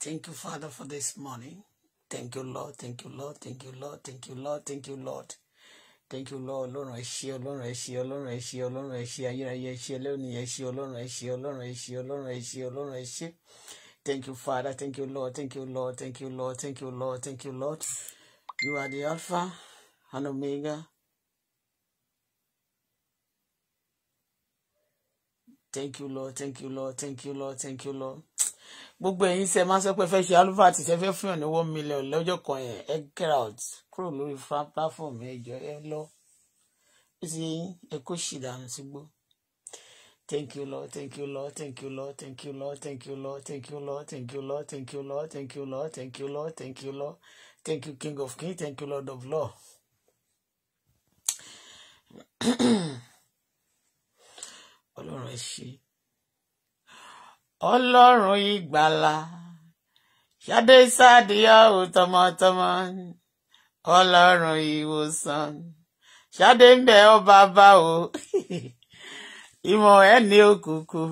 Thank you, Father, for this morning. Thank you, Lord. Thank you, Lord. Thank you, Lord. Thank you, Lord. Thank you, Lord. Thank you, Lord. Ọlọ́run ẹ ṣé, I ẹ ṣé, Ọlọ́run ẹ ṣé, Ọlọ́run ẹ ṣé, ayérayé you ṣé, lónìí ẹ ṣé, Ọlọ́run ẹ ṣé, Ọlọ́run ẹ ṣé, Ọlọ́run you ṣé, Ọlọ́run ẹ ṣé. Thank you, Father. Thank you, Lord. Thank you, Lord. Thank you, Lord. Thank you, Lord. Thank you, Lord. You are the Alpha and Omega. Thank you, Lord. Thank you, Lord. Thank you, Lord. Thank you, Lord. gbogbo ẹ̀yin tẹ́ máa ń sọ ṣe alúfà àti tẹ́ fún yàn ní one kan yẹn ẹ get out kúrò lórí platform ẹ ẹ lọ ó ti ẹ kó ṣì dànù sí thank you lord thank you lord thank you lord thank you lord thank you lord thank you lord thank you lord thank you lord thank you lord thank you lord thank you lord thank you king of kings thank you lord of lord. ọlọ́run ẹ ṣe ọlọ́run ìgbàlà ṣadé sádìyàwó tọmọtọmọ ọlọ́run ìwòsàn ṣadé ń bẹ ọba bá o ìmọ̀ ẹ̀ ní òkùnkùn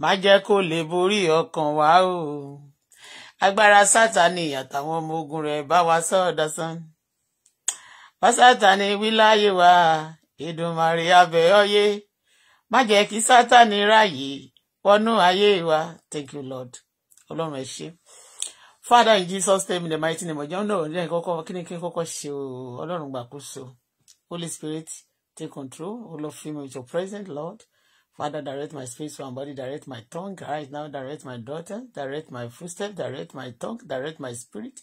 má jẹ́ kó lè borí ọkàn wa o agbára sátani àtàwọn ọmọ ogun rẹ̀ bá wa sọ ọ̀dásán bá sátani wí láyé wa Èdùmàrè abẹ́ ọyé má jẹ́ kí sátani ráàyè wọnú ayé wa thank you lord ọlọ́run ẹ ṣé father in jesus name in the mighty name of john náà ní ẹ̀kọ́kọ́ kí ni kí n kọ́kọ́ ṣe o ọlọ́run gbàkóso holy spirit take control all of me with your presence lord father direct my speech My body direct my tongue right now direct my daughter direct my footstep direct my tongue direct my spirit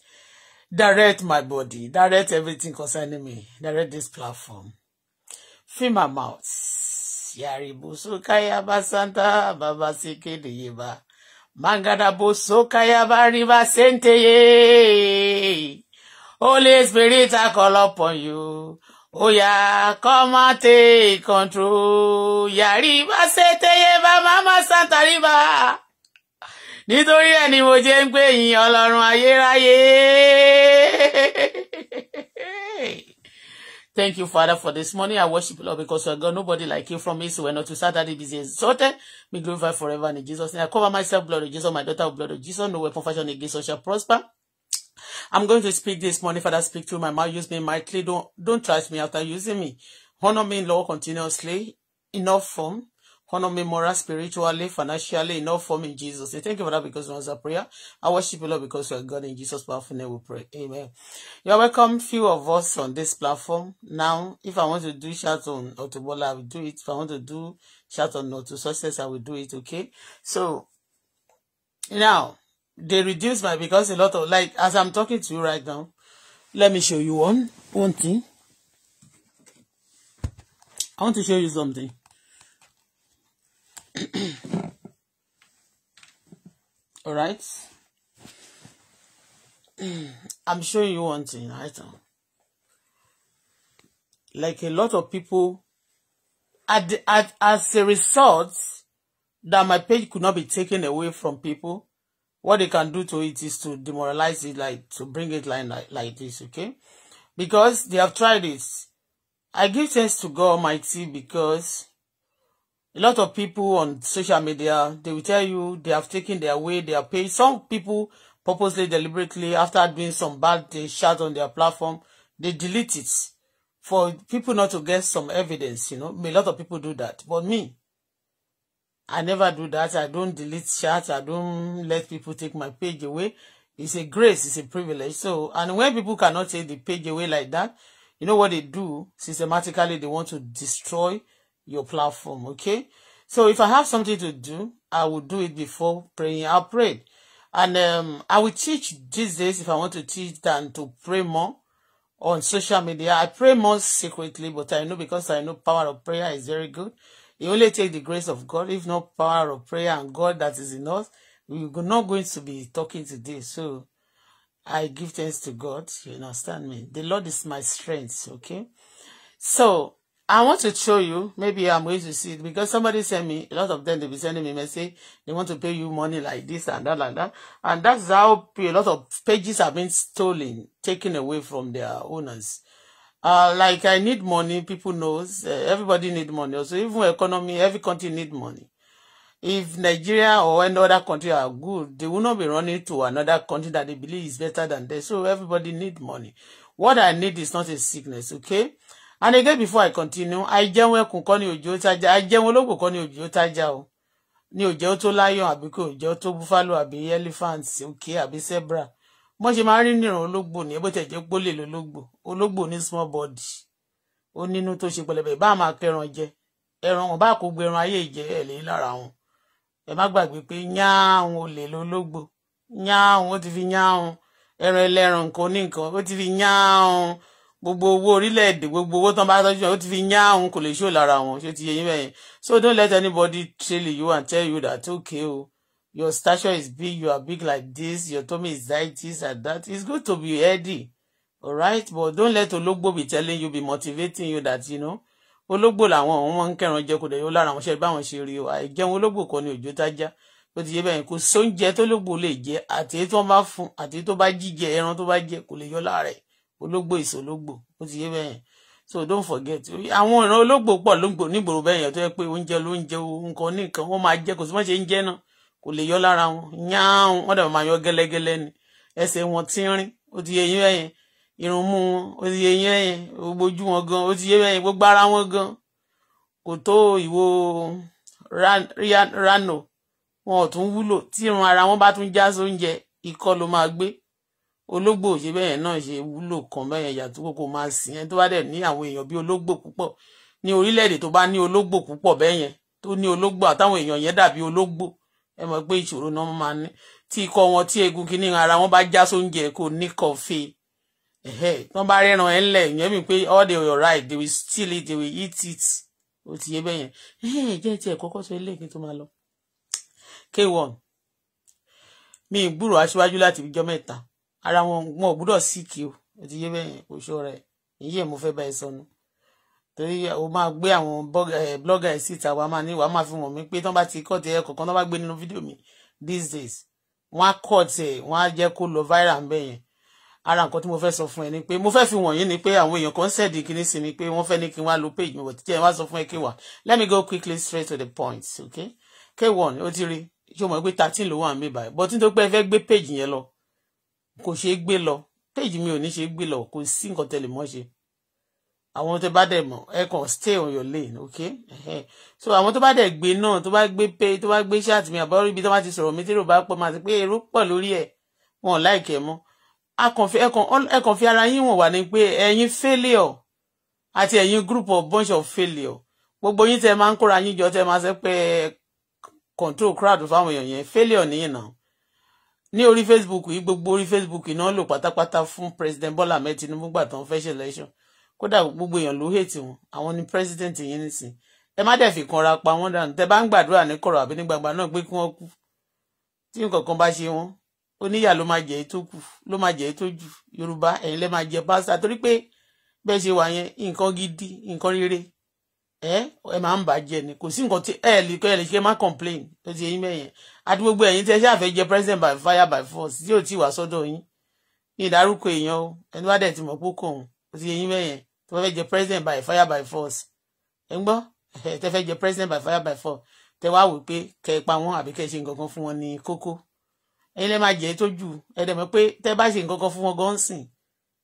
direct my body direct everything concerning me direct this platform fill my mouth Yaribusu kayaba santa baba sikede yeba. Mangada busu kayaba riba sente ye. Holy Spirit, I call upon you. Oya, come and take control. Yariba sente yeba mama santa riba. Nítorí ẹ̀ ni mo jẹ́ ń gbé yìn Ọlọ́run ayérayé. Thank you, Father, for this morning. I worship you, Lord, because you are God. Nobody like you from me. So we're not to Saturday busy exalted. me glorify forever in Jesus' name. I cover myself, blood of Jesus, my daughter, blood of Jesus. No weapon fashioned against us shall prosper. I'm going to speak this morning. Father, speak through my mouth. Use me mightily. Don't don't trust me after using me. Honor me, Lord, continuously. Enough from honor me moral, spiritually, financially, in all form in Jesus. I thank you for that because it was a prayer. I worship you, Lord, because you are God in Jesus' powerful name. We pray. Amen. You are welcome, few of us on this platform. Now, if I want to do shout on Otobola, I will do it. If I want to do shout on not to success, I will do it. Okay. So now they reduce my because a lot of like as I'm talking to you right now, let me show you one one thing. I want to show you something. All right. I'm sure you want to, right? Like a lot of people, at, at, as a result, that my page could not be taken away from people, what they can do to it is to demoralize it, like to bring it like, like, like this, okay? Because they have tried it. I give thanks to God Almighty because a lot of people on social media they will tell you they have taken their way their are some people purposely deliberately after doing some bad they shout on their platform they delete it for people not to get some evidence you know a lot of people do that but me I never do that I don't delete chat I don't let people take my page away it's a grace it's a privilege so and when people cannot take the page away like that you know what they do systematically they want to destroy your platform, okay? So if I have something to do, I will do it before praying. I'll pray. And um, I will teach Jesus if I want to teach than to pray more on social media. I pray more secretly, but I know because I know power of prayer is very good. You only take the grace of God, if not power of prayer and God that is in us. We're not going to be talking today. So I give thanks to God. You understand me? The Lord is my strength, okay? So I want to show you. Maybe I'm going to see it because somebody sent me, a lot of them, they'll be sending me message. They want to pay you money like this and that, like that. And that's how a lot of pages have been stolen, taken away from their owners. Uh, like I need money, people knows, uh, everybody need money. Also, even economy, every country need money. If Nigeria or any other country are good, they will not be running to another country that they believe is better than theirs. So everybody need money. What I need is not a sickness, okay? and again before i continue àìjẹun ẹkùn kọ́ ni òjò tájà àìjẹun ológbò kọ́ ni òjò tájà o ni òjò tó lion àbí kò òjò tó buffalo àbí elephant òkè àbí zebra wọ́n ṣe máa ń rí nìran ológbò ní ẹgbẹ́ tẹ̀jẹ́ gbólè lólógbò ológbò ní small body ó nínú tó ṣe pẹlẹbẹ bá máa kẹran jẹ ẹran wọn bá kó gbé ẹran ayé ìjẹ ẹ lè lára wọn ẹ má gbàgbé pé yáàhùn olè lólógbò yáàhùn ó ti fi yáàhùn ẹran ẹlẹ́ran nǹkan oníǹkan ó ti fi yáàhùn gbogbo owó orílẹ̀-èdè gbogbo owó tán bá tọ́jú ó ti fi yá òun kò lè ṣó lára wọn ṣé ti yẹ yín bẹ́yẹn so don't let anybody trail you and tell you that okay o oh, your stature is big you are big like this your tummy is like this and that it's good to be healthy alright but don't let ológbò be telling you be motivating you that you know ológbò làwọn òun wọn ń kẹran jẹ kò dẹ̀ yóò lára wọn ṣe báwọn ṣe rí o àìjẹun ológbò kan ni òjò tájá ó ti yé bẹ́yẹn kò sóúnjẹ tó lógbò lè jẹ àti tó bá fún àti tó bá jíjẹ ẹran tó bá jẹ kò lè yọ lára ẹ̀ ológbò ìsòlógbò ó ti yé bẹ́ẹ̀ so don't forget àwọn ìran ológbò pọ̀ lóńgbò nígboro bẹ́ẹ̀ yẹn tó yẹ pé oúnjẹ lóúnjẹ nǹkan ní nǹkan wọ́n máa jẹ kò sí wọ́n ṣe ń jẹ náà kò lè yọ lára wọn yáàn wọ́n dàbí máa yọ gẹ́lẹ́gẹ́lẹ́ ni ẹsẹ̀ wọn tínrín ó ti yé yín bẹ́ẹ̀ yẹn irun mú wọn ó ti yé yín bẹ́ẹ̀ ojú wọn gan ó ti yé bẹ́ẹ̀ gbogbo ara wọn gan kò tó ìwo rano wọn ò tún wúlò tí irun ara wọn bá tún já sóúnjẹ ikọ́ ló máa gbé ológbò ṣe bẹ́ẹ̀ náà ṣe wúlò kan bẹ́ẹ̀ yàtọ̀ kókó máa sìn ẹni tó bá dẹ̀ ní àwọn èèyàn bí ológbò púpọ̀ ní orílẹ̀-èdè tó bá ní ológbò púpọ̀ bẹ́ẹ̀ yẹn tó ní ológbò àtàwọn èèyàn yẹn dàbí ológbò ẹ mọ̀ pé ìṣòro náà máa ní tí ikọ̀ wọn tí egun kìíní ara wọn bá já sóúnjẹ kò ní kọfí ẹ̀hẹ́ tán bá rẹ́ran ẹ̀ ńlẹ̀ ìyẹn mi pé all they were right they will steal it they will eat it ó ti yé bẹ́ẹ̀ yẹn ẹ̀hẹ́ jẹ́ tiẹ̀ kọ́kọ́ sọ ilé ìpín tó k1 mi ìgbúrò aṣíwájú láti ìjọ ara wọn wọn ò gbúdọ̀ síkì o ó ti yé bẹ́ẹ̀ yẹn kò ṣọ́ra ẹ̀ èyí ẹ̀ mo fẹ́ bá ẹ sọnù torí o máa gbé àwọn eh, blogger ẹ̀ síta wàá máa ní wàá máa fi wọ̀n mí pé tán bá ti kọ́ ti ẹ̀ kọ̀ọ̀kan tán bá gbé nínú fídíò mi these days wọ́n á kọ́ tiẹ̀ wọ́n á jẹ́ kó lọ viral ń bẹ̀ yẹn ara nǹkan tí mo fẹ́ sọ fún ẹ ni pé mo fẹ́ fi wọ̀nyí ni pé àwọn èèyàn kan ń sẹ̀dí kíní sí mi pé wọ́n fẹ́ ní kí n wá lo page mi wọ̀ títí ẹ wá sọ fún ẹ kí wà let me go quickly straight to the point okay k one ó ti rí ṣé o mọ̀ pé thirteen ló wà ń bí báyìí but nítorí pé ẹ fẹ́ gbé page yẹn lọ kò ṣeé gbé lọ péjì mi ò ní ṣeé gbé lọ kò sí nǹkan tẹ́lẹ̀ mọ́ ṣe àwọn tó bá dẹ̀ mọ̀ ẹ kàn stay on your lane ok so àwọn tó bá dẹ̀ gbé náà tó bá gbé pay tó bá gbé ṣáàtì mi àbọ̀rọ̀ ibi tó bá ti sọ̀rọ̀ mi tèrò bá pọ̀ máa ti pé èrò pọ̀ lórí ẹ̀ wọn ò láìkẹ́ mọ́ ẹ kàn fi ara yín wọ̀n wà ní pé ẹ̀yin failure àti ẹ̀yin group of bunch of failure gbogbo yín tẹ máa ń kóra yín jọ tẹ máa ṣe pé control crowd fáwọn èèyàn yẹn failure nìyẹn náà ní orí facebook yìí gbogbo orí facebook yìí náà lò pátápátá fún president Bọ́lá Ahmed Tinubu gbà tán fẹ́ ṣe election kódà gbogbo èèyàn ló hate wọn àwọn ni president yìí nìsín ẹ má dẹ̀ fi kanra pa wọ́n dànù tẹ́ bá ń gbàdúrà ní kọ̀rọ̀ àbí ní gbangba náà pé kí wọ́n kú tí nǹkan bá ṣe wọ́n oníyà ló máa jẹ èyí tó kù ló máa jẹ èyí tó jù yorùbá ẹ̀yin lẹ́ máa jẹ pásítà torí pé bẹ́ẹ̀ ṣe wà yẹn nǹkan gidi nǹkan rere ẹ ẹ máa ń bàjẹ́ ni kò sí nǹkan tí ẹ lè kọ́ ẹ lè ṣe má complain tó ti yín mẹ́yẹn àti gbogbo ẹ̀yin tí ẹ ṣáà fẹ́ jẹ president by fire by force tí ò tí wà sọ́dọ̀ yín ní ìdárúkọ èèyàn o ẹni wá dẹ̀ ti mọ̀ pé kòun tó ti yín mẹ́yẹn tó fẹ́ jẹ president by fire by force ẹ ń gbọ́ ẹ tẹ́ fẹ́ jẹ president by fire by force tẹ wá wò pé kẹ pa wọn àbí kẹ ṣe nǹkan kan fún wọn ní kókó ẹ̀yin lẹ máa jẹ tó jù ẹ dẹ̀ mọ̀ pé tẹ bá ṣe nǹkan kan fún wọn gan sìn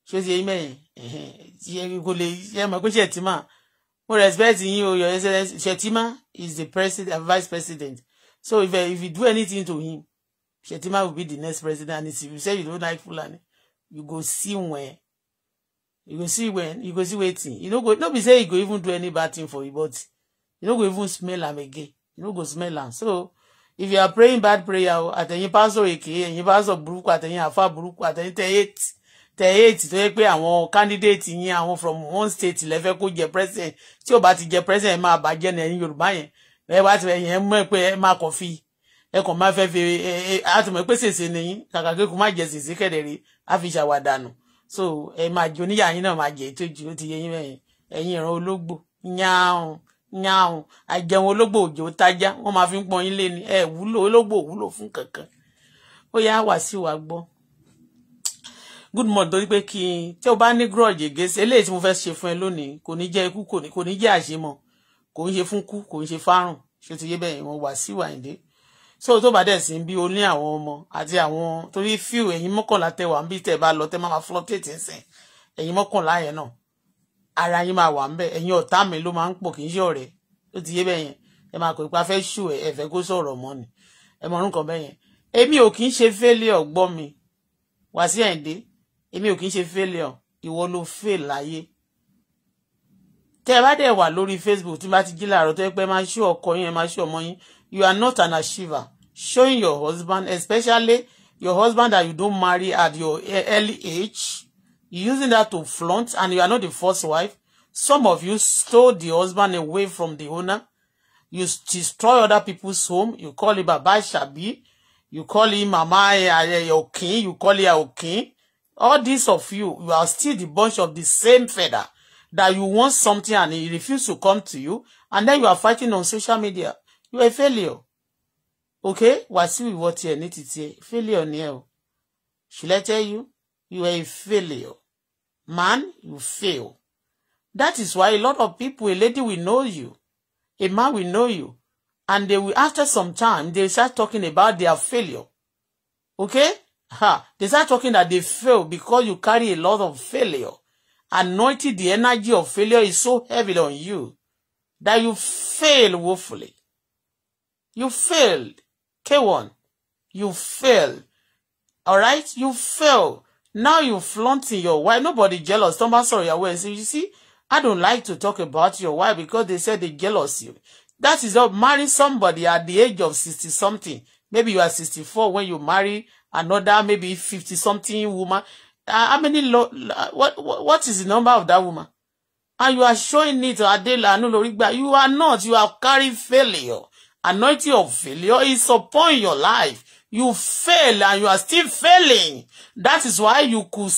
ṣé ó ti yín mẹ́yẹn ṣé kò lè ṣe mọ̀ pé ṣe ẹ̀ ti máa mo respect yín o your excellence Shetima is the president uh, vice president so if uh, if you do anything to him Shetima will be the next president and if you say you don't like Fulani you go see when you go see when you go see wetin you no go no be say you go even do any bad thing for you but you no go even smell am again you no go smell him. so if you are praying bad prayer at any pastor, pásọ̀ any pastor, pásọ̀ at any àfa burúkú at any hate tẹ eight tó yẹ pé àwọn candidate yín àwọn from one state lẹ́fẹ́ kó jẹ president tí ò bá ti jẹ president ẹ máa bàjẹ́ ní ẹ̀yin yorùbá yẹn ẹ wá ti ẹ̀yìn ẹ mọ̀ pé ẹ máa kàn fi ẹ kàn máa fẹ́ fi ẹ ẹ àtùmọ̀ pé sèse ni yín kàkà kí kò má jẹ sèse kẹ̀dẹ̀rẹ̀ á fi ṣàwádànù so ẹ máa jẹ oníyà yín náà máa jẹ ètò ìjì ó ti yẹ yín mẹ́yìn ẹ̀yin ìran ológbò yáàrùn yáàrùn àjẹun ológbò òjò tájá wọ́n máa fi ń pọn yín lé ni ẹ wúlò ológbò wúlò fún kankan ó yá wàásù wa gbọ́ good morning torí pé kí n tí o bá ní grudge gèsè eléyìí tí mo fẹ́ ṣe fún ẹ lónìí kò ní jẹ́ ikú kò ní kò ní jẹ́ àṣemọ̀ kò ń ṣe fún kú kò ń ṣe fárùn ṣé ti yé bẹ́ẹ̀ wọn wà sí wàyíndé so tó bá dẹ̀ sí ń bí o ní àwọn ọmọ àti àwọn torí fíw ẹ̀yin mọ́kànlá tẹ wà ń bí tẹ bá lọ tẹ má máa flọ́tẹ̀tì ń sìn ẹ̀yin mọ́kànlá yẹn náà ara yín máa wà ń bẹ̀ ẹ̀yin ọ̀tá mi ló máa ń pọ̀ kì í ṣe ọ̀rẹ́ tó ti yé bẹ́ẹ̀ yẹn ẹ máa kó ipa fẹ́ ṣù ẹ ẹ fẹ́ kó sọ̀rọ̀ mọ́ ni ẹ mọ̀ orúkọ bẹ́ẹ̀ yẹn èmi ò kì í ṣe failure gbọ́ mi wá sí ẹ̀ǹdẹ́ èmi ò kì í ṣe failure ìwọ ló fail láyé tẹ́ ẹ bá dẹ̀ wà lórí facebook tí bá ti jí làárọ̀ tó yẹ pé máa ṣó ọkọ yín máa ṣó ọmọ yín you are not an achiever showing your husband especially your husband that you don't marry at your early age you using that to flaunt and you are not the first wife some of you stole the husband away from the owner you destroy other people's home you call him baba shabi you call him mama eh, eh, eh, okin you call him okin all these of you you are still the bunch of the same feather that you want something and it refuses to come to you and then you are fighting on social media you are a failure okay Wasiu ìwọ tiẹ̀ ní titi ẹ failure ni should I tell you you are a failure man you fail that is why a lot of people a lady will know you a man will know you and they will after some time they start talking about their failure okay Ha, they start talking that they fail because you carry a lot of failure. Anointed, the energy of failure is so heavy on you that you fail woefully. You failed. K1, you failed. All right? You fail. Now you flaunting your wife. Nobody jealous. Somebody sorry, aware. So you see, I don't like to talk about your wife because they said they jealous you. That is not marrying somebody at the age of 60 something. Maybe you are 64 when you marry another maybe 50 something woman. Uh, how many, lo what, what, what is the number of that woman? And you are showing it, Adela Anulorigba. You are not, you are carrying failure. Anointing of failure is upon your life. You fail and you are still failing. That is why you could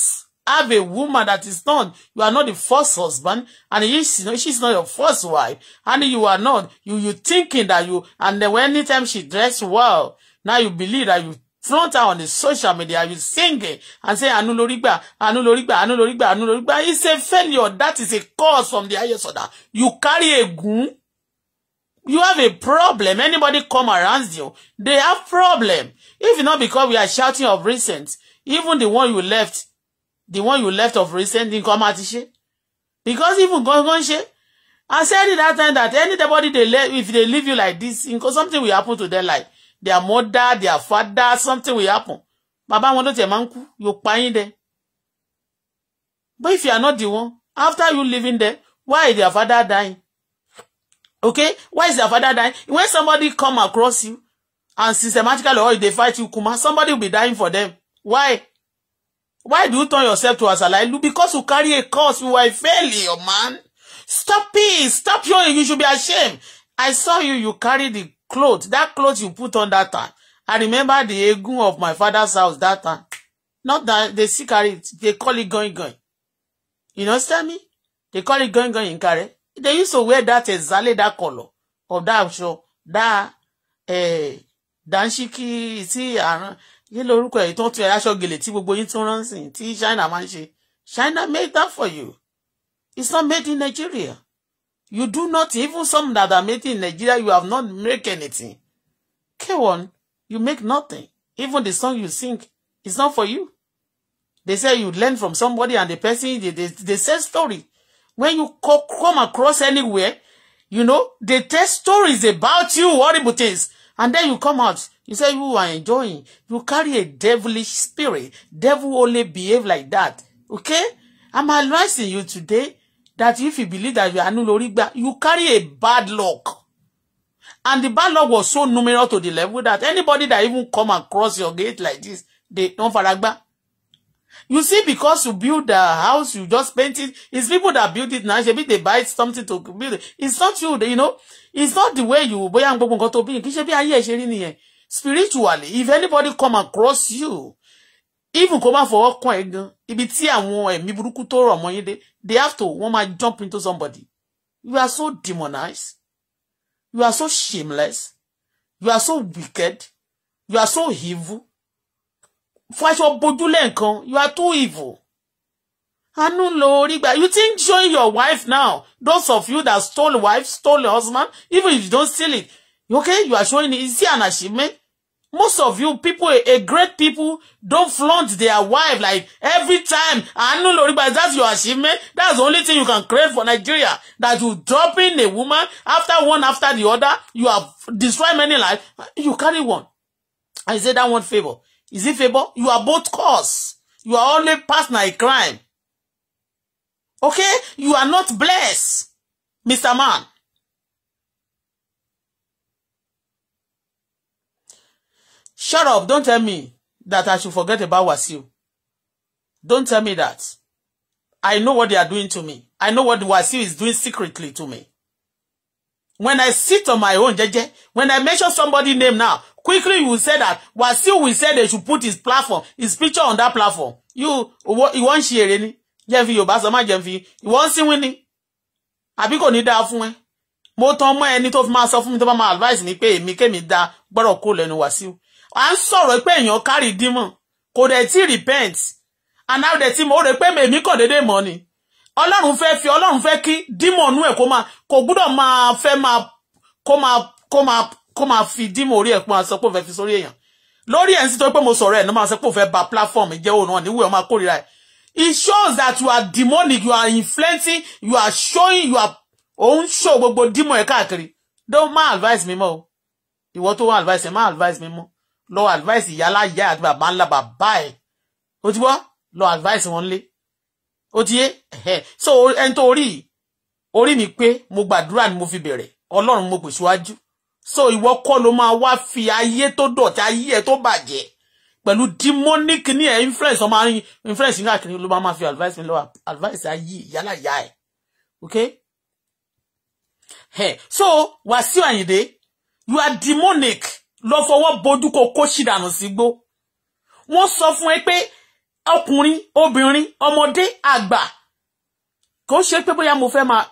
have a woman that is not, you are not the first husband, and she's not, she's not your first wife, and you are not, you you thinking that you, and then when anytime she dress well, now you believe that you Front flaunted on the social media you sing it and say àánú lórí gbà àánú lórí gbà àánú lórí gbà àánú it's a failure that is a cause from the highest order you carry a gun. you have a problem anybody come around you they have problem if not because we are shouting of recent even the one you left the one you left of recent nǹkan come ti because even gangan ṣe I said it that time that anybody they let if they leave you like this because something will happen to them like their mother their father something will happen Baba, wọn ló tiẹ̀ máa You kú yóò pa yín dẹ but if you are not the one after you living there why is their father dying okay why is their father dying when somebody come across you and systematically or oh, they fight you kuma somebody will be dying for them why why do you turn yourself to asalailu because you carry a curse you are a failure man stop it stop showing. you should be ashamed i saw you you carry the cloth that cloth you put on that time i remember the egun of my father's house that time not that they still carry it they call it going going you know understand me they call it going going in kare they used to wear that exactly that color of that show that eh danshiki see. aran yé lórúkọ èyí tó ń tún aṣọ gèlè tí gbogbo yín tún rán sìn tí china máa ń ṣe china made that for you it's not made in nigeria You do not, even some that are making in Nigeria, you have not make anything. K1, you make nothing. Even the song you sing, it's not for you. They say you learn from somebody and the person, they, they, they say story. When you co come across anywhere, you know, they tell stories about you, horrible things. And then you come out, you say you are enjoying. You carry a devilish spirit. Devil only behave like that. Okay? I'm advising you today that if you believe that you are Anulorigba, you carry a bad luck. And the bad luck was so numerous to the level that anybody that even come and cross your gate like this, they don't faragba. You see, because you build the house, you just paint it. It's people that build it now. Maybe they buy something to build it. It's not you, you know. It's not the way you bóyá gbogbo nǹkan tó bí. Kì í Spiritually, if anybody come across you, even kó má fọwọ́ kàn ẹ́ gan ibi tí àwọn ẹ̀mí burúkú tó rọ̀ mọ́ yín dé they have to one máa jump into somebody you are so demonized you are so shameless you are so wicked you are so evil fọṣọ bojú lẹ́ǹkan you are too evil àánú ló orí gbà you think showing your wife now those of you that stole wife stole husband even if you don't steal it okay you are showing it is it an achievement most of you people a, a great people don't flaunt their wife like every time anu lori but that's your achievement that's the only thing you can create for Nigeria that you drop in a woman after one after the other you have destroyed many lives you carry one I say that one favor is it favor you are both cause you are only partner in crime okay you are not blessed Mr. Man Shut up. Don't tell me that I should forget about Wasiu. Don't tell me that. I know what they are doing to me. I know what Wasiu is doing secretly to me. When I sit on my own, Jeje, when I mention somebody's name now, quickly you will say that Wasiu will say they should put his platform, his picture on that platform. You, you won't share any. Jẹ́nfi Yorùbá sọ má jẹ́nfi, ìwọ ń sínwín ni. Àbí kò ní dáa fún ẹ. Mo tan mọ́ ẹni tó fi máa sọ fún mi tó bá advice mi pé èmi kémi da gbọ́dọ̀ kó lẹ́nu Wasiu à ń sọ̀rọ̀ pé èèyàn kárì dímọ̀ kò dẹ̀ tí repent and now dẹ̀ tí mo rè pé mèmí kàn déédéé mọ́ ni ọlọ́run fẹ́ fi ọlọ́run fẹ́ kí dímọ̀ nú ẹ̀ kó máa kò gbúdọ̀ máa fẹ́ máa kó máa kó máa kó máa fi dímọ̀ orí ẹ̀ pé máa sọ pé òun fẹ́ fi sórí èèyàn lórí ẹ̀ ń sítọ́ pé mo sọ̀rọ̀ ẹ̀ ní máa sọ fẹ́ ba platform jẹ́ òun náà níwèé ọmọ akórira ẹ̀ it shows that you are demonic you are influencing you are showing you are òun show gbogbo dímọ̀ ẹ̀ káàkiri don't má advice me mọ́ o ìwọ tó wá advice ẹ̀ má advice mi mọ́ lọ advice ìyá aláya àti bàbá ńlá bàbá ẹ̀ ó ti wọ́ lọ advice wọn lé ó ti yé so ẹni tó orí orí mi pé mo gbàdúrà ni mo fi bẹ̀rẹ̀ ọlọ́run mo pè síwájú so ìwọ kọ́ ló máa wá fi ayé tó dọ̀tí ayé ẹ̀ tó bàjẹ́ pẹ̀lú demonic ní ẹ̀ influence ọmọ arin influence ní àkìrí ló máa fi advice mi lọ advice ayé ìyá aláya ẹ̀ ok so Wàsíù Àyìndé you are demonic lọ fọwọ́ bojú kó kó ṣìdànù sígbó wọ́n sọ fún ẹ pé ọkùnrin obìnrin ọmọdé àgbà kò ṣe pé bóyá mo fẹ́ máa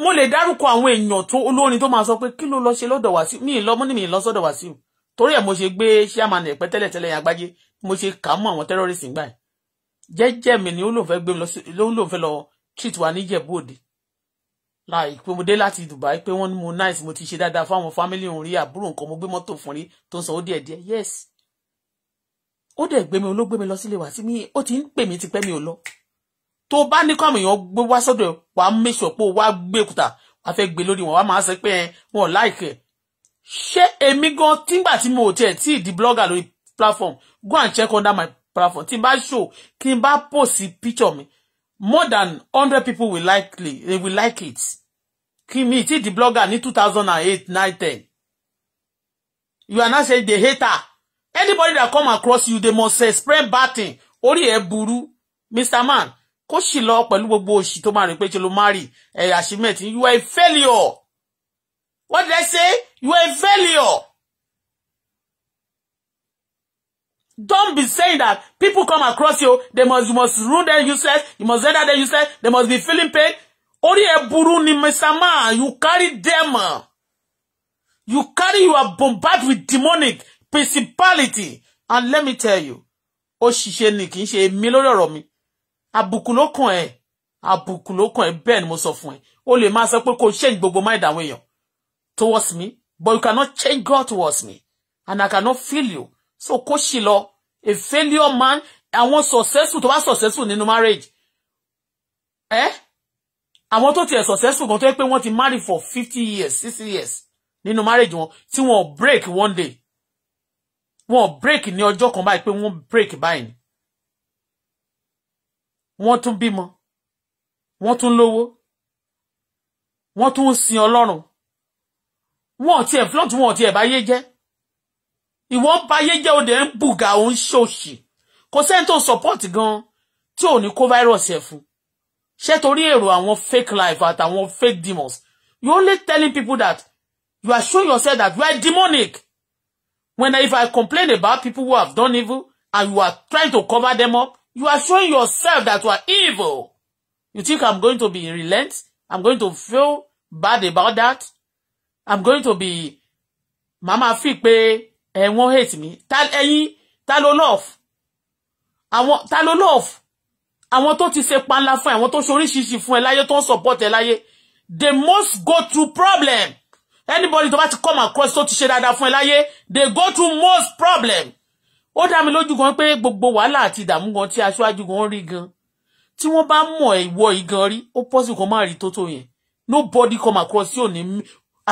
mo lè dárúkọ àwọn èèyàn tó olórin tó máa sọ pé kí ló lọ ṣe lọ́dọ̀ Wasiu mi lọ mú ní mi lọ sọ́dọ̀ Wasiu torí ẹ̀ mo ṣe gbé ṣíàmánì ẹ̀pẹ́ tẹ́lẹ̀tẹ́lẹ̀ yẹn àgbájé mo ṣe kà á mọ́ àwọn tẹ́rọ́rìsì gbà yẹn jẹ́jẹ́ mi ni ó lòun fẹ́ gbé mi lọ sí ló lòun fẹ́ lọ treat wa níjẹ̀bú òde like pé mo dé láti Dubai pé wọ́n ní nice mo ti ṣe dáadáa fáwọn family òun rí àbúrò nǹkan mo gbé mọ́tò fún rí tó ń sanwó díẹ̀ díẹ̀ yes ó dẹ̀ gbé mi ló gbé mi lọ sílé wa tí mi ó ti ń pè mí tipẹ́ mi ò lọ tó bá ní kọ́ àwọn èèyàn gbé wá sọ́dọ̀ wàá make sure pé o wá gbé òkúta wàá fẹ́ gbé lórí wọn wàá máa sọ pé wọn ò like ṣé èmi gan tígbà tí mo ò tiẹ̀ tí ì blogger lórí platform go and check under my platform tí n bá show kí n bá post picture mi more than hundred people will likely they will like it kí mi tí blogger in two thousand and eight nine ten you are now saying the hater. anybody that come across you they must say spread bad thing orí ẹ burú mr man kó sì lọ pẹ̀lú gbogbo òṣì tó máa rìn pé ṣe ló máa rì ẹ̀yà eh, you are a failure what did I say you are a failure. Don't be saying that people come across you, they must, you must ruin their useless, you must render them useless, they must be feeling pain. Orí ẹ burú ni mesama, you carry them. Uh. You carry, you are bombarded with demonic principality. And let me tell you, ó ṣiṣẹ́ ni kì í ṣe èmi lórí ọ̀rọ̀ mi. Àbùkù ló kàn ẹ́, àbùkù ló kàn mo sọ fún ẹ. O le máa sọ pé kò change gbogbo mind àwọn towards me, but you cannot change God towards me. And I cannot feel you so kó ṣì lọ a failure man àwọn successful to bá successful nínú marriage ẹ eh? àwọn tó tiẹ̀ successful kan tó yẹ pé wọ́n ti marry for fifty years sixty years nínú marriage wọn tí wọ́n break one day wọ́n break ní ọjọ́ kan báyìí pé wọ́n break báyìí wọ́n tún bímọ wọ́n tún lówó wọ́n tún ń sin Ọlọ́run wọn ò tiẹ̀ flaunt wọn ò tiẹ̀ báyé jẹ́ ìwọ ń bayé jẹ́ òde ń bùgà òun ṣòṣì kò sẹ́ni tó support gan tí ò ní kó virus ẹ̀ fún ṣé torí èrò àwọn fake life àtàwọn fake demons you only telling people that you are showing yourself that you are demonic when if I complain about people who have done evil and you are trying to cover them up you are showing yourself that you are evil you think I'm going to be relent I'm going to feel bad about that I'm going to be mama fi pe ẹ wọ́n hate me. ta ẹ̀yin ta ló love àwọn ta ló love àwọn tó ti ṣe panla fún ẹ àwọn tó ṣe oríṣiríṣi fún ẹ láyé tó ń support ẹ láyé they must go through problem anybody tó bá ti come across tó ti ṣe dáadáa fún ẹ láyé they go through most problem ó dá mi lójú gan pé gbogbo wàhálà àti ìdààmú gan tí aṣáájú gan rí gan tí wọ́n bá mọ̀ ìwọ yìí rí ó pọ́sì kan máa rí tó tó yẹn nobody come across tí ò ní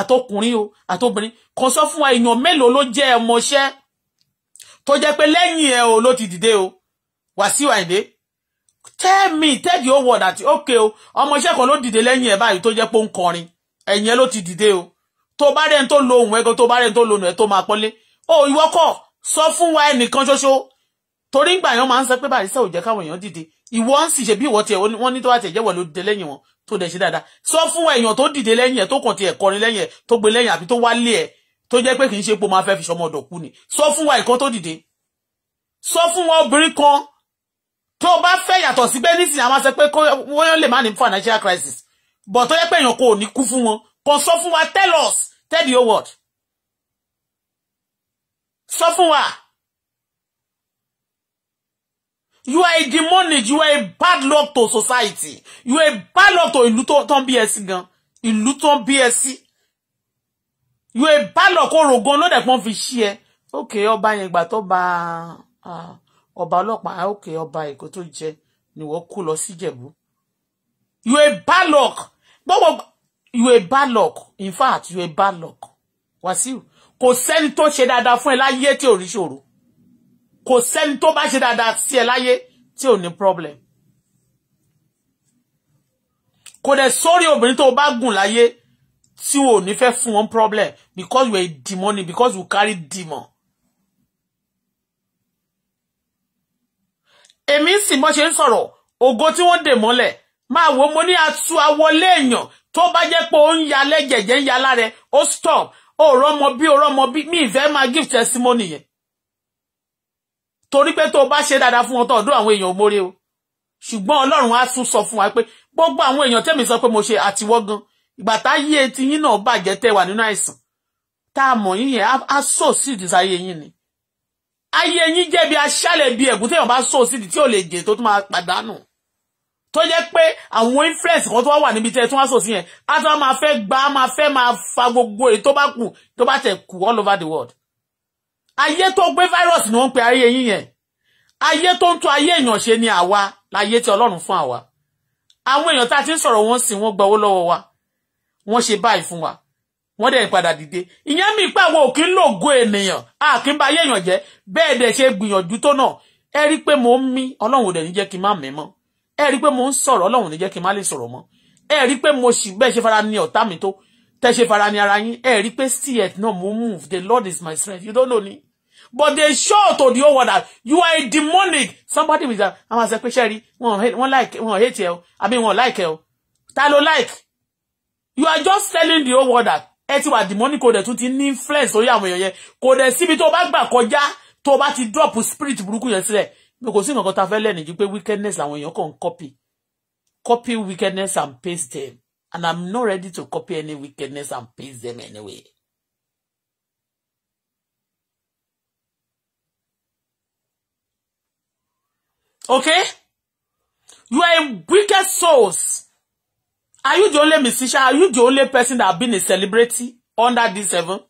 àtọkùnrin o àtobìnrin kan sọ fún wa èèyàn mélòó ló jẹ́ ọmọṣẹ́ tó jẹ́ pé lẹ́yìn ẹ̀ o ló ti dìde o Wàsíù Àyìndé tell me tell your word world that okay o ọmọṣẹ́ kan ló dìde lẹ́yìn ẹ̀ báyìí tó jẹ́ pé ó ń kọrin ẹ̀yìn ẹ̀ ló ti dìde o tó bá rẹ̀ ń tó lo ohùn ẹ̀gọ́ tó bá rẹ̀ ń tó lo ohùn ẹ̀ tó máa pọ́nlé o ìwọ kọ́ sọ fún wa ẹnìkan ṣoṣo torí ìgbà yẹn máa ń sọ pé Barrister ò jẹ́ káwọn èèyàn dìde ìwọ ń sì ṣe bí ìwọ tiẹ̀ wọ́n ní tó bá tiẹ̀ jẹ́wọ́ ló dìde lẹ́yìn wọn tó dẹ̀ ṣe dáadáa sọ fún èèyàn tó dìde lẹ́yìn ẹ̀ tó kàn tiẹ̀ kọrin lẹ́yìn ẹ̀ tó gbé lẹ́yìn àbí tó wálé ẹ̀ tó jẹ́ pé kì í ṣe pé o máa fẹ́ fi ṣọmọ ọ̀dọ̀ kú ni sọ fún wa ìkan tó dìde sọ fún wọn obìnrin kan tó o bá fẹ́ yàtọ̀ sí bẹ́nísì àwọn aṣọ pé wọ́n lè má ní financial crisis but tó jẹ́ pé èèyàn kò ní kú fún wọn kàn sọ fún wa tell us tell the whole world sọ fún wa you are a demonic you are a bad luck to society you are a bad luck to ìlú tó ń bí ẹ sí gan ìlú tó you are a bad luck or gan No pọ́n fi ṣí ẹ òkè ọba yẹn ìgbà tó ba ọba ọlọ́pàá òkè ọba èkó tó jẹ nìwọ kú lọ síjẹ̀bú you are a bad luck gbogbo you are a bad luck in fact you are a bad luck Wàsíù kò sẹ́ni to ṣe dáadáa fún ẹ láyé tí ò Ko sẹ́ni tó bá ṣe dáadáa sí ẹ láyé tí ò ní problem Ko de sórí obìnrin tó bá gùn láyé tí ò ní fẹ́ fún wọn problem because you are a demon because you carry demon. èmi ń sìn bọ́ ṣe ń sọ̀rọ̀ ògo tí wọ́n dè mọ́lẹ̀ máa wo mo ní atu awọlé èèyàn tó bá jẹ́ pé ó ń ya lẹ́jẹ̀jẹ̀ ń ya lára ó stop ó rọ́mọ bí ó rọ́mọ bí mi ìfẹ́ máa give testimony yẹn torí pé tó bá ṣe dáadáa fún wọn tó ọdún àwọn èèyàn mórí o ṣùgbọ́n ọlọ́run á tún sọ fún wa pé gbogbo àwọn èèyàn tẹ́mi sọ pé mo ṣe àtiwọ́ gan ìgbà tá yí etí yín náà bàjẹ́ tẹ́ wà nínú àìsàn tá a mọ̀ yín yẹn á sọ sídìí sáyé yín ni ayé yín jẹ́ bí aṣálẹ̀ bí ẹ̀gún téèyàn bá sọ sídìí tí ò lè jẹ́ tó tún máa pàdánù tó jẹ́ pé àwọn influence kan tó wà níbi tẹ́ tún wá sọ sí yẹn á tún máa fẹ́ gbà á máa fẹ́ máa fa gbogbo èyí tó bá kù tó bá tẹ̀ kù all over the world ayé tó gbé virus ni wọ́n ń pe ayé yín yẹn ayé tó ń tún ayé èèyàn ṣe ni àwa láyé tí ọlọ́run fún àwa àwọn èèyàn tá a ti ń sọ̀rọ̀ wọn sì wọ́n gbọ́wọ́ lọ́wọ́ wa wọ́n ṣe báyìí fún wa wọ́n dẹ̀ padà dìde ìyẹn mi pé àwọn òkín lògo ènìyàn àkínbá ayé èèyàn jẹ́ bẹ́ẹ̀ dẹ̀ ṣe gbìyànjú tó náà ẹ rí pé mò ń mí ọlọ́run ò dẹ̀ ní jẹ́ kí n má mí mọ́ ẹ rí pé mò ń sọ̀rọ̀ ọlọ́run ò ní jẹ́ kí n má lè sọ̀rọ̀ mọ́ ẹ rí pé mo sì bẹ́ẹ̀ ṣe fara ní ọ̀tá mi tó tẹ́ṣe fara ní ara yín ẹ rí pé still náà mo move the lord is my strength you don't know ni but they show to the whole world that you are a demonic somebody with that àwọn àṣẹ pé ṣẹ́rí wọ́n like wọ́n hate ẹ o àbí wọ́n like ẹ o ta ló like you are just telling the whole world that ẹ ti wà demonic kò dẹ̀ tún ti ní influence lórí àwọn èèyàn yẹn kò dẹ̀ síbi tó bá gbà kọjá tó bá ti drop spirit burúkú yẹn sílẹ̀ kò sí nǹkan tá a fẹ́ lẹ́nu ju pé wickedness làwọn èèyàn kàn copy copy wickedness and paste them And I'm not ready to copy any wickedness and paste them anyway. Okay? You are a wicked souls. Are you the only musician? Are you the only person that has been a celebrity under this heaven?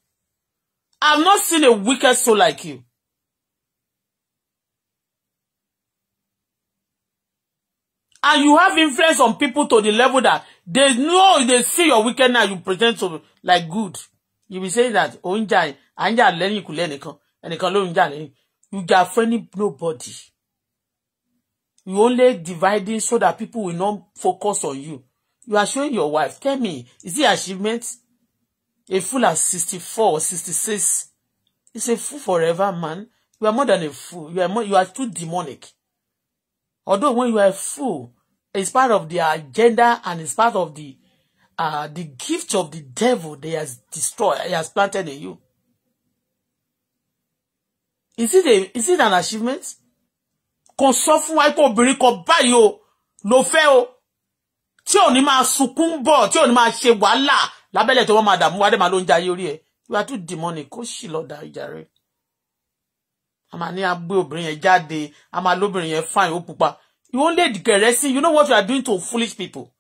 I've not seen a wicked soul like you. And you have influence on people to the level that they know they see your wickedness you pretend to like good you be saying that ò oh, ń jà à ń jà lẹ́yìn ìkùlẹ̀ nìkan ẹnìkan ló ń you jà fún nobody you only dividing so that people will not focus on you you are showing your wife tell me is it achievement a fool at sixty-four or sixty-six is a fool forever man you are more than a fool you are more you are too demonic although when you are a fool It's part of their agenda and it's part of the uh, the gift of the devil they has destroyed, he has planted in you. Is it, a, is it an achievement? Kò sọ fún wa pé obìnrin kan báyìí o ló fẹ́ o tí ò ní máa sunkún bọ̀ tí ò ní máa ṣe wàhálà lábẹ́lẹ̀ tó wọ́n máa dààmú wádé máa ló ń jayé you are too demonic kó sì lọ da ìjàre. A máa ní agbé obìnrin yẹn jáde a máa lóbìnrin yẹn fáìn pupa you only caressing you know what you are doing to foolish people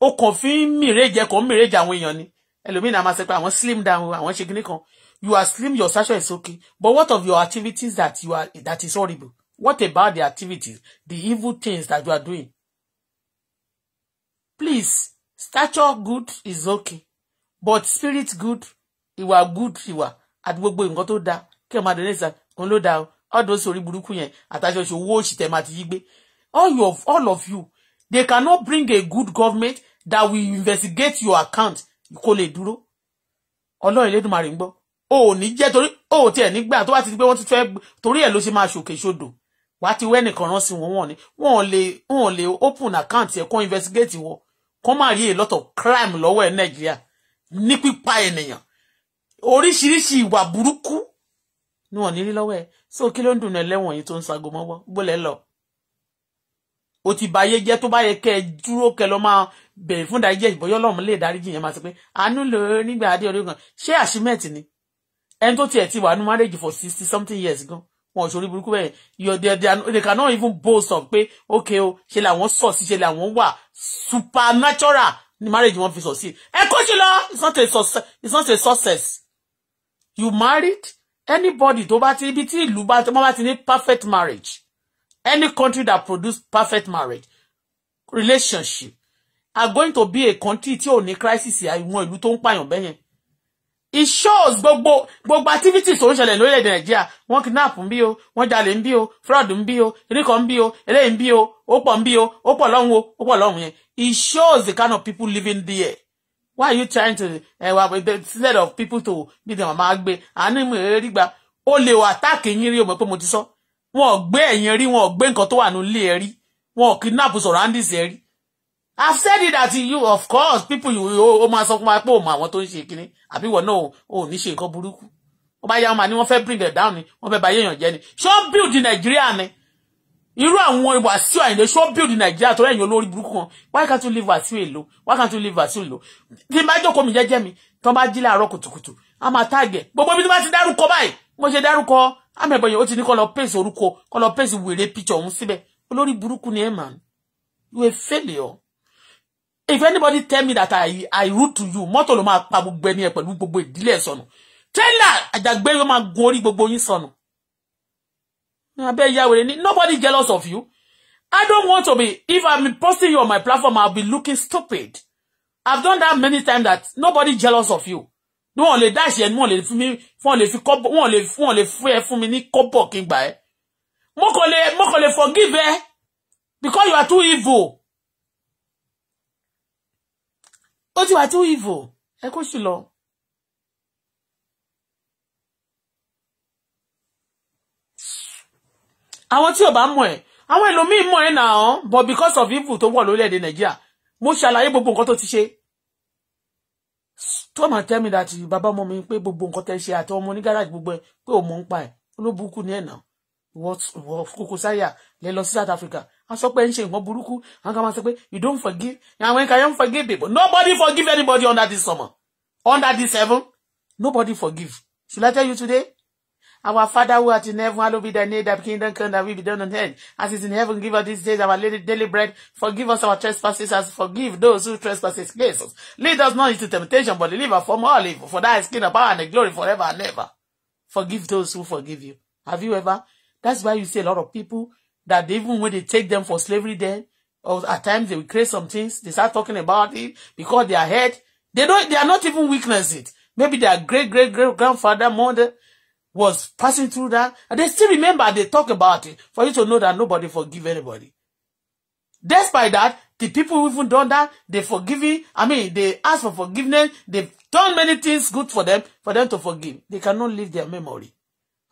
o confirm fi ń mìrèjẹ kàn ń mìrèjẹ àwọn èèyàn ni ẹlòmíràn I want slim down I want kíní kan you are slim your stature is okay but what of your activities that you are that is horrible what about the activities the evil things that you are doing please stature good is okay but spirit good You are good You are. At work, tó dáa da. ẹ máa dẹ̀ ní ìsà òun ló dáa ọdún sórí burúkú yẹn àtàṣọṣọ owó òṣìṣẹ́ máa ti yí gbé all your all of you they cannot bring a good government that will investigate your account kò lè dúró ọlọ́run Elédùmarè ń gbọ́ o ò ní jẹ́ torí o ò tiẹ̀ nígbà tó bá ti di pé wọ́n ti fẹ́ torí ẹ̀ ló ṣe máa ṣòkè ṣodò wà á ti wẹ́ nìkan rán sí wọn wọn ni wọn ò lè wọn ò lè open account yẹn kó investigate wọ kó má rí a lot of crime lọ́wọ́ ẹ̀ Nigeria? ní pípa ènìyàn oríṣiríṣi ìwà burúkú ni wọn ní rí lọ́wọ́ ẹ̀ so kí ló ń dùn ẹ lẹ́wọ̀n yìí tó ń sago mọ́wọ́ gbọ́lẹ̀ lọ ó ti báyé jẹ́ tó bá yẹ kẹ́ ẹ dúró kẹ́ lọ máa bẹ̀rẹ̀ fún ìdáríjì ẹ̀jẹ̀ bọ́yọ́ Ọlọ́run lè dáríjì yẹn máa sọ pé àánú lò ó nígbà adé orí gan ṣé àṣìmẹ́ẹ̀tì ni ẹni tó tiẹ̀ ti wà ní marriage for sixty something years gan wọn ò ṣorí burúkú bẹ́ẹ̀ yọ they they they cannot even boast of pé ok o ṣe làwọn sọ sí ṣe làwọn wà supernatural ni marriage wọn fi sọ sí ẹ kó ṣe lọ it's not a success it's not a success you married anybody tó bá ti ibi tí ìlú bá ti ní perfect marriage Any country that produce perfect marriage, relationship, are going to be a country tí ò ní crisis àwọn ìlú tó ń pààyàn bẹ́ẹ̀ yẹn. It shows gbogbo gbogbo activities tó ń ṣẹlẹ̀ lórílẹ̀-èdè Nàìjíríà. Wọ́n kidnap ń bí o, wọ́n jalè ń o, fraud ń bí o, erékọ̀ ń bí o, eléyìí ń bí o, ó pọ̀ ń o, ó pọ̀ o, ó pọ̀ lọ́hùn It shows the kind of people living there. Why are you trying to uh, instead of people to be the mama gbé? Àánú ìmọ̀ èrè rí gba. O lè wà táàkì yín rí o mọ̀ pé mo ti sọ wọn ò gbé ẹ̀yìn rí wọn ò gbé nǹkan tó wà nílé ẹ rí wọn ò kidnap surroundings ẹ rí I've said it that you of course people you o máa sọ fún wa pé o mọ àwọn tó ń ṣe kinní àbí ìwọ náà o ò ní ṣe nǹkan burúkú ó bá yá wọn mà ní wọ́n fẹ́ bring them down ni wọ́n fẹ́ bà yéèyàn jẹ́ ni ṣé ó build Nàìjíríà ni irú àwọn Wàsíù Àyìndé ṣó bíòdì nàìjíríà tó rẹ̀yìn olórí burúkú kan why can't you leave Wàsíù èlò why can't you leave Wàsíù èlò tí n bá jókòó mi jẹ́jẹ́ mi tó bá jí láàárọ̀ kùtùkùtù a máa tàgẹ̀ gbogbo ibi tí wọ́n ti dárúkọ báyìí mo ṣe dárúkọ amẹ̀bọ̀ yẹn ó ti ní kọ́ lọ pèsè orúkọ kọ́ lọ pèsè wèrè picture ọ̀hún síbẹ̀ olórí burúkú ni ẹ̀ mà you a failure if anybody tell me that i i root to you mọ́tò ló máa pa gbogbo ẹni ẹ pẹ̀lú gbogbo ìdílé ẹ̀ sọnù tẹ́lá àjàgbé ló máa gun orí gbogbo yín sọnù abẹ́ ìyá ni nobody jealous of you i don't want to be if i'm posting you on my platform i'll be looking stupid i've done that many times that nobody jealous of you bí wọn lè dáṣì ẹni wọn lè fún mi wọn le fi kọ́bọ̀ wọn lè wọn le fún ẹ fún mi ní kọ́bọ̀ kí n gbà ẹ mo kò le. mo kò le forgive ẹ because you are too evil ó ti wà too evil ẹ kó sì lọ. àwọn tí ò bá mọ̀ ẹ́ àwọn ẹlòmíín mọ̀ ẹ́ nà án but because of evil tó wọ̀ lórílẹ̀‐èdè nàìjíríà mo ṣàlàyé gbogbo nǹkan tó ti ṣe tó máa tẹ́ mi láti bàbá ọmọ mi pé gbogbo nǹkan tẹ́ ṣe àtọ ọmọ ní gáràjì gbogbo ẹ pé òun mọ̀ ń pa ẹ̀ olóbùkù ní ẹ̀nà ìwọ sáyà lẹ lọ sí South Africa a sọ pé ń ṣe nǹkan burúkú àwọn kan máa sọ pé you don't forgive àwọn ẹ̀ka yẹn forgive people nobody forgive anybody under this summer under this heaven nobody forgive should I tell you today Our Father who art in heaven, hallowed be thy name, thy kingdom come, thy will be done on earth. As is in heaven, give us this day our daily bread. Forgive us our trespasses as forgive those who trespass against us. Lead us not into temptation, but deliver us from all evil. For thy is kingdom, power, and the glory forever and ever. Forgive those who forgive you. Have you ever? That's why you see a lot of people that even when they take them for slavery then, or at times they will create some things, they start talking about it because they are hurt. They don't, they are not even witness it. Maybe their great, great, great grandfather, mother, was passing through that. And they still remember, they talk about it for you to know that nobody forgive anybody. Despite that, the people who even done that, they forgiving. I mean, they ask for forgiveness. They've done many things good for them, for them to forgive. They cannot leave their memory.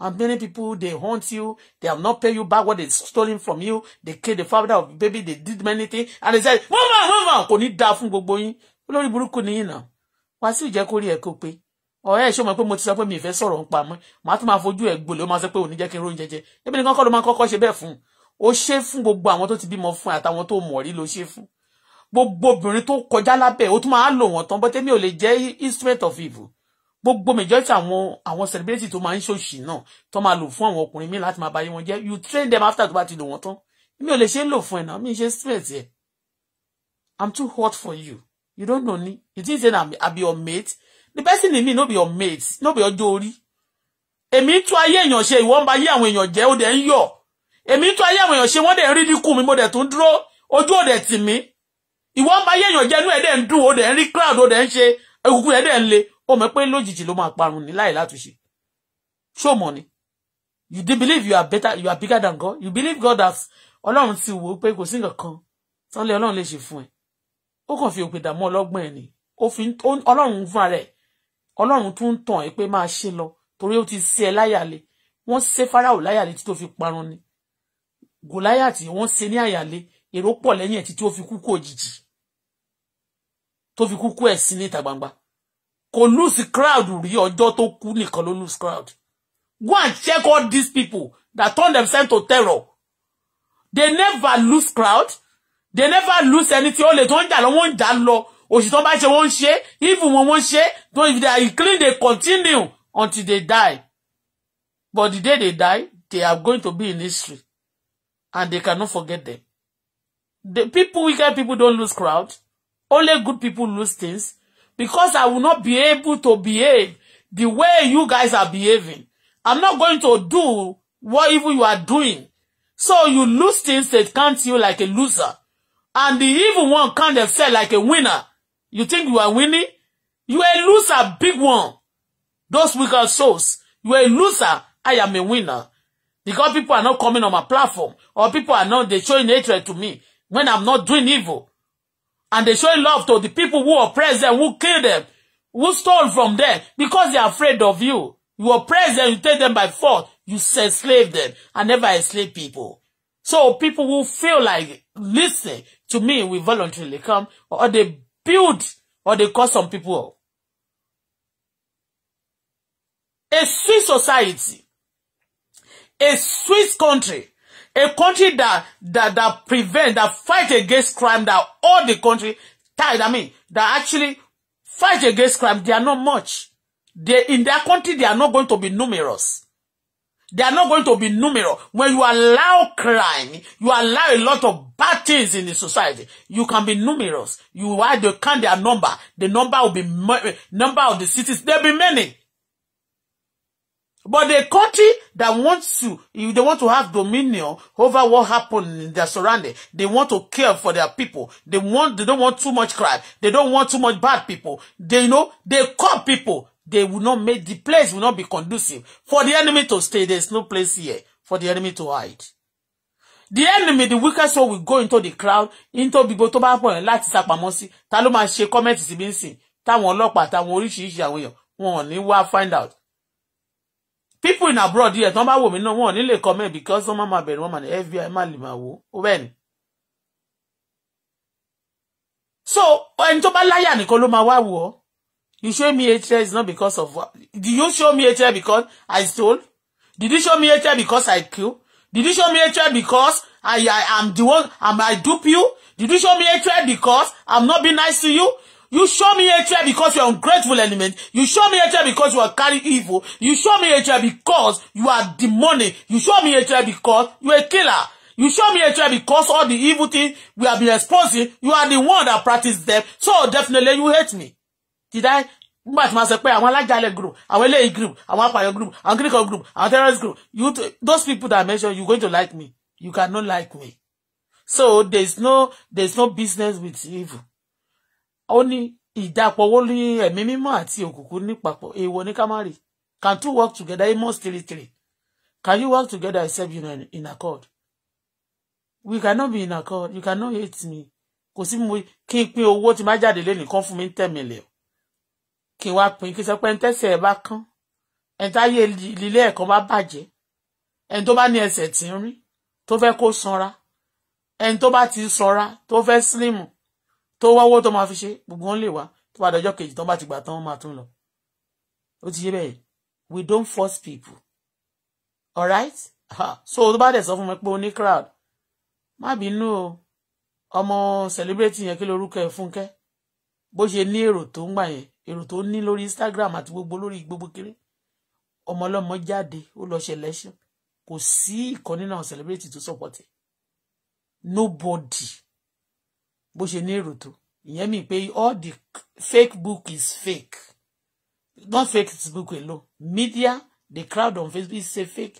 And many people, they haunt you. They have not paid you back what they stolen from you. They killed the father of the baby. They did many things. And they said, Mama, Mama, kò ní dáa fún gbogbo yín. Olórí burúkú ni yín náà ọ̀rẹ́ ẹ̀ ṣó mọ̀ pé mo ti sọ pé mi ìfẹ́ sọ̀rọ̀ ń pa mọ́ màá tún máa fojú ẹ̀ gbolè ó máa sọ pé òní jẹ́ kí n róúnjẹ jẹ ebi nìkan kọ́ ló máa kọ́kọ́ ṣe bẹ́ẹ̀ fún un ó ṣe fún gbogbo àwọn tó ti bímọ fún àtàwọn tó mọ̀ rí ló ṣe fún gbogbo obìnrin tó kọjá lábẹ́ ó tún máa lò wọ́n tán bọ́tẹ́ mi ò lè jẹ́ instrument of evil gbogbo majority àwọn àwọn celebrity tó máa ń ṣòṣì náà tó máa lò fún àwọn ọkùnrin mi láti máa báyé wọn jẹ́ you train them after tó bá ti lò wọ́n tán mi ò lè ṣe ń lò fún ẹ̀ náà mi ṣe instrument yẹ i'm too hot for you you don't know me you think say na i be your mate the person in me no be your mates, no be your orí èmi ń tún ayé èèyàn ṣe ìwọ ń ba ayé àwọn èèyàn jẹ́ ó dẹ̀ ń yọ̀ èmi ń tún ayé àwọn èèyàn ṣe wọ́n dẹ̀ ń rí dínkù mi mo dẹ̀ tún dúró ojú ò dẹ̀ tì mí ìwọ ń ba ayé èèyàn jẹ́ inú ẹ̀ dẹ̀ ń dùn ó dẹ̀ ń rí crowd ó dẹ̀ ń ṣe egungun ẹ̀ dẹ̀ ń le ó mọ̀ pé lójijì ló máa parun ní láì látúnṣe ṣó Show money. you do believe you are better you are bigger than God you believe God has ọlọ́run ti wò ó pé kò sí nǹkan kan tán lé ọlọ́run lè ṣe fún ẹ ó kàn fi òpè dààmú ọlọ́gbọ́n ẹ ni ó fi ọlọ́run fúnra rẹ̀ ọlọ́run tún ń tàn ẹ́ pé máa ṣe lọ torí ó ti ṣe ẹ láyàlé wọ́n ṣe fáráò láyàlé tí tó fi parun ni gòláyàtì wọ́n ṣe ní àyàlé èrò pọ̀ lẹ́yìn ẹ̀ tí tó fi kú kú òjijì tó fi kú kú ẹ̀ sí níta gbangba kò lose crowd rí ọjọ́ tó kú nìkan ló lose crowd go and check all these people that turn themselves to terror they never lose crowd they never lose anything ó lè tó ń jà lọ wọ́n ń jà lọ òṣì tó bá ṣe wọ́n ń ṣe even wọn wọ́n ṣe tó if they are clean they continue until they die but the day they die they are going to be in history and they cannot forget them the people wicked people don't lose crowd only good people lose things because I will not be able to behave the way you guys are behaving I'm not going to do what evil you are doing so you lose things that count you like a loser and the evil one count themselves like a winner You think you are winning? You are a loser, big one. Those wicked souls, you are a loser. I am a winner. Because people are not coming on my platform. Or people are not, they showing hatred to me when I'm not doing evil. And they showing love to the people who oppress them, who kill them, who stole from them. Because they are afraid of you. You oppress them, you take them by force. You enslave them. I never enslave people. So people who feel like listening to me will voluntarily come or they build or they cause some people A sweet society, a sweet country, a country that that that prevent, that fight against crime, that all the country tied. I mean, that actually fight against crime. They are not much. They in their country, they are not going to be numerous. They are not going to be numerous. When you allow crime, you allow a lot of bad things in the society. You can be numerous. You are the count their number. The number will be eh, number of the cities. There'll be many. But the country that wants to, if they want to have dominion over what happened in their surrounding, they want to care for their people. They want, they don't want too much crime. They don't want too much bad people. They you know they call people. They will not make the place will not be conducive for the enemy to stay. There's no place here for the enemy to hide. The enemy, the wicked soul will go into the crowd, into gbogbo tó bá pọ̀ yẹn láti sápamọ́ sí. Ta ló máa ṣe kọ́mẹ́ǹtì síbi ń sìn? Táwọn ọlọ́pàá àtàwọn oríṣiríṣi àwọn èèyàn wọn ò find out. People in abroad here, number bá wò mí náà wọn ò comment because wọ́n máa bẹ̀rù wọn mà ní FBI má lè So ẹni tó bá láyà nìkan ló máa You show me hatred is not because of what? Did you show me hatred because I stole? Did you show me hatred because I kill? Did you show me hatred because I I am the one am I dupe you? Did you show me hatred because I'm not being nice to you? You show me hatred because you're ungrateful element. You show me hatred because you are carrying evil. You show me hatred because you are demonic. You show me hatred because you're a killer. You show me hatred because all the evil things we have been exposing, you are the one that practice them. So definitely you hate me did I nígbà tí ma sọ pé àwọn alájàlẹ̀ group àwọn eléyìí group àwọn apààyàn group àwọn kíríkọ group àwọn terrorist group you those people that mention you going to like me you cannot like me so there is no there is no business with evil ó ní ìdàpọ̀ owó ní ẹ̀mí mímọ́ àti òkùnkùn nípapọ̀ èèwọ̀ ní kámárì can two work together amos three three can you work together except you are in accord we cannot be in accord you cannot hate me kò sí mo kí n pín owó tí má jáde lé nìkan fún mi ń tẹ̀mẹ̀lẹ̀ o kí wá pín kí sọ pé ẹni tẹ́sẹ̀ bá kán ẹni lílé ẹ̀kan bá bàjẹ́ ẹni tó bá ní ẹsẹ̀ tí ń rí tó fẹ́ kó sanra ẹni tó bá ti sanra tó fẹ́ sílímù tó wọ́wọ́ tó máa fi ṣe gbogbo wọn lè wá tó bá dọjọ́ kejì tán bá ti gbà tán wọ́n máa tún lọ ó ti yé bẹ́ẹ̀ we don't force people alright so tó bá dẹ̀ sọ fún mi pé o ní crowd má bínú o ọmọ celebrity yẹn kí lorúkọ ẹ̀ fúnkẹ́ bó ṣe ní èrò tó ń gbà yẹn èrò tó ní lórí Instagram àti gbogbo lórí gbogbo kiri ọmọ ọlọ́mọ jáde ó lọ ṣe election kò sí ìkan nínú àwọn celebrity tó support nobody bó ṣe ní èrò tó ìyẹn mi pé all the fake book is fake not fake book alone media the crowd on Facebook is a fake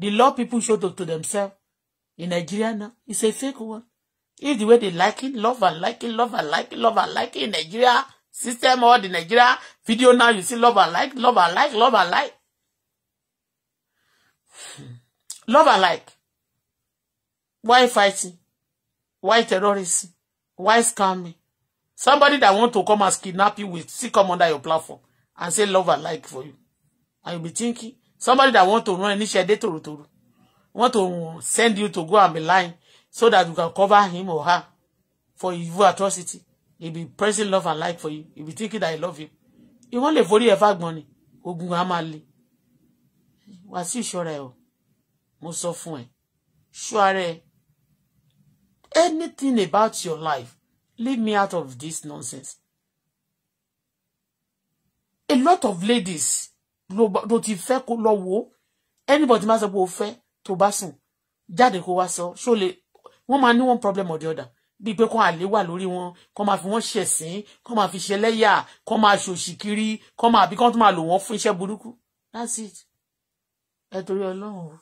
the law people showed up to themselves in Nigeria now is a fake one if the way they like it love and like it love and like it love and like it in Nigeria system all the Nigeria video now you see love and like, love and like, love and like. Hmm. Love and like. Why fighting? Why terrorism? Why scamming? Somebody that want to come and kidnap you will see come under your platform and say love and like for you. And you'll be thinking, somebody that want to run initiate toru toru, want to send you to go and be lying so that you can cover him or her for evil atrocity he be pressing love and like for you he be thinking that i love you ìwọ́n lè forí ẹ̀fà gbọ́n ni ogun a máa le o mo sọ fún ẹ ṣọ́ anything about your life leave me out of this nonsense a lot of ladies ló ti fẹ́ kó lọ wò anybody máa sọ pé o fẹ́ tó bá sùn jáde kó wá sọ one problem or the other bíi pé kán àlè wà lórí wọn kán máa fi wọn ṣẹ̀sín kán máa fi ṣe lẹ́yà kán máa ṣòṣì kiri kán máa bí kán tún máa lò wọ́n fún iṣẹ́ burúkú that's it ẹ torí ọlọ́run o.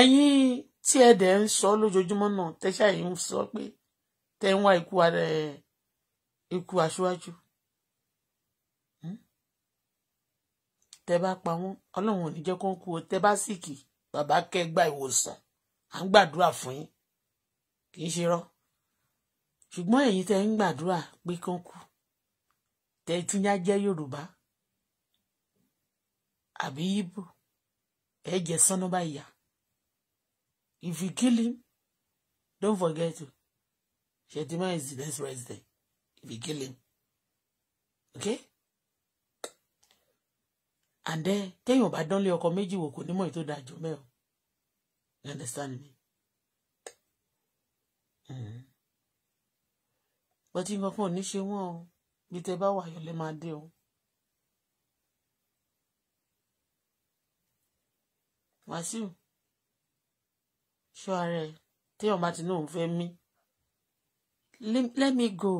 ẹ̀yin tí ẹ dẹ̀ ń sọ lójoojúmọ́ náà tẹ́ṣà yìí ń sọ pé tẹ́ ń wá ikú ara ẹ̀ ikú aṣáájú. tẹ bá pa wọn ọlọ́run ò ní jẹ́ kó ń kú o tẹ bá sìkì bàbá kẹ́ gba ìwòsàn à ń gbàdúrà fún yín kì í ṣe rọ ṣùgbọ́n èyí tẹ ń gbàdúrà pé kó ń kú tẹ tíyá jẹ́ yorùbá àbí ibo ẹ jẹ sọnà bá yà if you kill him don't forget to Shetima is the next president if you kill him okay and then téèyàn bá dánlé ọkọ méjì wò kò nímọ̀ ètò ìdájọ́ mẹ́ọ̀ you understand me mm-hmm. bọ́tí nǹkan kan ò ní ṣe wọ́n o bí tẹ bá wà yọlẹ́ máa dé o. wàsíù ṣọ́ ara ẹ̀ téèyàn bá ti ní òun fẹ́ mí let me go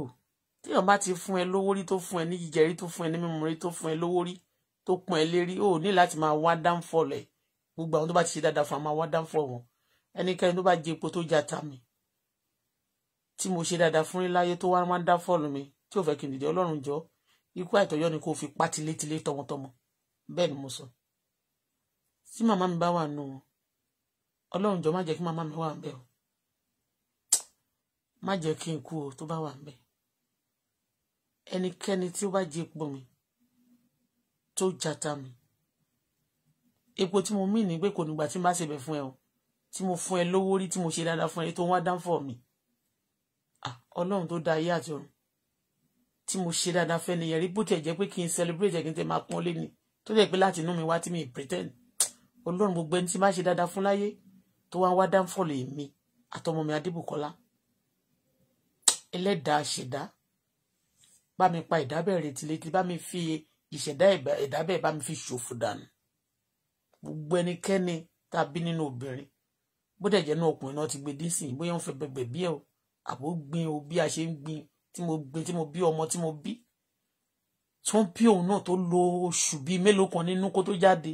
téèyàn bá ti fún ẹ lówó rí tó fún ẹ ní jíjẹ rí tó fún ẹ ní mímu rí tó fún ẹ lówó rí tó pọn ẹ ó ní láti máa wá dáńfọ lẹ gbogbo àwọn tó bá ti ṣe dáadáa fún wa máa wá dáńfọ wọn ẹnikẹ́ni tó bá jẹ epo tó já ta tí mo ṣe dáadáa fún rí láyé tó wá máa ń dáńfọ mi tí ò fẹ́ kí n dìde Ọlọ́run jọ ikú àìtọ́jọ́ ni kò fi pa tilétilé tọmọtọmọ bẹ́ẹ̀ ni mo sọ tí màmá mi bá wà nù wọn Ọlọ́run jọ má jẹ́ kí màmá mi wà bẹ́ẹ̀ o má jẹ́ kí n kú o tó bá wà bẹ́ẹ̀ ẹnikẹ́ni tí ó bá jẹ epo mi tó jata mi epo tí mo mí ní pé kò nígbà tí n bá ṣe bẹ̀ fún ẹ o tí mo fún ẹ lówó rí tí mo ṣe dáadáa fún ẹ tó wá dán fọ mi ah, ọlọ́run tó dá ayé àti ọ̀run tí mo ṣe dáadáa fẹ́ nìyẹn rí bó tiẹ̀ jẹ́ pé kí n celebrate ẹ̀ kí n tẹ́ máa pọ́n lé ni tó jẹ́ pé láti inú mi wá tí mi pretend ọlọ́run gbogbo ẹni tí má ṣe dáadáa fún láyé tó wá ń wá dáńfọ̀lù èmi àtọmọ mi adébùkọ́lá ẹlẹ́dàá ṣẹ̀dá bá mi pa ìdábẹ̀rẹ̀ tìlétí bá mi fi ìṣẹ̀dá ẹ̀dá bẹ́ẹ̀ bá mi fi ṣòfò dànù gbogbo ẹnikẹ́ni tá a bí nínú obìnrin bó dẹ̀ jẹ́ inú ọkùnrin náà ti gbé dín sí bóyá ń fẹ́ bẹ̀bẹ̀ bí ẹ̀ o àbò gbin o bí a ṣe ń gbin tí mo gbin tí mo bí ọmọ tí mo bí tó ń bí òun náà tó lo oṣù bíi mélòó kan nínú kó tó jáde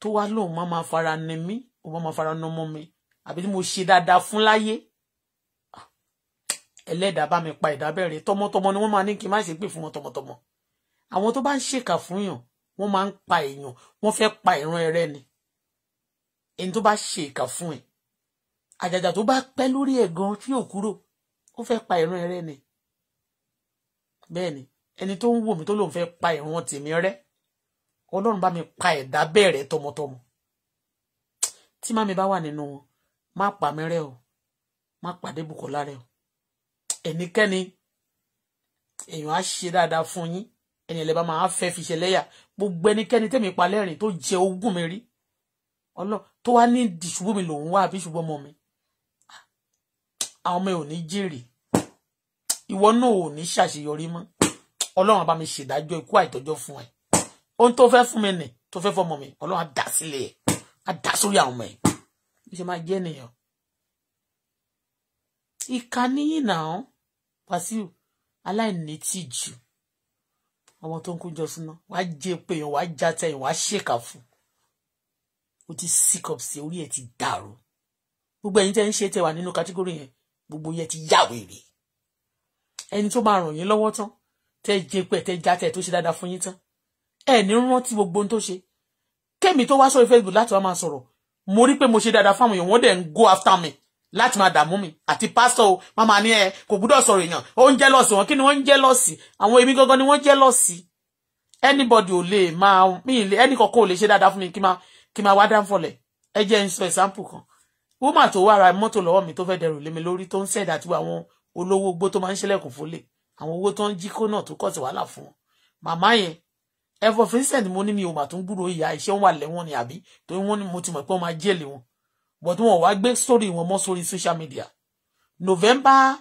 tó wá lóun máa máa fara ni mí òun máa máa fara ni ọmọ mi àbí tí mo ṣe dáadáa fún láyé ah, ẹlẹ́dàá bá mi pa ìdábẹ́rẹ́ tọmọtọmọ ni wọ́n máa ní kí n má ṣe pè fún wọn tọmọtọmọ àwọn tó bá ń ṣèkà fún yàn wọ́n máa ń pa èèyàn wọ́n fẹ́ pa ìran ẹrẹ ni ẹni tó bá ṣèkà fún ẹ àjàjà tó bá pẹ́ lórí ẹ̀ gan tí ò kúrò ó fẹ́ pa ìran ẹrẹ ni bẹ́ẹ̀ ni ẹni tó ń wò mí tó lòun fẹ́ pa ìran tèmi rẹ́ ọlọ́run bá mi pa ẹ̀dá bẹ̀rẹ̀ tọmọtọmọ tí màmí bá wà nínú wọn má pa mí rẹ́ o má pàdé Bùkọ́lá rẹ́ o ẹnikẹ́ni èèyàn á ṣe dáadáa fún yín ẹni ẹlẹ́bàá máa fẹ́ fi ṣe lẹ́yà gbogbo ẹnikẹ́ni tẹ̀mí pa lẹ́rìn tó jẹ ogún mi rí ọlọ tó wá ní ìṣubú mi lòun wá àbí ìṣubú ọmọ mi àwọn ọmọ ẹ ò ní jèrè ìwọ náà ò ní ṣàṣeyọrí mọ́ ọlọ́run bá mi ṣèdájọ́ ikú àìtọ́jọ́ fún ẹ ohun tó fẹ́ fún mi nì tó fẹ́ fọmọ mi ọlọ́run á dá ẹ á sórí àwọn ọmọ ẹ bí ṣe máa jẹ́ nìyẹn ìkànnì yìí náà Wàsíù aláìnítìjú ọmọ tó ń kú jọ súná wàá jẹ pé èèyàn wàá já tẹyìn wàá ṣèkà fún o ti sick up sí orí ẹ ti dàrú gbogbo ẹ̀yin tẹ́ ń ṣe tẹ́ wà nínú kátígórì yẹn gbogbo yẹn ti yà wèrè ẹni tó máa ràn yín lọ́wọ́ tán tẹ́ jẹ pé tẹ́ já tẹ tó ṣe dáadáa fún yín tán ẹ ní rántí gbogbo ohun tó ṣe kémi tó wá sórí Facebook láti wá máa sọ̀rọ̀ mo rí pé mo ṣe dáadáa fáwọn èèyàn wọ́n dẹ̀ ń go after me láti máa dààmú mi àti pásítọ̀ o wọ́n máa ní ẹ kò gbúdọ̀ sọ̀rọ̀ èèyàn ó ń jẹ́lọ́sì wọn kí ni wọ́n ń jẹ́lọ́sì àwọn èmi gangan ni wọ́n jẹ́lọ́sì anybody ò lè máa mi lè ẹnì kankan ò lè ṣe dáadáa fún mi kí máa kí máa wá dáńfọ̀lẹ̀ ẹ jẹ́ ń sọ example kan woman tó wá ra mọ́tò lọ́wọ́ mi tó fẹ́ dẹrù lé mi lórí tó ń sẹ̀dá àti àwọn olówó gbó tó máa ń ṣẹlẹ̀kùn fólè àwọn owó tó ń jí kó náà tó kọ̀ sí wàhálà fún wọn màmá yẹn ẹfọ vincent mo ní mi ò mà tún gbúròó ìyá iṣẹ́ ń wà lẹ́wọ̀n ni àbí torí wọ́n ní mo ti mọ̀ pé wọ́n máa jẹ́lẹ̀ wọn but wọn wá gbé sórí wọn mọ́ sórí social media november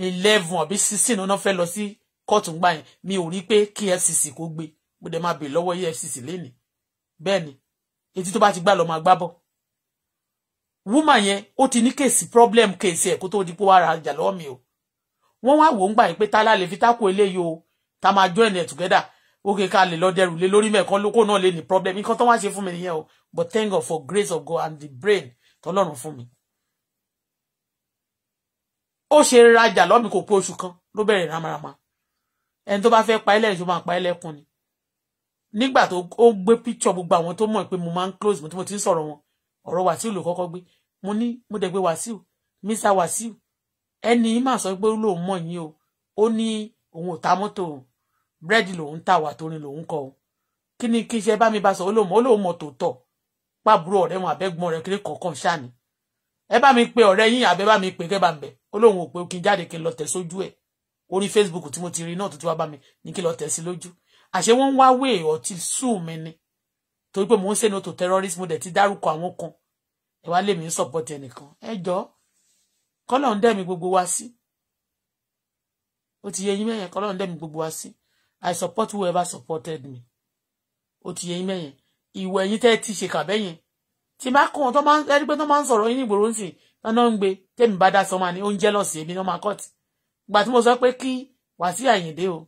eleven àbí sixteen ọ̀nà fẹ́ lọ sí kóòtù ńgbà yẹn mi ò rí pé kí efcc kó gbé mo dẹ̀ máa bèè lọ́wọ́ efcc lénìí bẹ́ẹ̀ ni etí tó bá ti gbà lọ máa gbá bọ̀ woman yẹn ó ti ní kèsì problem kèsì ẹ̀ kó tó di pé wàá ra ọjà lọ́wọ́ mi o wọ́n wá wò ó gbà yín pé tálá lè fi tákò eléyìí o tá máa join ẹ̀ together ó kéka lè lọ dẹrù lé lórí mẹ́ẹ̀kan lóko náà lè ní problem nǹkan tó wá ṣe fún mi nìyẹn o but thank God for grace of God and the brain tọ́lọ́run fún mi ó ṣe rajà lọ́mí kò pé oṣù kan ló bẹ̀rẹ̀ rámarama ẹni tó bá fẹ́ pa ẹlẹ́rìn tó máa pa ẹlẹ́kùn ni nígbà tó ó gbé picture gbogbo àwọn tó mọ̀ pé mo máa ń close mo tí mo ti ń sọ̀rọ̀ wọn ọ̀rọ̀ Wàsíù ló kọ́kọ́ gbé mo ní mo dẹ̀ gbé Wàsíù Mr Wàsíù ẹni mà sọ pé lóun mọ̀ yín o ó ní òun ò ta mọ́tò òun búrẹ́dì lòun tà wà torin lòun kọ o kí ni kí iṣẹ́ bá mi bá sọ ó lóun to. tòótọ́ pàbúrò ọ̀rẹ́ wọn àbẹ́gbọ́n rẹ̀ kiri kọ̀ọ̀kan ṣáà ni ẹ bá mi pe ọ̀rẹ́ yín àbẹ́ bá mi pe kẹ́ bá ń bẹ̀ ó lóun ò pé kí n jáde kí n lọ tẹ̀ sójú ẹ̀ orí Facebook tí mo ti rí náà tuntun wá bá mi ní kí n lọ tẹ̀ sí lójú àṣé wọ́n ń wá wé ọtí sùn mi ni torí pé mò ń sẹ́nu tó terrorist mo dẹ̀ ti dárúkọ àwọn kan ẹ wá lèmi ń support ẹnìkan ẹ jọ kọ́lọ̀ ń dẹ̀mí gbogbo wa sí ó ti yẹ yín mẹ́yẹn kọ́lọ̀ ń dẹ̀mí gbogbo wa sí I support whoever supported me ó ti yẹ yín mẹ́yẹn ìwọ ẹ̀yin tẹ́ ti ṣe kàbẹ́yìn tí bá kọ́ wọn tó máa ń ẹni pé tó máa ń sọ̀rọ̀ yín ní ìgboro ń sìn tán ń gbé tẹ́mi bá dá máa ní oúnjẹ lọ́sìn èmi náà máa kọ́ọ̀tì ìgbà tí mo sọ pé kí Wàsíù Àyìndé o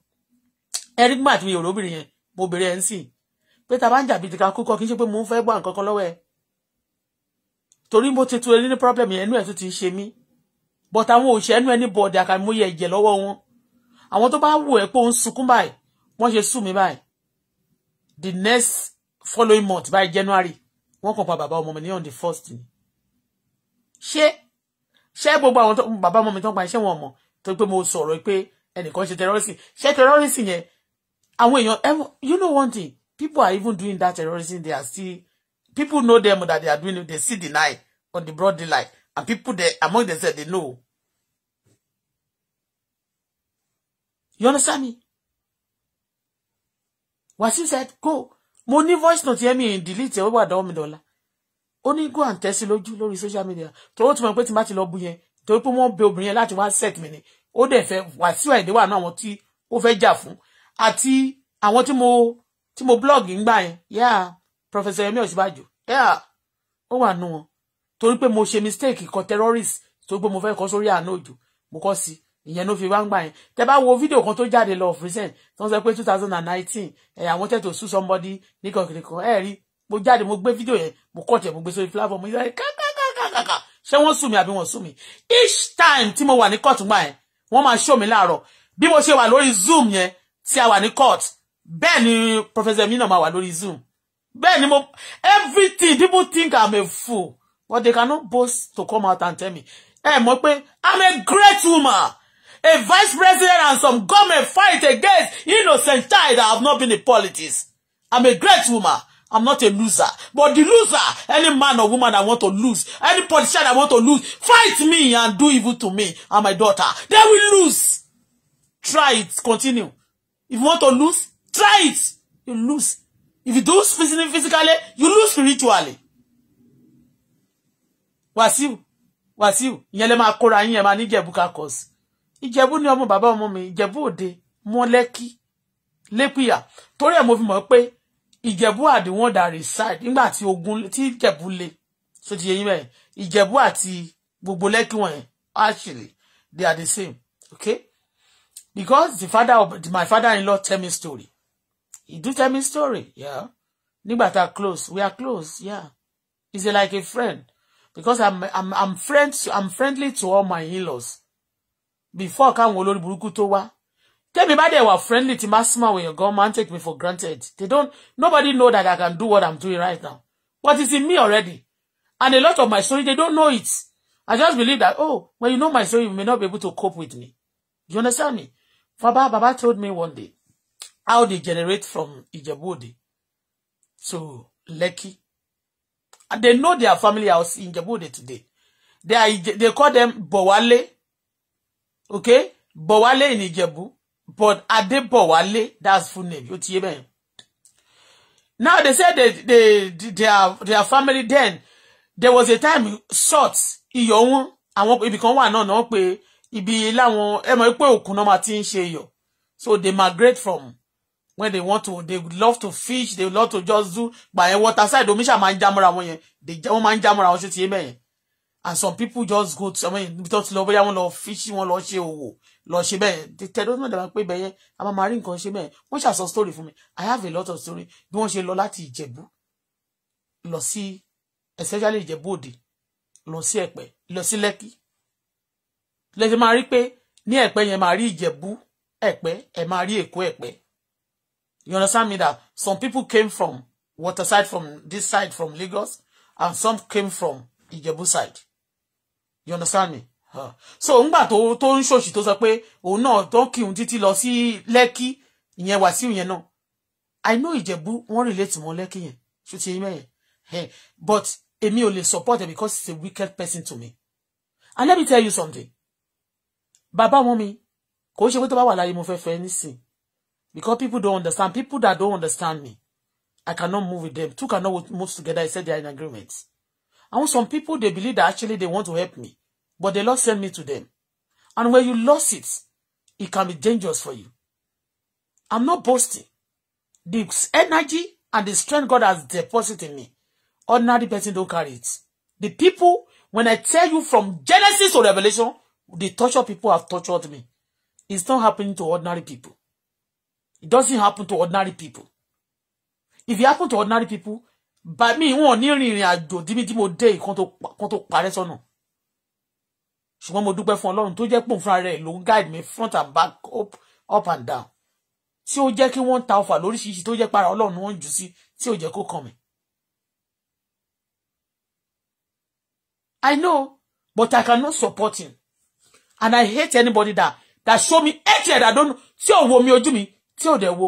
ẹni gbà tí mi obìnrin yẹn mo bèrè ẹ̀ ń sìn pé ta bá ń jàbí tìka kúkọ kì í ṣe pé mo ń fẹ́ gbà nǹkan lọ́wọ́ ẹ̀ torí mo ti tu ẹni ní problem yẹn ẹnu ẹ̀ tún ti ń ṣe mí but àwọn òṣìṣẹ́ ẹnu ẹni bọ̀dẹ̀ àkàìmọye ẹ̀jẹ̀ following month by January wọ́n kàn pa bàbá ọmọ mi ní on the first ni ṣé ṣé gbogbo àwọn bàbá ọmọ mi tó ń pa iṣẹ́ wọn mọ̀ tó pé mo sọ̀rọ̀ pé ẹnìkan ṣe terrorism ṣé terrorism yẹn àwọn èèyàn you know one thing people are even doing that terrorism they are still people know them that they are doing it they see deny on the broad daylight and people there among themselves they know you understand me Wasiu said go mo ní voice note yẹn mi ì delete ẹ̀ ó wà dánwó mi dọ̀la ó ní go and test lójú lórí social media tó ó ti mọ̀ pé tí má ti lọ bu yẹn torí pé wọ́n bẹ obìnrin yẹn láti wá set mi ni ó dẹ̀ fẹ́ Wàsíù Àyìndé wà náà àwọn tí ó fẹ́ jà fún àti àwọn tí mo tí mo blog ń gbà yẹn yá Professor Yemi Ọ̀sínbàjò yá ó wà nù wọn torí pé mo ṣe mistake kan terrorist torí pé mo fẹ́ kọ sórí àánú òjò mo kọ sí ìyẹn ló fi wá ń gbà yẹn tẹ bá wo fídíò kan tó jáde lọ of tó ń sọ pé two thousand and nineteen ẹ eh, I wanted to sue somebody nìkankìnìkan ẹ rí mo jáde mo gbé fídíò yẹn mo kọ́ tẹ̀ mo gbé sórí platform mo yẹ kàkàkàkàkà ṣé wọ́n sùn mí àbí wọ́n sùn mí each time tí mo wà ní court gbà yẹn wọ́n máa ṣó mi láàárọ̀ bí mo ṣe wà lórí zoom yẹn tí a wà ní court professor mi náà máa zoom bẹ́ẹ̀ everything people think I'm a fool but they cannot boast to come out and tell me ẹ mọ̀ pé I'm a great woman a vice president and some government fight against innocent child that have not been in politics. I'm a great woman. I'm not a loser. But the loser, any man or woman that want to lose, any politician that want to lose, fight me and do evil to me and my daughter. They will lose. Try it. Continue. If you want to lose, try it. You lose. If you lose physically, physically, you lose spiritually. Wàsíù, Wàsíù, ìyẹn lè máa kóra yín ẹ̀ máa ní Jẹ̀bú ìjẹ̀bú ni ọmọ bàbá ọmọ mi ìjẹ̀bú òde mọ́lẹ́kí lépìyà torí ẹ̀ mo fi mọ̀ pé ìjẹ̀bú àdì dà reside nígbà tí ogun tí ìjẹ̀bú le so ti yẹ yín bẹ́ẹ̀ ìjẹ̀bú àti gbogbo lẹ́kí wọ̀nyẹn actually they are the same okay because the father of the, my father-in-law tell me story he do tell me story yeah nígbà tá close we are close yeah he he's like a friend because I'm I'm I'm friends I'm friendly to all my in-laws before káwọn olórí burúkú tó wá tẹ́mi bá dẹ̀ wà friendly tí máa súnmọ́ àwọn èèyàn gan take me for granted they don't nobody know that I can do what I'm doing right now what is in me already and a lot of my story they don't know it I just believe that oh when you know my story you may not be able to cope with me you understand me Baba Baba told me one day how they generate from Ijebu-Ode to Lekki and they know their family house in ijebu today they are they call them Bowale okay Bọ̀wálé in Ìjẹ̀bú but Adébọ̀wálé that's full name You see, man. now they say they, they, they their their family then there was a time short iyọ̀ wọn àwọn ibì kan wà náà náà pé ibi láwọn ẹ mọ̀ pé òkun náà máa ti ń ṣe so they migrate from when they want to they would love to fish they would love to just do by yẹn water side omi ṣáà máa ń jámọ́ra wọn yẹn wọ́n máa ń jámọ́ra ti yé bẹ́ẹ̀ and some people just go to I mean because lọ bóyá wọ́n lọ fíṣí wọ́n lọ ṣe òwò lọ ṣe bẹ́ẹ̀ tẹdó náà dàgbà pé bẹyẹ a máa máa rí nǹkan ṣe bẹ́ẹ̀ wọ́n ṣàṣọ story fún mi I have a lot of story bí wọ́n ṣe lọ láti Ìjẹ̀bú lọ sí especially Ìjẹ̀bú Òde lọ sí Ẹ̀pẹ́ lọ sí Lẹ́kì lẹsẹ máa rí pé ní Ẹ̀pẹ́ yẹn máa rí Ìjẹ̀bú Ẹ̀pẹ́ ẹ máa rí Èkó Ẹ̀pẹ́ you understand me that some people came from water side from this side from Lagos and some came from Ìjẹ̀bú side you understand me huh. so ńgbà to tó ń to tó sọ pé òun náà tó ń kírun títí lọ sí lẹ́kí ìyẹn wàsíù yẹn náà i know ìjẹ̀bú wọ́n relate mọ́ lẹ́kí yẹn ṣó ti yín mẹ́yẹn but èmi ò lè support her because he's a wicked person to me and let me tell you something Baba wọn mi kò ṣe pé tó bá wà láyé mo fẹ́ fẹ́ nísìn because people don't understand people that don't understand me i cannot move with them two cannot move together i said they are in agreement. And some people, they believe that actually they want to help me. But the Lord sent me to them. And when you lost it, it can be dangerous for you. I'm not boasting. The energy and the strength God has deposited in me, ordinary person don't carry it. The people, when I tell you from Genesis to Revelation, the torture people have tortured me. It's not happening to ordinary people. It doesn't happen to ordinary people. If it happened to ordinary people, bàmí wọn ní rìnrìn àjò díbi tí mo dé kan tó parẹ́ sọ́nà ṣùgbọ́n mo dúpẹ́ fún ọlọ́run tó jẹ́ pòun fúnra rẹ̀ ló ń guide me front and back up, up and down tí ó jẹ́ kí wọ́n ta ọfà lóríṣiríṣi tó jẹ́ para ọlọ́run wọ́n jù sí tí ò jẹ́ kó kàn mí. I know but I cannot support him and I hate anybody that that show me hatred I don't tí ò wo mi ojú mi tí ò dẹ̀ wo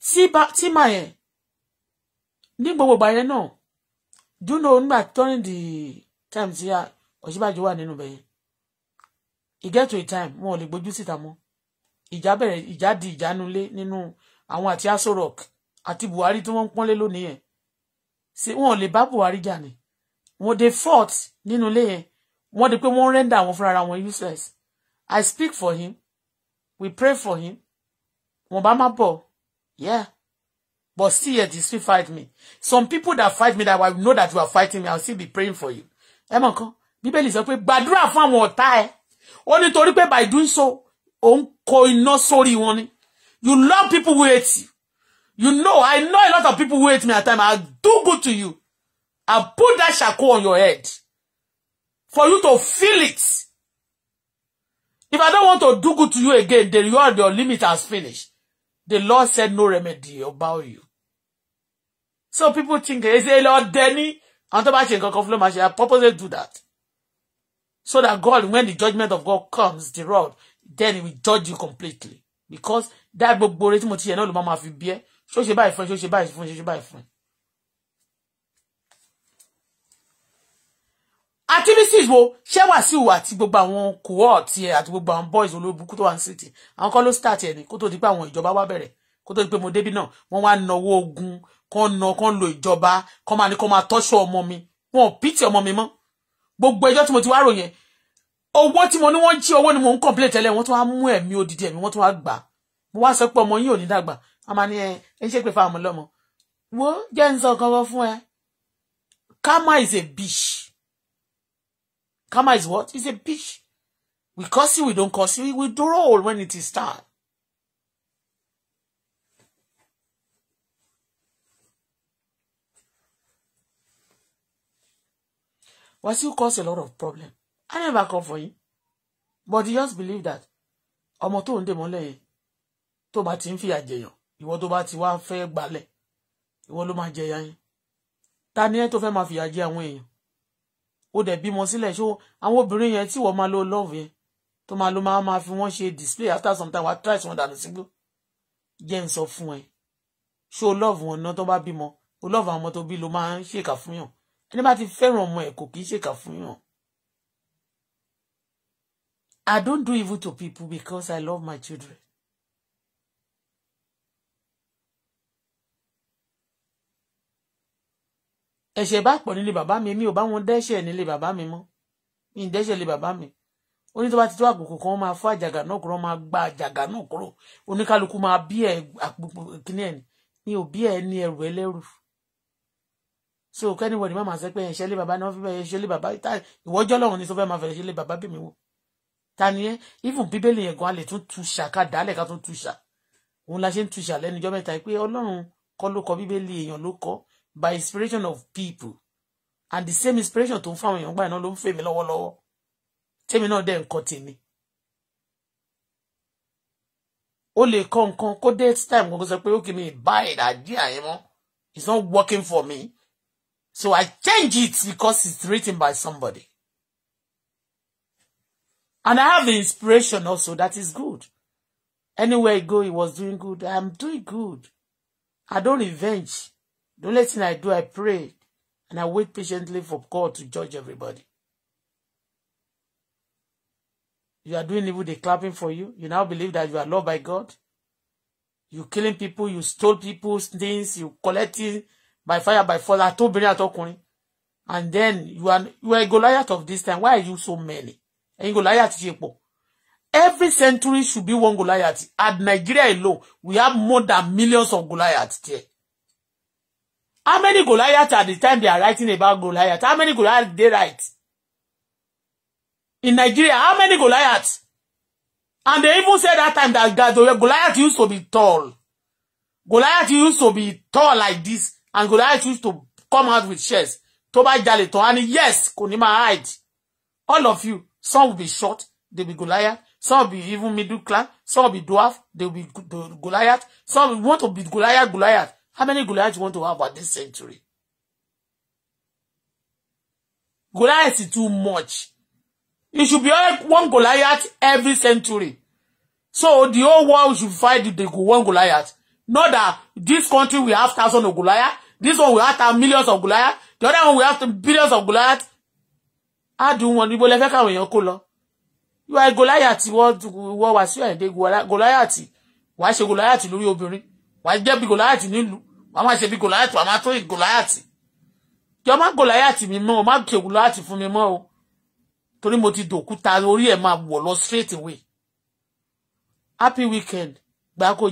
tí bá tí máa yẹn ní gbogbo ìgbà yẹn náà dúró nígbà turning the time tí Ọ̀ṣínbàjò wà nínú bẹ̀yẹn e get to a time wọn ò lè gbójú síta mọ́ ìjà bẹ̀rẹ̀ ìjà di ìjà nulẹ̀ nínú àwọn àti Aso Rock àti Buhari tí wọ́n ń pọ́nlé lónìí yẹn ṣé wọn ò lè bá Buhari jà ni wọn dey fought nínú ilé yẹn wọ́n di pé wọ́n render àwọn fúnra wọn useless I speak for him we pray for him wọ́n bá má bọ̀ yeah. But see, it still fight me. Some people that fight me that I know that you are fighting me, I'll still be praying for you. Ẹ mọ̀ is Bíbélì Badra farm gbàdúrà fún Only to repay by doing so, ó ń kó iná sórí You love people who hate you. You know, I know a lot of people who hate me at time. I'll do good to you. I'll put that shako on your head. For you to feel it. If I don't want to do good to you again, then you are, your limit has finished. The Lord said no remedy about you so people think ẹ ṣe Lord dẹ ní àwọn tó bá ṣe nǹkan kan i purposely do that so that God when the judgment of God comes the rod then he will judge you completely because that gbogbo oore tí mo ti yẹ náà ló máa ma fi bí ẹ ṣó ṣe báyìí fún ẹ ṣó ṣe báyìí fún ẹ ṣó ṣe báyìí fún ẹ. activities wo ṣé Wàsíù àti gbogbo àwọn cohort ẹ àti gbogbo àwọn boys olóbukú tó wà ní city àwọn kan ló start here, ní kó tó di pé àwọn ìjọba wá bẹ̀rẹ̀ kó tó di pé mo débí náà kán na kán lo ìjọba kán máa ní kán máa tọ́ṣọ ọmọ mi wọn ò pìtì ọmọ mi mọ́ gbogbo ẹjọ́ tí mo ti wá ròyìn owó tí mo ní wọ́n jí owó ni mo ń kọ̀ǹpilẹ̀ tẹ́lẹ̀ wọ́n tún wá mú ẹ̀mí odidi ẹ̀mí wọ́n tún wá gbà mo wá sọ pé ọmọ yín ò ní dàgbà a máa ní ẹ ẹ ṣe pé fáwọn ọmọlọ́mọ wo jẹ́ ń sọ kankan fún ẹ karma is a bitch karma is what is a bitch we curse you we don't curse you we will roll when it is time still cause a lot of problem. I never come for him. But he just believe that ọmọ tó ń dè mọ́lẹ̀ yẹn tó bá ti ń fìyà jẹyàn ìwọ tó bá ti wá fẹ́ gbalẹ̀ ìwọ ló máa jẹyà yẹn. Ta ni ẹ tó fẹ́ máa fìyà jẹ àwọn èèyàn? O dẹ̀ bímọ sílẹ̀ ṣó àwọn obìnrin yẹn tí wọ́n máa lo love yẹn tó ma lo máa máa fi wọ́n ṣe display after some time wà try wọn dànù sígbó. Jẹ́ ń sọ fún ẹ ṣó love wọn ná tó bá bímọ o love àwọn ọmọ tó lo ma ń ṣèkà fún yàn ẹni bá ti fẹ́ràn ọmọ ẹ̀ kò kì í ṣèkà fún yàn. I don't do evil to people because I love my children. ẹ̀ṣẹ̀ bá pọ̀ nílé bàbá mi mi ò bá wọn dẹ́ṣẹ̀ nílé bàbá mi mọ́ mi ì dẹ́ṣẹ̀ nílé bàbá mi ó ní tó bá ti tó àkókò kan wọ́n máa fọ́ àjàgà náà kúrò wọ́n máa gba àjàgà náà kúrò oníkálukú máa bí ẹ àpò kíní ẹ ní mi ò bí ẹ ní ẹrù ẹlẹ́rù so kẹ́niwọ̀n ni má máa sọ pé ẹ̀ṣẹ́ lé bàbá ni wọ́n fi bẹ́ẹ̀ ẹ̀ṣẹ́ lé bàbá ìwọ́jọ́ lọ́run ni sọ fẹ́ẹ́ máa fẹ́ẹ́ ṣe lé bàbá bì mí wò ta ni ẹ́ even bíbélì yẹn gan a lè tún tu ṣà ká dálẹ̀ ká tún tu ṣà òun la ṣe ń tu ṣà lẹ́nu ìjọ mẹ́ta pé ọlọ́run kọ́ ló kọ bíbélì èèyàn ló kọ by inspiration of people and the same inspiration tó ń fáwọn èèyàn gbà náà ló ń fèmí lọ́wọ́lọ́wọ́ tèmi náà dẹ̀ ń kọ tèmi o lè kọ nǹkan kó date time kò sọ pé ó kì í mi buy it àdí àyẹ̀mọ́ it's not working for me So I change it because it's written by somebody. And I have the inspiration also that is good. Anywhere I go, he was doing good. I'm doing good. I don't revenge. The only thing I do, I pray. And I wait patiently for God to judge everybody. You are doing evil, they clapping for you. You now believe that you are loved by God. You killing people, you stole people's things, you collecting by fire by force àtòbìnrin àtọkùnrin and then you are you are a Goliath of this time why are you so many ẹ̀yin Goliath ṣe pọ̀ every century should be one Goliath at Nigeria alone we have more than millions of goliaths. there how many goliaths at the time they are writing about goliaths? how many goliaths they write in Nigeria how many goliaths? and they even said that time that, that Goliath used to be tall Goliath used to be tall like this and Goliath choose to come out with shares to buy jalè tán á yes kò ní hide all of you some will be short they will be Goliath some will be even middle class some will be dwarf they will be Goliath some will want to be Goliath Goliath how many Goliath you want to have at this century Goliath is too much it should be one Goliath every century so the whole world should fight the one Goliath not that this country will have thousands of Goliath This one will have millions of Goliath. The other one will have billions of Goliath. Adùn wọn want to fẹ́ káwọn èèyàn kó lọ. You are Goliath wọ́n wá sí ẹ̀dẹ́ Goliath. Wàá ṣe Goliath lórí obìnrin. Wàá jẹ́ bí Goliath nílùú. Wàá máa ṣe bí Goliath. Wàá máa tó Goliath. Jọ má Goliath mi mọ́ o. Má ṣe Goliath fún mi mọ́ o. Torí mo ti dòkúta orí ẹ̀ máa wọ̀ lọ straight away. Happy weekend. Gbà kó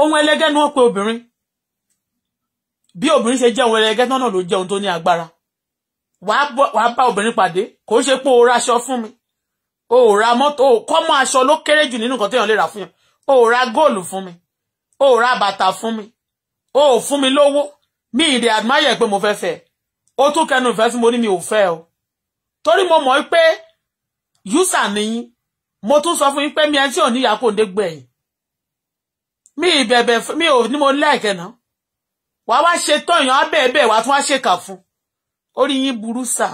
ohun ẹlẹgẹ́ ni wọ́n pe obìnrin bí obìnrin ṣe jẹ́ ohun ẹlẹgẹ́ náà ló jẹ́ ohun tó ní agbára wàá bá obìnrin pàdé kò ṣe pé o ra aṣọ fún mi o ra mọ́tò o kọ́ mọ́ aṣọ ló kéré jù nínú nǹkan téèyàn lè rà fún yàn o ra góòlù fún mi o ra bàtà fún mi o fún mi lówó mi ìdè admire pé mo fẹ́ fẹ́ o tún kẹnu ìfẹ́ sí mo ní mi ò fẹ́ o torí mo mọ̀ pé yúsà nìyí mo tún sọ fún yín pé mi ẹni tí ò ní ìyá kò ń dé mi ìbẹ̀bẹ̀ mi ò ní mo like náà wàá wá ṣe tọ̀yàn abẹ́ẹ̀bẹ́ wàá tún wá ṣèkà fún orí yín burú sà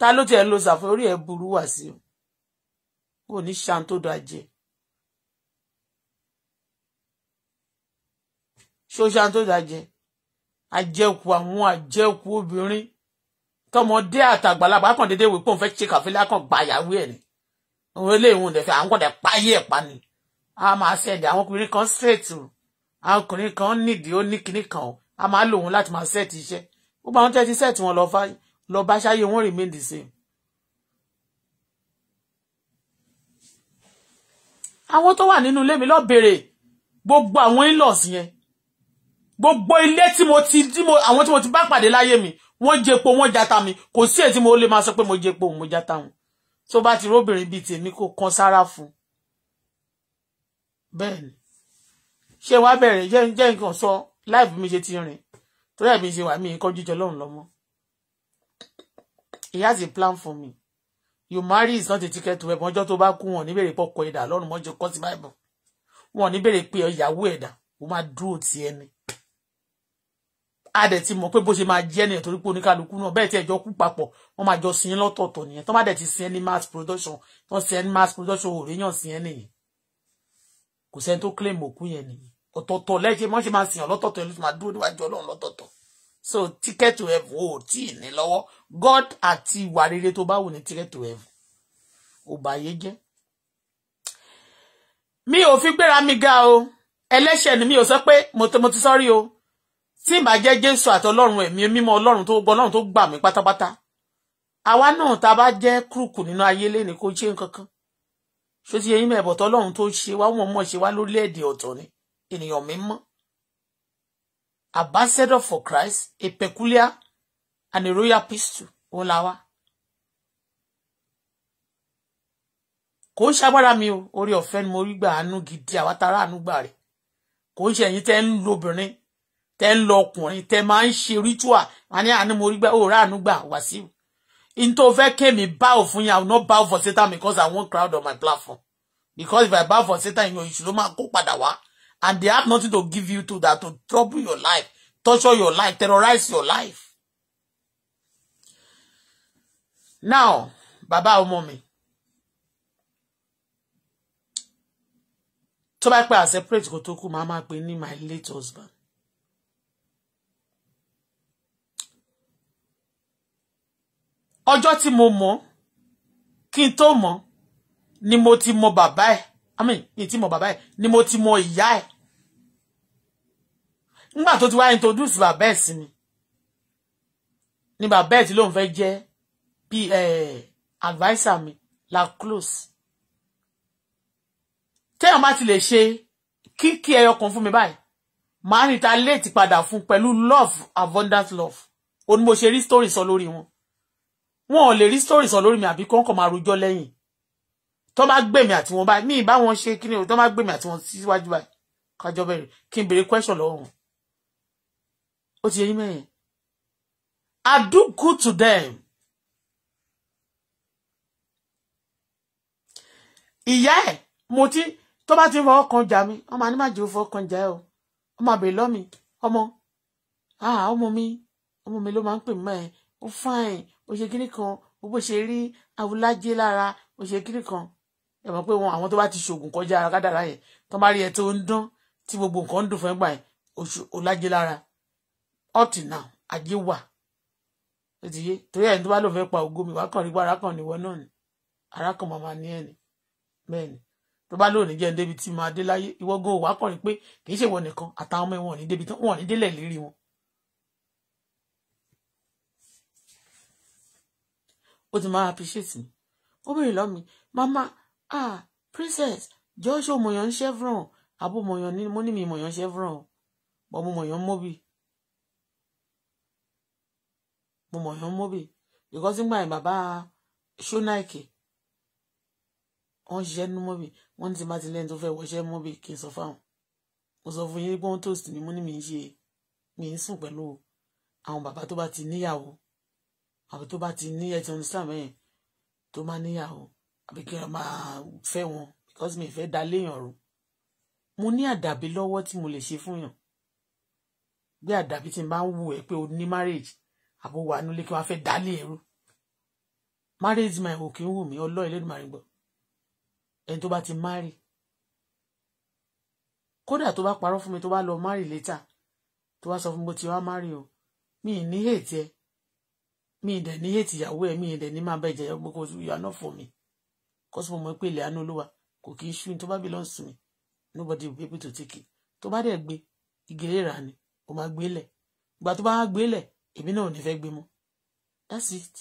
ta ló tiẹ̀ lo sàfún orí ẹ̀ burú wà sí o ò ní ṣan tó dáa jẹ ṣó ṣan tó dáa jẹ àjẹkù àwọn àjẹkù obìnrin tọmọdé àtàgbàlagbà kàn déédéé wípé òun fẹ́ ṣèkà fílẹ̀ akàn gbàyàwó ẹ̀ ni òun eléyìí òun dẹ̀ fẹ́ àwọn kàn dẹ̀ páyé ẹ̀ pa ni a máa send àwọn ọkùnrin kan straight o àwọn ọkùnrin kan nídìí ó ní kinní kan o a máa lò wọn láti máa set iṣẹ́ gbogbo àwọn tẹ́tí set wọn lọ bá ṣáyé wọn remain the same. àwọn tó wà nínú ilé mi lọ bèrè gbogbo àwọn in-laws yẹn gbogbo ilé tí mo ti tí mo àwọn tí mo ti bá pàdé láyé mi wọ́n jẹpo wọ́n jata mi kò sí èyí tí mo lè máa sọ pé mo jẹpo mo jata wọn tó bá ti róbìnrin bíi tèmi kò kan sára fún un bẹ́ẹ̀ ni ṣé wàá bẹ̀rẹ̀ jẹ́ jẹ́ nǹkan sọ láìpẹ́ mi ṣe ti rìn torí ẹ̀mí ṣe wà mí kọjú jọ lọ́run lọ́mọ he has a plan for me you marry is not a ticket to heaven ọjọ́ tó bá kú wọn ní bèrè pọkọ ẹ̀dá lọ́run mọ́jọ kọ́ sí báìbù wọn ní bèrè pé ìyàwó ẹ̀dá ó máa dúró ti ẹni a dẹ̀ ti mọ̀ pé bó ṣe máa jẹ́ nìyẹn torí pé oníkálukú náà bẹ́ẹ̀ tí ẹjọ́ kú papọ̀ wọ́n máa jọ sin lọ́tọ̀ọ̀tọ̀ nìyẹn tó má dẹ̀ ti sin ẹni mass production tó sin ẹni mass production ò rí yàn sin ẹni yẹn kò sẹ́ni tó claim òkú yẹn nìyí ọ̀tọ̀ọ̀tọ̀ lẹ́jẹ̀ mọ́ ṣe máa sìn ọlọ́tọ̀ọ̀tọ̀ ẹ̀ ló ti máa dúró níwájú ọlọ́run lọ́tọ̀ọ̀tọ̀ so ticket to heaven ò tí ì ní lọ́wọ́ God àti ìwà rere tó bá wù ní ticket to heaven ò bá yé jẹ́. mi ò fi gbéra mi ga o ẹlẹ́ṣẹ̀ ni mi ò sọ pé mo ti sọ́rí o tí ìbá jẹ́ Jésù àti ọlọ́run ẹ̀mí mímọ́ ọlọ́run tó gbọ́ ọlọ́run tó gbà mí pátápátá àwa náà tá a bá jẹ́ kúrùkù nínú ayé lẹ́ni kò ṣe nǹkan kan ṣé ti eyín mẹ́bọ̀ tọ́lọ́run tó ṣe wá wọ́n mọ̀ ṣe wá lórílẹ̀‐èdè ọ̀tọ̀ ni ènìyàn mímọ́ ambassador for Christ a peculiar and a royal priesthood òun la wá. kò ń ṣagbára mi o orí ọ̀fẹ́ ni mo rí gbà àánú gidi àwátara àánú gbà rẹ̀ kò ń ṣe ẹ̀yin tẹ́ ń lo obìnrin tẹ́ ń lo ọkùnrin tẹ́ máa ń ṣe ritual àní àánú mo rí gbà ó rà àánú gbà wá sí i in tó fẹ́ kémi bow fún yín i will not bow for satan because i want crowd on my platform because if i bow for satan you ìṣòro máa kó padà and they have nothing to give you to that to trouble your life torture your life terrorize your life now Baba ọmọ mi tó I pẹ́ à separate kó to kú màá máa pè my late husband ọjọ́ tí mo mọ̀ kí n tó mọ̀ ni mo ti mọ̀ bàbá ẹ̀ i mean ni ti mọ̀ bàbá ẹ̀ ni mo ti mọ̀ ìyá ẹ̀ nígbà tó ti wá introduce bàbá ẹ̀ sí mi ni bàbá ẹ̀ tí lóun fẹ́ jẹ́ bí adviser mi la close téèyàn bá ti lè ṣe kíkí ẹyọ kan fún mi báyìí màá níta léètì padà fún pẹ̀lú love abundant love onímọ̀ṣe rí story sọ lórí wọn wọn ò lè rí story sọ lórí mi àbí kọ́ máa rojọ́ lẹ́yìn tó bá gbèmí àti wọn báyìí mí bá wọn ṣe kí ni tó bá gbèmí àti wọn síwájú báyìí kájọ bẹ̀rẹ̀ kí n béèrè question lọ́wọ́ ó ti yẹ mẹ́yìn I do good to them ìyá ẹ̀ mo ti tó bá ti fọwọ́ kan jà mí ọmọ àní má jẹ́ fọwọ́ kan jà ẹ́ o ọmọ àbẹ̀ lọ́mì ọmọ ọmọ mi ọmọ mi ló máa ń pè mọ́ ẹ ó fáìn ó ṣe kíní kan gbogbo ṣe rí Awúlájé lára ó ṣe kíní kan ẹ mọ̀ pé wọn àwọn tó bá ti ṣoògùn kọjá ara kádàrá yẹn tó bá rí ẹ tó ń dán tí gbogbo nǹkan ń dùn fún ẹgbà yẹn Ọlájé lára ọ̀tì náà ajé wà ó ti yé torí ẹni tó bá lò fẹ́ pa ògo mi wá kàn rí gbọ́ ara kan níwọ náà ni ara kan màmá ní ẹ̀ ni bẹ́ẹ̀ ni tó bá lóòní jẹun débi tí máa dé láyé ìwọ́gán òwà kàn rí pé kì í ṣèwọ nìkan àtàwọn ọmọ ẹ̀wọ̀n ní débi tán wọ́n ní délẹ̀ lérí wọn ó ti máa appreciate mi ó béèrè lọ́ mi mama ah princess jọ́ọ́ ṣe òmòyàn chevron àbò mòyàn ní mo ní mi mòyàn chevron bọ́ mo mòyàn mọ́bì mo mòyàn mọ́bì because nígbà yẹn bàbá ṣónáìkì wọ́n ń ṣiṣẹ́ nínú mọ́bì wọ́n ní ti bá ti lẹ́yìn tó fẹ́ wọṣẹ́ mọ́bì kì í sọ fáwọn mo sọ fún yín pé toast ni mo ní mi ń ṣe mi ń sùn pẹ̀lú àwọn bàbá tó bá ti níyàwó àbí tó bá ti ní ẹ ti understand mẹ́yìn tó máa níyàwó àbí kí wọ́n máa fẹ́ wọn because mi fẹ́ da léèyàn rú mo ní àdàbí lọ́wọ́ tí mo lè ṣe fún yàn bí àdàbí tí n bá ń wù ẹ́ pé o ní marriage àbò wà nílé kí wọ́n fẹ́ dálé ẹ̀rú marriage my ò kí ń wù mí ọlọ́ọ̀ ilé ìdìmọ̀ àrígbọ̀ ẹni tó bá ti marry kódà tó bá parọ́ fún mi tó bá lọ marry later tó bá sọ fún mi bó ti wá marry o mi ì ní hate ẹ mi ìdẹ̀ ni hate ìyàwó ẹ̀ mi ìdẹ̀ ní máa bẹ̀ jẹ́ gbogbo you are not for me cause mo mọ̀ pé ilẹ̀ àánú olúwa kò kí í ṣú tó bá belong to me nobody will be able to take it tó bá dẹ̀ gbé ìgèrè rà ni o máa gbé lẹ̀ ìgbà tó bá gbé lẹ̀ èmi náà ò ní fẹ́ gbé mọ́ that's it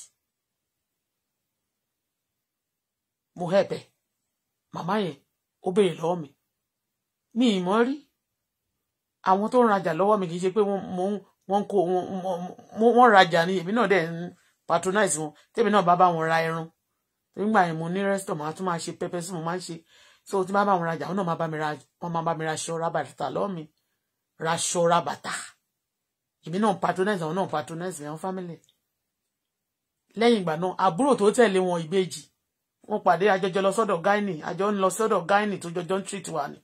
mo help ẹ màmá yẹn ó béèrè lọ́wọ́ mi mi ì mọ̀ rí àwọn tó ń rajà lọ́wọ́ mi kì í ṣe pé mo wọ́n kó wọ́n rajà ní èmi náà dẹ̀ ń patronize wọn tèmi náà bá bá wọn ra ẹran nígbà yẹn mo ní restaurant màá tún máa ṣe pẹpẹ sí mo máa ń ṣe so tí bá bá wọn rajà wọn náà máa bá mi ra wọn máa bá mi ra aṣọ ra bàtà lọ́ọ̀mì ra aṣọ bàtà èmi náà patronize àwọn náà patronize àwọn family lẹ́yìn ìgbà náà àbúrò tó tẹ̀lé wọn ìbejì wọn pàdé àjọjọ lọ sọ́dọ̀ gáínì àjọ ń lọ sọ́dọ̀ gáínì tó jọjọ ń treat wa ni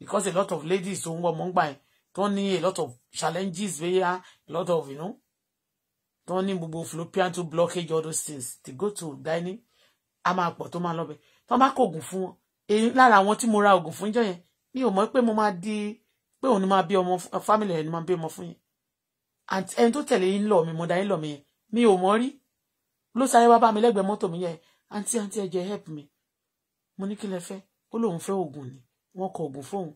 because a lot of ladies tó ń wọ mọ́ ń gbà yẹn tó ní a lot of challenges bẹ́yà a lot of you know tó ní gbogbo fallopian to blockage all those things to go to dining a máa pọ̀ tó máa lọ bẹ̀ tó máa kóògùn fún wọn èyí lára àwọn tí mo ra oògùn fún jọ yẹn mi ò mọ̀ pé mo máa di pé òun ni máa bí ọmọ family rẹ̀ ni máa bí ọmọ fún yẹn and ẹni tó tẹ̀lé yín lọ mi mo da yín lọ mi yẹn mi ò mọ̀ rí ló sáré wá bá mi lẹ́gbẹ̀ẹ́ mọ́tò mi yẹn àǹtí àǹtí ẹ help me mo ní kí lẹ fẹ́ ó lóun fẹ́ oògùn ni wọ́n kọ oògùn fóun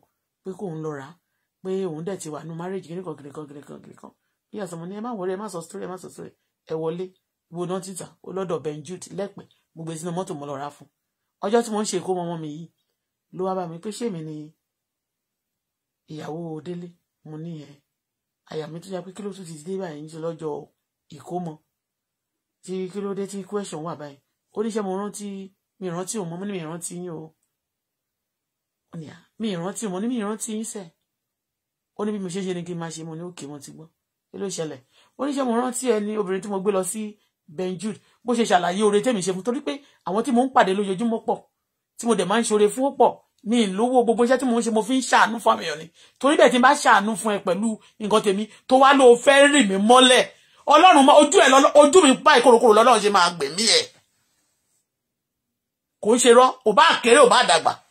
pé kóun lọ rà á pé òun dẹ̀ ti wà nínú marriage kìnìkan kìnìkan kìnìkan kìnìkan ìyá sọmọ ní ẹ má wọlé ẹ má sọ story ẹ má sọ story ẹ wọlé wo náà títà olọ́dọ̀ benjut lẹ́pẹ́ mo gbé mọ́tò mo lọ ra fún ọjọ́ tí mo ń ṣe èkó mọ́mọ́ mi yìí ló wá bá mi pé ṣèmi ni ìyàwó délé mo ní ẹ àyà mi tó yà pé kí ló tún ti dé báyìí ní lọ́jọ́ ìkómọ tí kí ló dé tí question wà báyìí ó níṣẹ́ mo rántí mi rántí òun mo ní mi rántí yín o mi rántí òun mo ní mi rántí yín sẹ́ẹ̀ ó ní bí mo ṣe ṣe ni kí n máa ṣe mo ní òkè mo ti gbọ́ kí ló ṣẹlẹ̀ ó ní ṣe mo rántí ẹ ní obìnrin tí mo gbé lọ sí benjud bó ṣe ṣàlàyé oore tèmi ṣe fún torí pé àwọn tí mo ń pàdé lójoojúmọ́ pọ̀ tí mo dẹ̀ máa ń ṣoore fún ó pọ̀ ní ìlówó gbogbo iṣẹ́ tí mo ń ṣe mo fi ń ṣàánú fún àmì ọ̀ni torí bẹ́ẹ̀ tí n bá ṣàánú fún ẹ pẹ̀lú nǹkan tèmi tó wá ló fẹ́ rì mí mọ́lẹ̀ ọlọ́run ojú ẹ ojú mi pa ìkorokoro lọ́lọ́run ṣe máa gbẹ̀mí ẹ̀ kò ń ṣe rọ́ ò bá kéré ò bá dàgbà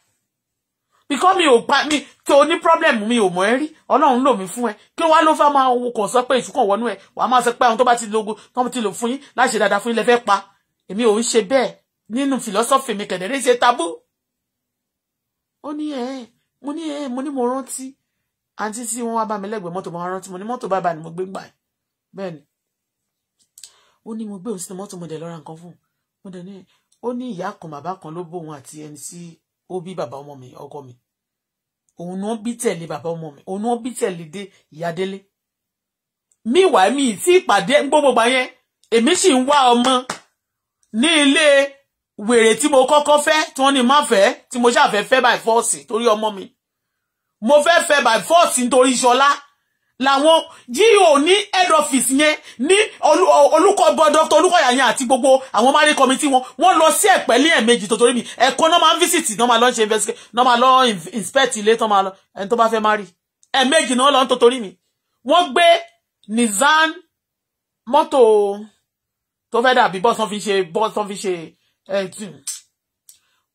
because mi ò pa mi tó ní problem mi ò mọ̀ ẹ́ rí ọlọ́run lò mí fún ẹ kí wá ló fẹ́ máa wo kàn sọ pé ìṣúkàn wọnú ẹ wàá máa sọ pé àwọn tó bá ti logo tó ti lò fún yín láṣẹ dáadáa fún yín lẹ́fẹ́ pa èmi ò ń ṣe bẹ́ẹ̀ nínú philosophy mi kẹ̀dẹ̀rẹ́ ṣe tabú. ó ní ẹ mo ní ẹ mo ní mo rántí àǹtí tí wọ́n wá bá mi lẹ́gbẹ̀ẹ́ mọ́tò mo rántí mo ní mọ́tò bàbá ni mo gbé gbà bẹ́ẹ̀ ni ó mo gbé òun sínú mọ́tò mo dẹ̀ lọ́ra nǹkan fún mo dẹ̀ ní ó ní kan bàbá kan ló bóun àti ẹni sí ó bí bàbá ọmọ mi ọkọ mi òun ni wọ́n bí tẹ̀lé bàbá ọmọ mi òun ni wọ́n bí tẹ̀lé dé ìyá délé meanwhile mi tí ìpàdé gbogbo gbà yẹn èmi sì ń wá ọmọ ní ilé wèrè tí mo kọ́kọ́ fẹ́ tí wọ́n ní má fẹ́ tí mo ṣàfẹ́ fẹ́ by force torí ọmọ mi mo fẹ́ fẹ́ by force nítorí Ṣọlá làwọn gio ní head office yẹn ní olùkọ́gbọ́ dr olùkọ́yà yẹn àti gbogbo àwọn marine committee wọn wọ́n lọ sí ẹ̀pẹ́lẹ́ ẹ̀mejì tó torí mi ẹ̀kọ́ náà máa ń visit náà máa lọ ṣe investigate náà máa lọ inspect ilé tó máa lọ ẹni tó bá fẹ́ marry ẹ̀mejì náà lọ ń tó torí mi wọ́n gbé nizan mọ́tò tó fẹ́ dàbí bọ́sán fi ṣe bọ́sán fi ṣe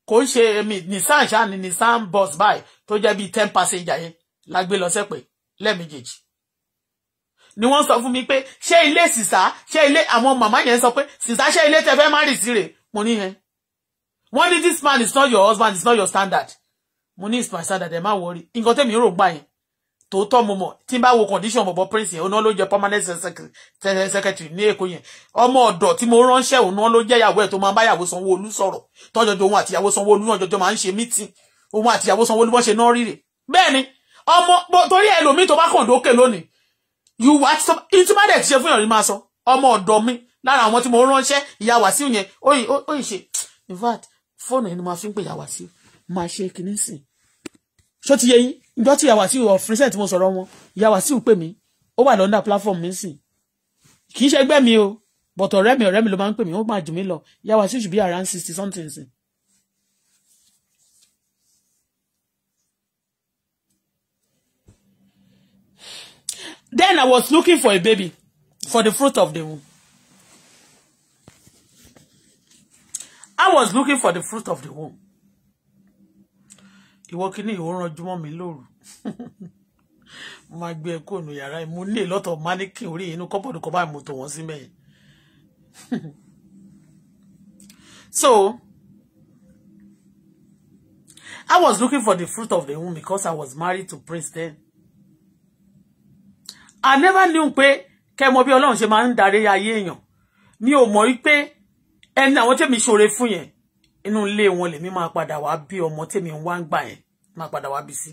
kò ń ṣe nissan ṣáà ni nissan bus by tó jẹ́ bíi ten passenger yẹn la gbé lọ sẹ́pẹ̀ lẹ́ẹ̀mejèjì ni wọ́n sọ fún mi pé ṣé ilé sìsá ṣé ilé àwọn màmá yẹn sọ pé sìsá ṣé ilé tẹ́ fẹ́ má rì sí rè mo ní yẹn wọ́n ní this man is not your husband is not your standard mo ní is my standard ẹ má wọrí nǹkan tèmi rò gbà yẹn tòótọ́ mo mọ̀ tí n bá wo condition bọ̀bọ̀ prince yẹn òun ló jẹ́ permanent secretary ní èkó yẹn ọmọ ọ̀dọ̀ tí mo ránṣẹ́ òun ló jẹ́ ìyàwó ẹ̀ tó máa ń bá ìyàwó sanwó-olú sọ̀rọ̀ tọ́jọ́jọ́ òun àti ìyàwó sanwó-olú náà jọjọ́ máa ń ṣe meeting òun àti ìyàwó sanwó-olú bọ́n ṣe náà rírè bẹ́ẹ̀ ni ọmọ torí ẹlòmíì tó bá kàn dókè lónìí you watch some in tí bá dẹ̀ ti ṣe fún yàn rí máa sọ ọmọ ọ̀dọ̀ mi lára àwọn tí mo ránṣẹ́ ìyá Wàsíù yẹn ó yìí ó yìí in fact fóònù yẹn ni màá fi ń pè ìyá Wàsíù màá ṣe kìíní sìn ṣó ti yẹ yín ìjọ́ tí ìyá Wàsíù ọ̀fíìsẹ̀ tí mo sọ̀rọ̀ wọn ìyá Wàsíù pè mí ó wà lọ́ndà platform mi sìn kì í ṣe mi o but ọ̀rẹ́ mi ọ̀rẹ́ mi ló máa ń pè mí ó máa jù mí lọ ìyá Wàsíù should be around sixty something sìn Then I was looking for a baby for the fruit of the womb. I was looking for the fruit of the womb. Ìwọ kíní ìwọ ranjú mọ́ mi lóru. Mo máa gbé ẹ̀kọ́ e nù yàrá ẹ̀. Mo ní a lot of mannequin orí inú kọ́bọ̀dù kọ́ báyìí mo tò wọ́n sí mẹ́yìn. So, I was looking for the fruit of the womb because I was married to Prince then. I never knew pé kẹ́ mọ bí Ọlọ́run ṣe máa ń darí ayé èèyàn mi ò mọ̀ wípé ẹni àwọn tèmi ṣoore fún yẹn inú ilé wọn lèmi máa padà wá bí ọmọ tèmi ń wá ń gbà yẹn máa padà wá bí sí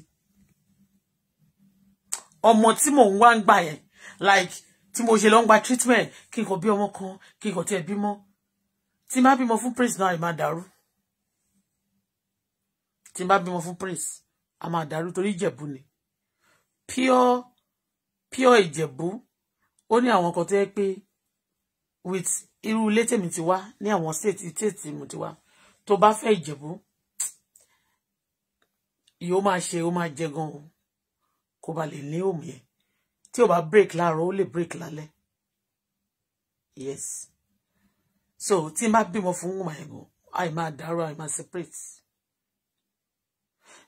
ọmọ tí mò ń wá ń gbà yẹn like tí mo ṣe lọ ń gba treatment kí n kò bí ọmọ kan kí n kò tiẹ̀ bímọ tí n bá bímọ fún praise náà ẹ máa dàrú tí n bá bímọ fún praise a máa dàrú torí ìjẹ̀bù ni pure pure ìjẹ̀bú ó ní àwọn kan tó yẹ pé with irú ilé tèmi ti wá ní àwọn state state mo ti wá tó bá fẹ́ ìjẹ̀bú yóò máa ṣe ó máa jẹ gan kó ba lè ní òmì ẹ̀ tí ò bá break láàárọ̀ ó lè break lálẹ́ yes so tí n bá bímọ fún wùmà ẹ̀ gan àì máa dàrú àì máa separate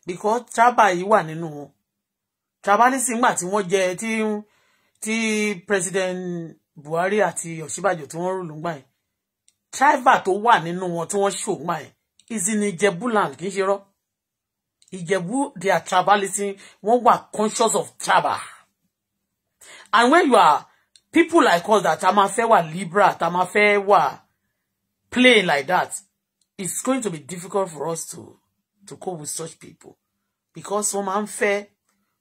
because traba yìí wà nínú wọn trabalisi ngbà tí wọ́n jẹ tí tí president Buhari àti Ọ̀ṣínbàjò tí wọ́n rúlù ngbà yẹn tribal tó wà nínú wọn tí wọ́n ṣò ngbà yẹn ìsìn ní Ìjẹ̀bú-land kì í ṣe rọ́ Ìjẹ̀bú they are tribalism wọ́n wà conscious of tribal and when you are people like us that a máa fẹ́ wà liberal tá a máa play like that it's going to be difficult for us to to cope with such people because some máa ń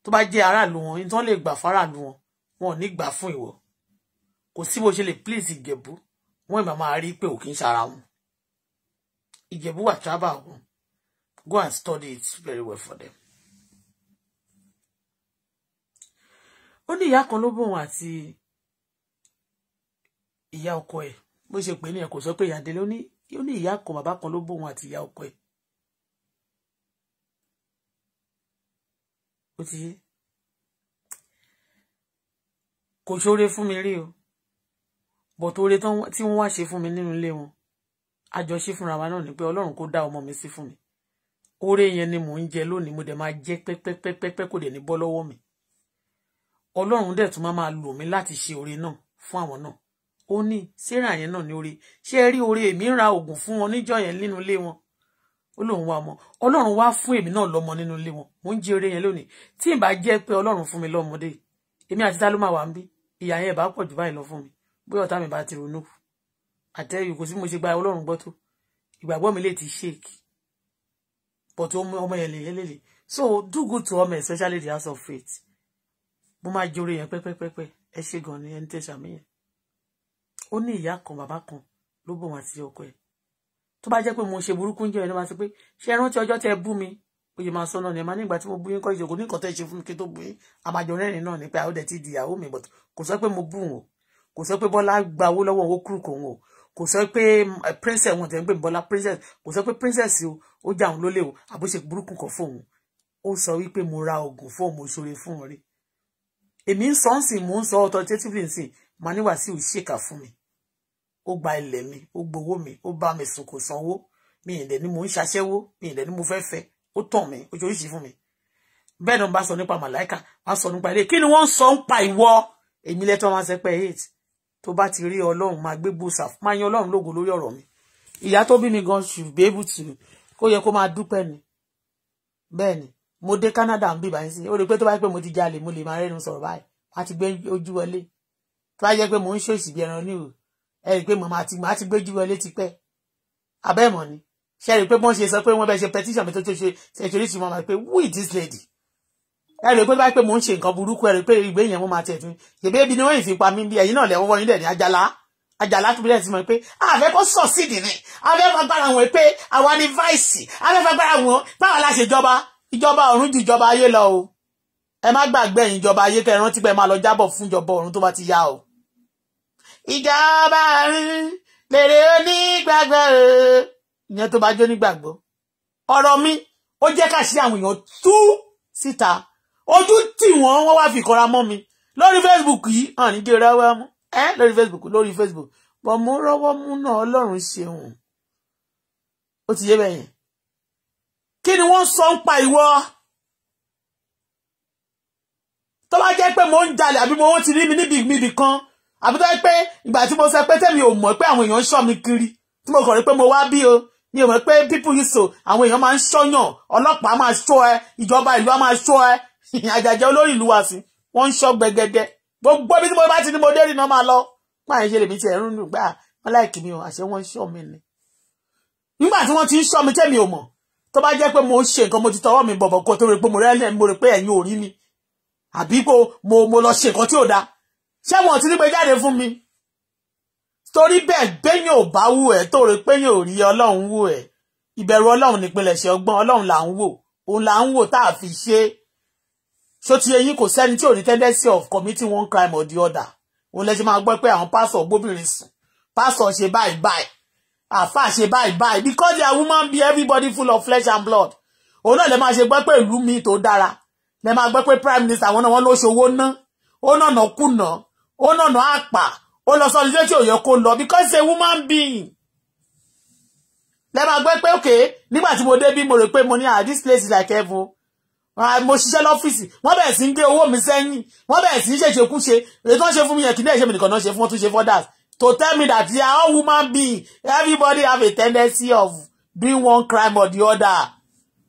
tó bá jẹ́ aráàlú wọn ní tí wọ́n lè gbà fún aráàlú wọn wọn ò ní gbà fún ìwọ kò sí bó ṣe lè pílíìsì ìjẹ̀bú wọn ìbá máa rí pé ò kí ń ṣara wọn ìjẹ̀bú wà tábà wọn go and study it very well for them. ó ní ìyá kan ló bóun àti ìyá ọkọ ẹ̀ bó ṣe pè é nìyẹn kò sọ pé ìyá délé ó ní ìyá kan bàbá kan ló bóun àti ìyá ọkọ ẹ̀ ó ti yé kò ṣoore fún mi rí o bọ̀tò oore tí wọ́n wá ṣe fún mi nínú ilé wọn àjọṣe fúnra wa náà ni pé ọlọ́run kó dá ọmọ mi sí fún mi oore yẹn ni mò ń jẹ lónìí mo dẹ̀ máa jẹ́ pẹ́pẹ́pẹ́pẹ́ kò dẹ̀ ní bọ́ lọ́wọ́ mi ọlọ́run dẹ̀ tún máa máa lò mí láti ṣe oore náà fún àwọn náà ó ní sarah yẹn náà ní oore ṣé ẹ rí oore èmi ń ra oògùn fún wọn níjọ́ yẹn nínú ilé wọn ó lóun wá ọmọ ọlọ́run wá fún èmi náà lọ́mọ nínú ilé wọn mò ń jẹ eré yẹn lónìí tí ì bá jẹ́ pé ọlọ́run fún mi lọ́mọdé èmi àti tálọ́ máa wà ń bí ìyá yẹn bá pọ̀ jù báyìí lọ fún mi bóyá ọ̀tá mi bá ti ronú àtẹ́yù kò sí mo ṣe gba ọlọ́run gbọ́ tó ìgbàgbọ́ mi lè ti ṣéèkì but ọmọ yẹn lè lélẹ̀ so do good to ọmọ especially the house of faith mo máa jẹ eré yẹn pẹ́pẹ́pẹ́pẹ́ ẹ ṣe gan ni ẹni tẹ̀sàmì yẹn ó ní ìyá kan bàbá kan ló bọ̀ wọn àti ọkọ ẹ̀ tó bá jẹ́ pé mo ṣe burúkú jẹ́ ẹni máa sọ pé ṣé ẹ rántí ọjọ́ tẹ bú mi oye máa sọ náà ni ẹ máa nígbà tí mo bú yín kọ́ ìṣòkò ní nǹkan tẹ́ ṣe fún mi kí tó bú yín àmàjọ rẹ́rìn náà ni pé àwọn ọdẹ ti di ìyàwó mi but kò sọ pé mo bú wọn kò sọ pé bọ́lá gba owó lọ́wọ́ owó kúrú kò wọn kò sọ pé eh, princess wọn tẹ̀ ń pè bọ́lá princess kò sọ pé princess o ó já òun lólè o àbóṣe burúkú kan fóun ó sọ wípé mo ra oògùn fóun mo ṣoore fún un rí èmi ń sọ ń sìn mò ń sọ authoritatively ń sìn màá níwàásù ṣèkà fún mi ó gba ilẹ̀ mi ó gbowó mi ó bá mi sùn kò sanwó mi ìdẹ̀ ni mo ń ṣaṣẹ́wó mi ìdẹ̀ ni mo fẹ́ fẹ́ ó tàn mí ó ṣoríṣi fún mi bẹ́ẹ̀ ni wọ́n bá sọ nípa màláìka wọ́n sọ nípa ilé kí ni wọ́n sọ ń pa ìwọ èmi lẹ́tọ́ máa ń sẹ́pẹ́ eight tó bá ti rí ọlọ́run máa gbé gbòòsà máa yan ọlọ́run lógo lórí ọ̀rọ̀ mi ìyá tó bí mi gan should be able to kó yẹ kó máa dúpẹ́ ni bẹ́ẹ̀ ni mo dé Canada ń bì báyìí sí ó rí i pé tó bá yẹ pé mo ti jalè mo lè máa rẹ́nu sọ̀rọ̀ báyìí wọ́n á gbé ojú wọlé tó bá yẹ pé mo ń ṣòṣì bí ẹran níwò ẹ rí i pé màmá àti màá ti gbéjú wọlé ti pẹ́ abẹ́mọ̀ ni ṣe rí i pé wọ́n ṣe sọ pé wọ́n fẹ́ ṣe petition mi tó tó ṣe ṣètòrí ti màmá pé who is this lady ẹ rí i pé báyìí pé mò ń ṣe nǹkan burúkú ẹ rí i pé ìgbé yẹn mo máa tẹ̀ tún yèbí ebi ni wọ́n yìí fi pa mí bí ẹ̀yin náà lẹ́wọ́ wọ́n yín dẹ̀ ní ajala ajala tó bílẹ̀ ti mọ̀ pé àfẹ́ kó sọ̀ sí ìdì ni àfẹ́ fagbára wọn pé àwa ni vice àfẹ́ fagbára wọn báwa la ṣèjọba ìjọba ọ̀run ju ìjọba ayé lọ o ẹ má gbàgbé ìjọba ayé kẹrántí pé ẹ máa lọ jábọ̀ fún ìjọba ọ̀run tó bá ti yá o ìjọba àárín lèrè onígbàgbọ́ ìyẹn tó bá jó nígbàgbọ́ ọ̀rọ̀ mi ó jẹ́ ká ṣe àwọn èèyàn tú síta ojú tì wọ́n wọ́n wá fi ìkọra mọ́ mi lórí Facebook yìí hàn ní dé rọ́wọ́ mú ẹ́ lórí Facebook lórí Facebook bọ̀ mú rọ́wọ́ mú náà ọlọ́run ṣeun ó ti yé bẹ́ẹ̀ yẹn kí ni wọ́n sọ ń pa ìwọ tó bá jẹ́ pé mò ń jalè àbí mo wọ́n ti rí mi níbi níbi kan àbí tó yẹ pé ìgbà tí mo sọ pé tẹ́mi ò mọ̀ pé àwọn èèyàn ń ṣọ́ mi kiri tí mo kọ̀ rí pé mo wá bí o mi ò mọ̀ pé people yìí so àwọn èèyàn máa ń ṣọ́yàn ọlọ́pàá máa ṣọ́ ẹ ìjọba ìlú á máa ṣọ́ ẹ àjàjẹ́ olórí ìlú wa sí wọ́n ń ṣọ́ gbẹgẹdẹ gbogbo ibi tí mo bá ti ní mo dé rí náà máa lọ máa ń ṣe lèmi tiẹ̀ rúndùn gbà ah, wọ́n láìkí mi ò àṣẹ wọ́n ṣọ́ mi ni nígbà tí wọ́n ti ń ṣọ́ mi tẹ́mi ò mọ̀ tó bá jẹ́ pé mo ń ṣe nǹkan mo ti tọwọ́ mi bọ̀bọ̀ kó tó rí pé mo rẹ́ mo rí pé ẹ̀yin ò rí mi àbí pé mo mo lọ ṣe nǹkan tí ò dáa ṣé wọn ti nígbè jáde fún mi torí bẹ́ẹ̀ gbẹ̀yìn ò bá wù ẹ́ tó rí pé yóò rí ọlọ́run wù ẹ́ ìbẹ̀rù ọlọ́run nípìnlẹ̀ ṣe ọgbọ́n ọlọ́run là ń wò òun là ń wò tá a fi ṣe ṣó ti eyín kò sẹ́ni tí ò ní tendency of committing one crime or the other òun lẹ́sìn máa gbọ́ pé àwọn pásọ̀ gbóbìnrin sùn pásọ̀ ṣe báyìí báyìí àfáà ṣe báyìí báyìí because their woman be everybody full of flesh and blood òun náà lè máa ṣe gbọ́ pé ìlú mi tó dára lè máa gbọ́ pé prime minister àwọn náà wọ́n ló ṣòwò ná ó nànà kùnà ó nànà àpà ó lọ sọ́ọ́ nílé tí ò yẹ kó lọ because it's a woman being lẹ́ẹ̀ma gbé pé òkè nígbà tí mo dé bí mo rò pé mo ní ah this place is like heaven ah, mo ṣiṣẹ́ lọ́fíìsì wọ́n bẹ̀rẹ̀ sí ń gé owó mi sẹ́yìn wọ́n bẹ̀rẹ̀ sí ń ṣèṣekúṣe èyí tó ń ṣe fún mi yẹn kì í dẹ̀ ṣe mi nìkan náà ṣe fún wọn tún ṣe for that to tell me that are all woman being everybody have a tendency of doing one crime or the other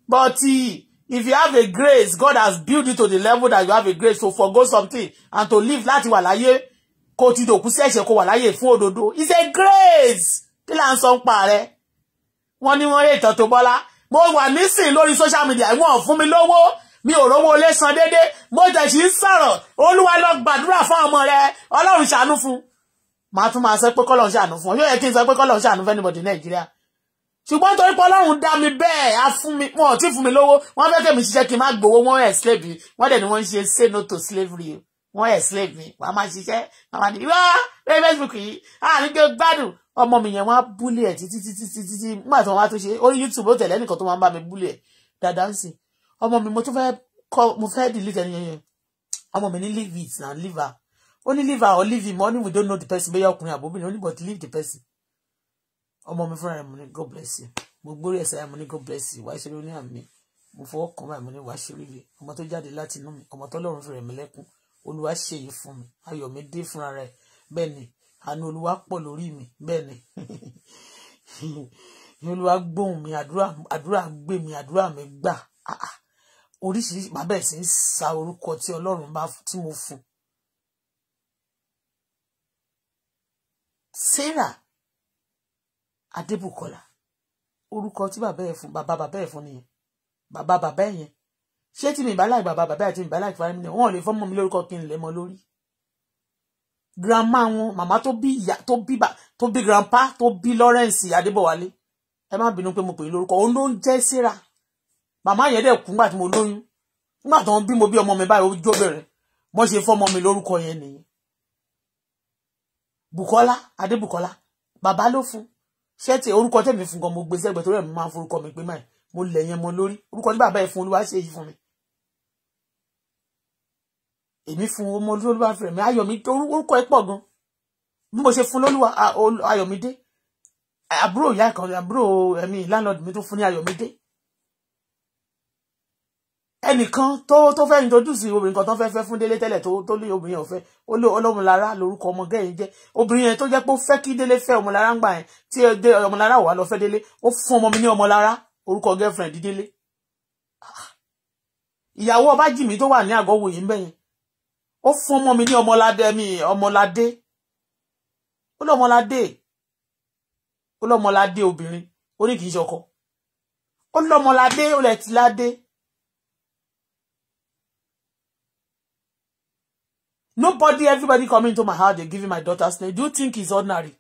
but. Uh, if you have a grace God has built you to the level that you have a grace to forgo something and to live láti wà láyé kó ti dòkú sí ẹ̀ṣẹ̀ kó wà láyé fún òdodo is a grace kí là ń sọ ń pa rẹ wọ́n ní wọ́n rí ìtàn mo wà nísìn lórí social media wọ́n fún mi lówó mi ò rówó lé san dédé mo tẹ̀ sí sọ̀rọ̀ olúwa lọ gbàdúrà fún ọmọ rẹ ọlọ́run ṣàánú fún màá tún máa sọ pé kọ́lọ̀ ń ṣàánú fún ọ yóò yẹ kí n sọ pé anybody nàìjíríà ṣùgbọ́n torí pé ọlọ́run dá mi bẹ́ẹ̀ á fún mi wọn ò tí fún mi lówó wọ́n fẹ́ kẹ́mi ṣiṣẹ́ kí n má gbowó wọ́n ẹ̀ slave mi wọ́n dẹ̀ ni wọ́n ń ṣe say no to slavery wọ́n ẹ̀ slave mi wọ́n á máa ṣiṣẹ́ wọ́n á máa ní wá lórí facebook yìí àní gbé gbádùn ọmọ mi yẹn wọ́n á búlé ẹ̀ títí títí títí tí nígbà tí wọ́n wá tó ṣe orí youtube ó tẹ̀lé ẹnìkan tó máa ń bá mi búlé ẹ̀ dáadáa ń sìn ọmọ mi mo tún fẹ́ kọ́ mo fẹ́ delete ẹni yẹn ọmọ mi ní leave it na leave her ó ní leave her or leave him ó ní we don't know the person bóyá ọkùnrin àbóbìnrin ó ní but leave the person ọmọ mi fúnra rẹ̀ ní god bless you mo gbórí ẹsẹ̀ rẹ̀ ní god bless you wàá ṣeré ní àmì mo fọwọ́ kàn báyìí mo ní wàá ṣeré rẹ̀ ọmọ tó jáde láti inú mi ọmọ tọ́lọ́run fẹrẹ mi lẹ́kún olúwa ṣe yìí fún mi ayọ̀ mi dé fúnra rẹ̀ bẹ́ẹ̀ ni àánú olúwa pọ̀ lórí mi bẹ́ẹ̀ ni olúwa gbóhùn mi àdúrà gbé mi àdúrà mi gbà oríṣiríṣi bàbá ẹ̀ sì ń sa orúkọ tí ọlọ́run bá tí mo fún Sarah adébùkọ́lá orúkọ tí bàbá ẹ̀ fún bàbá bàbá ẹ̀ fún nìyẹn bàbá bàbá ẹ̀ yẹn ṣé tí mi bá láì bàbá bàbá àti mi bá láì fara wọn ò lè fọmọ mi lórúkọ kí n lẹ mọ lórí grandma wọn màmá tó bí ìyá tó bí bà tó bí grandpa tó bí Lawrence Adébọ̀wálé ẹ má bínú pé mo pè é lórúkọ òun ló ń jẹ́ síra màmá yẹn dẹ̀ kú nígbà tí mo lóyún nígbà tó ń bí mo bí ọmọ mi báyìí ojú bẹ̀rẹ̀ wọ́n ṣe fọmọ mi lórúkọ yẹn nìyẹn Bùkọ́lá Adébùkọ́lá bàbá ló fún ṣé ti orúkọ tẹ̀mí fún gan mo gbé sẹ́gbẹ̀ẹ́ torí ẹ̀ máa ń forúkọ mi pé máì mo lẹ̀ yẹn mọ lórí orúkọ ní bàbá ẹ̀ fún olúwa ṣe yìí fún mi èmi fún ọmọ olúwa fún mi ayọ̀mí orúkọ ẹ̀ pọ̀ gan bí mo ṣe fún lólúwa ayọ̀mídé àbúrò ìyá kan àbúrò ẹ̀mí landlord mi tó fún ní ayọ̀mídé ẹnìkan tó tó fẹ́ introduce obìnrin kan tó fẹ́ fẹ́ fún délé tẹ́lẹ̀ tó tó lé obìnrin ọ̀fẹ́ ó lé ọlọ́mùlára lórúkọ ọmọ gẹ́yìn jẹ́ obìnrin yẹn tó jẹ́ pé ó fẹ́ kí délé fẹ́ ọmọlára ń gbà yẹn tí ọmọlára wà lọ fẹ́ délé ó fún ọmọ mi ní ọmọlára orúkọ girlfriend délé ìyàwó ọbájìmí tó wà ní àgọ́ wòye ń bẹ̀yẹn ó fún ọmọ mi ní ọmọládé mi ọmọládé ó lọ́mọládé ó lọ́mọládé obìnrin ó ní kì í ṣọkọ ó lọ́mọládé ó lẹ̀ ti ládé Nobody, everybody coming to my house, they're giving my daughter's name. Do you think it's ordinary?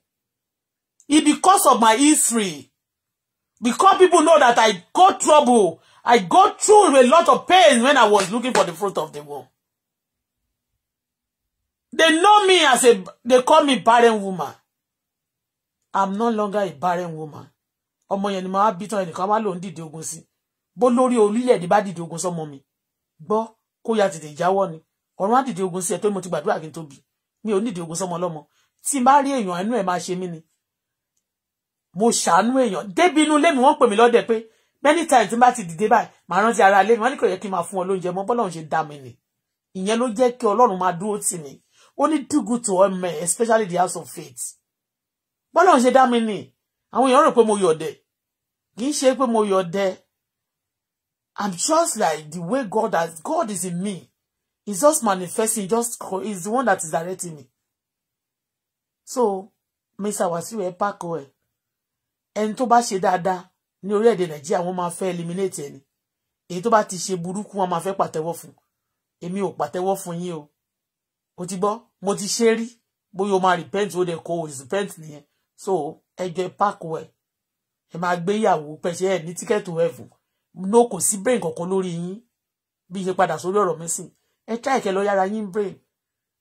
It's because of my history. Because people know that I got trouble. I got through a lot of pain when I was looking for the fruit of the womb. They know me as a, they call me barren woman. I'm no longer a barren woman. Ọmọ yẹn ni màá bí tán ẹnìkan máa lòun dìde ogun sí. Bó lórí orílẹ̀-èdè bá dìde ogun sọ́mọ mi. Gbọ́ kó ya tètè jáwọ́ ni ọ̀run á dìde ogun sí ẹ pé mo ti gbàdúrà kí n tóbi mi ò nídìí ogun sọmọ ọlọ́mọ tí n bá rí èèyàn inú ẹ̀ máa ṣe mí ni mo ṣàánú èèyàn débi inú ilé mi wọ́n pè mí lọ́dẹ̀ pé many times tí n bá ti dìde báyìí màá rántí ara ilé mi wọ́n ní kò yẹ kí n máa fún ọ lóúnjẹ mọ́ bọ́lọ́run ṣe dá mi nì ìyẹn ló jẹ́ kí ọlọ́run máa dúró tì mí ó ní do good to all men especially the house of faith bọ́lọ́run ṣe dá mi nì àwọn èèyàn rò pé mo yọ̀dẹ̀ kì í ṣe pé mo yọ̀dẹ̀ I'm just like the way God has God is in me He's just manifesting, just he's the one that is directing me. So, Miss Awasiwe, ẹ pákó ẹ. Ẹni tó bá ṣe dáadáa ní orílẹ̀-èdè Nàìjíríà wọ́n máa fẹ́ eliminate ẹni. Èyí tó bá ti ṣe burúkú wọ́n máa fẹ́ pàtẹ́wọ́ fún. Èmi ò pàtẹ́wọ́ fún yín o. O ti gbọ́, mo ti ṣe rí. o máa repent o dẹ̀ kó o repent nìyẹn. So, ẹjọ́ ẹ pákó ẹ. Ẹ máa gbé ìyàwó pẹ̀ṣẹ̀ ẹ̀ ní tíkẹ́ẹ̀tì No ko si brain kankan lórí yín. Bí ṣe padà sórí ọ̀rọ̀ mi sìn ẹ try kẹ lọ yára yín brain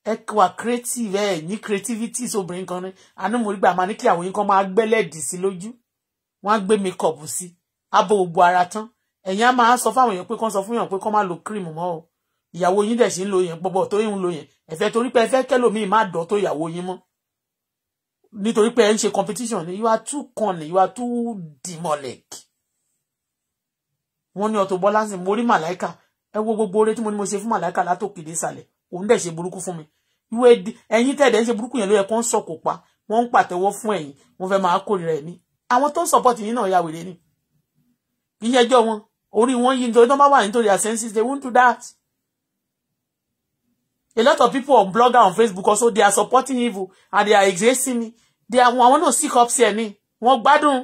ẹ wà creative ẹ ní creativity obìnrin kan ní àánú mo gbà máa ní kí àwọn yín kan máa gbẹ́lẹ́dì sí lójú wọ́n á gbé makeup sí abo gbogbo ara tán ẹ̀yin á máa sọ fáwọn èèyàn pé kán sọ fún èèyàn pé kán máa lo cream mọ́ o ìyàwó yín dẹ̀ sì ń lo yẹn pọ̀pọ̀ tó ń lo yẹn ẹ̀fẹ́ torí pé ẹ fẹ́ kẹ́lòmíì má dọ̀ tó ìyàwó yín mọ́ nítorí pé ẹ ń ṣe competition ni you are too cunning you are too demonic wọ́n ní Auto Bola sí mo rí màláìka ẹ wo gbogbo oore tí mo ní mo ṣe fún màláìka látòkè dé sàlẹ̀ òun dẹ̀ ṣe burúkú fún mi ìwé ẹ̀yin tẹ̀dẹ̀ ń ṣe burúkú yẹn ló yẹ kó ń sọ̀kò pa wọ́n ń pàtẹ́wọ́ fún ẹ̀yin wọ́n fẹ́ máa kórìíra ẹ̀mí àwọn tó ń support yín náà ya wèrè ni iye ẹjọ́ wọn orí wọn yí nítorí tó bá wà nítorí àṣẹ́ńsì they won't do that a lot of people on blogger on Facebook also they are supporting evil and they are exerting me they are àwọn náà seek up sí ẹ̀mí wọ́n gbádùn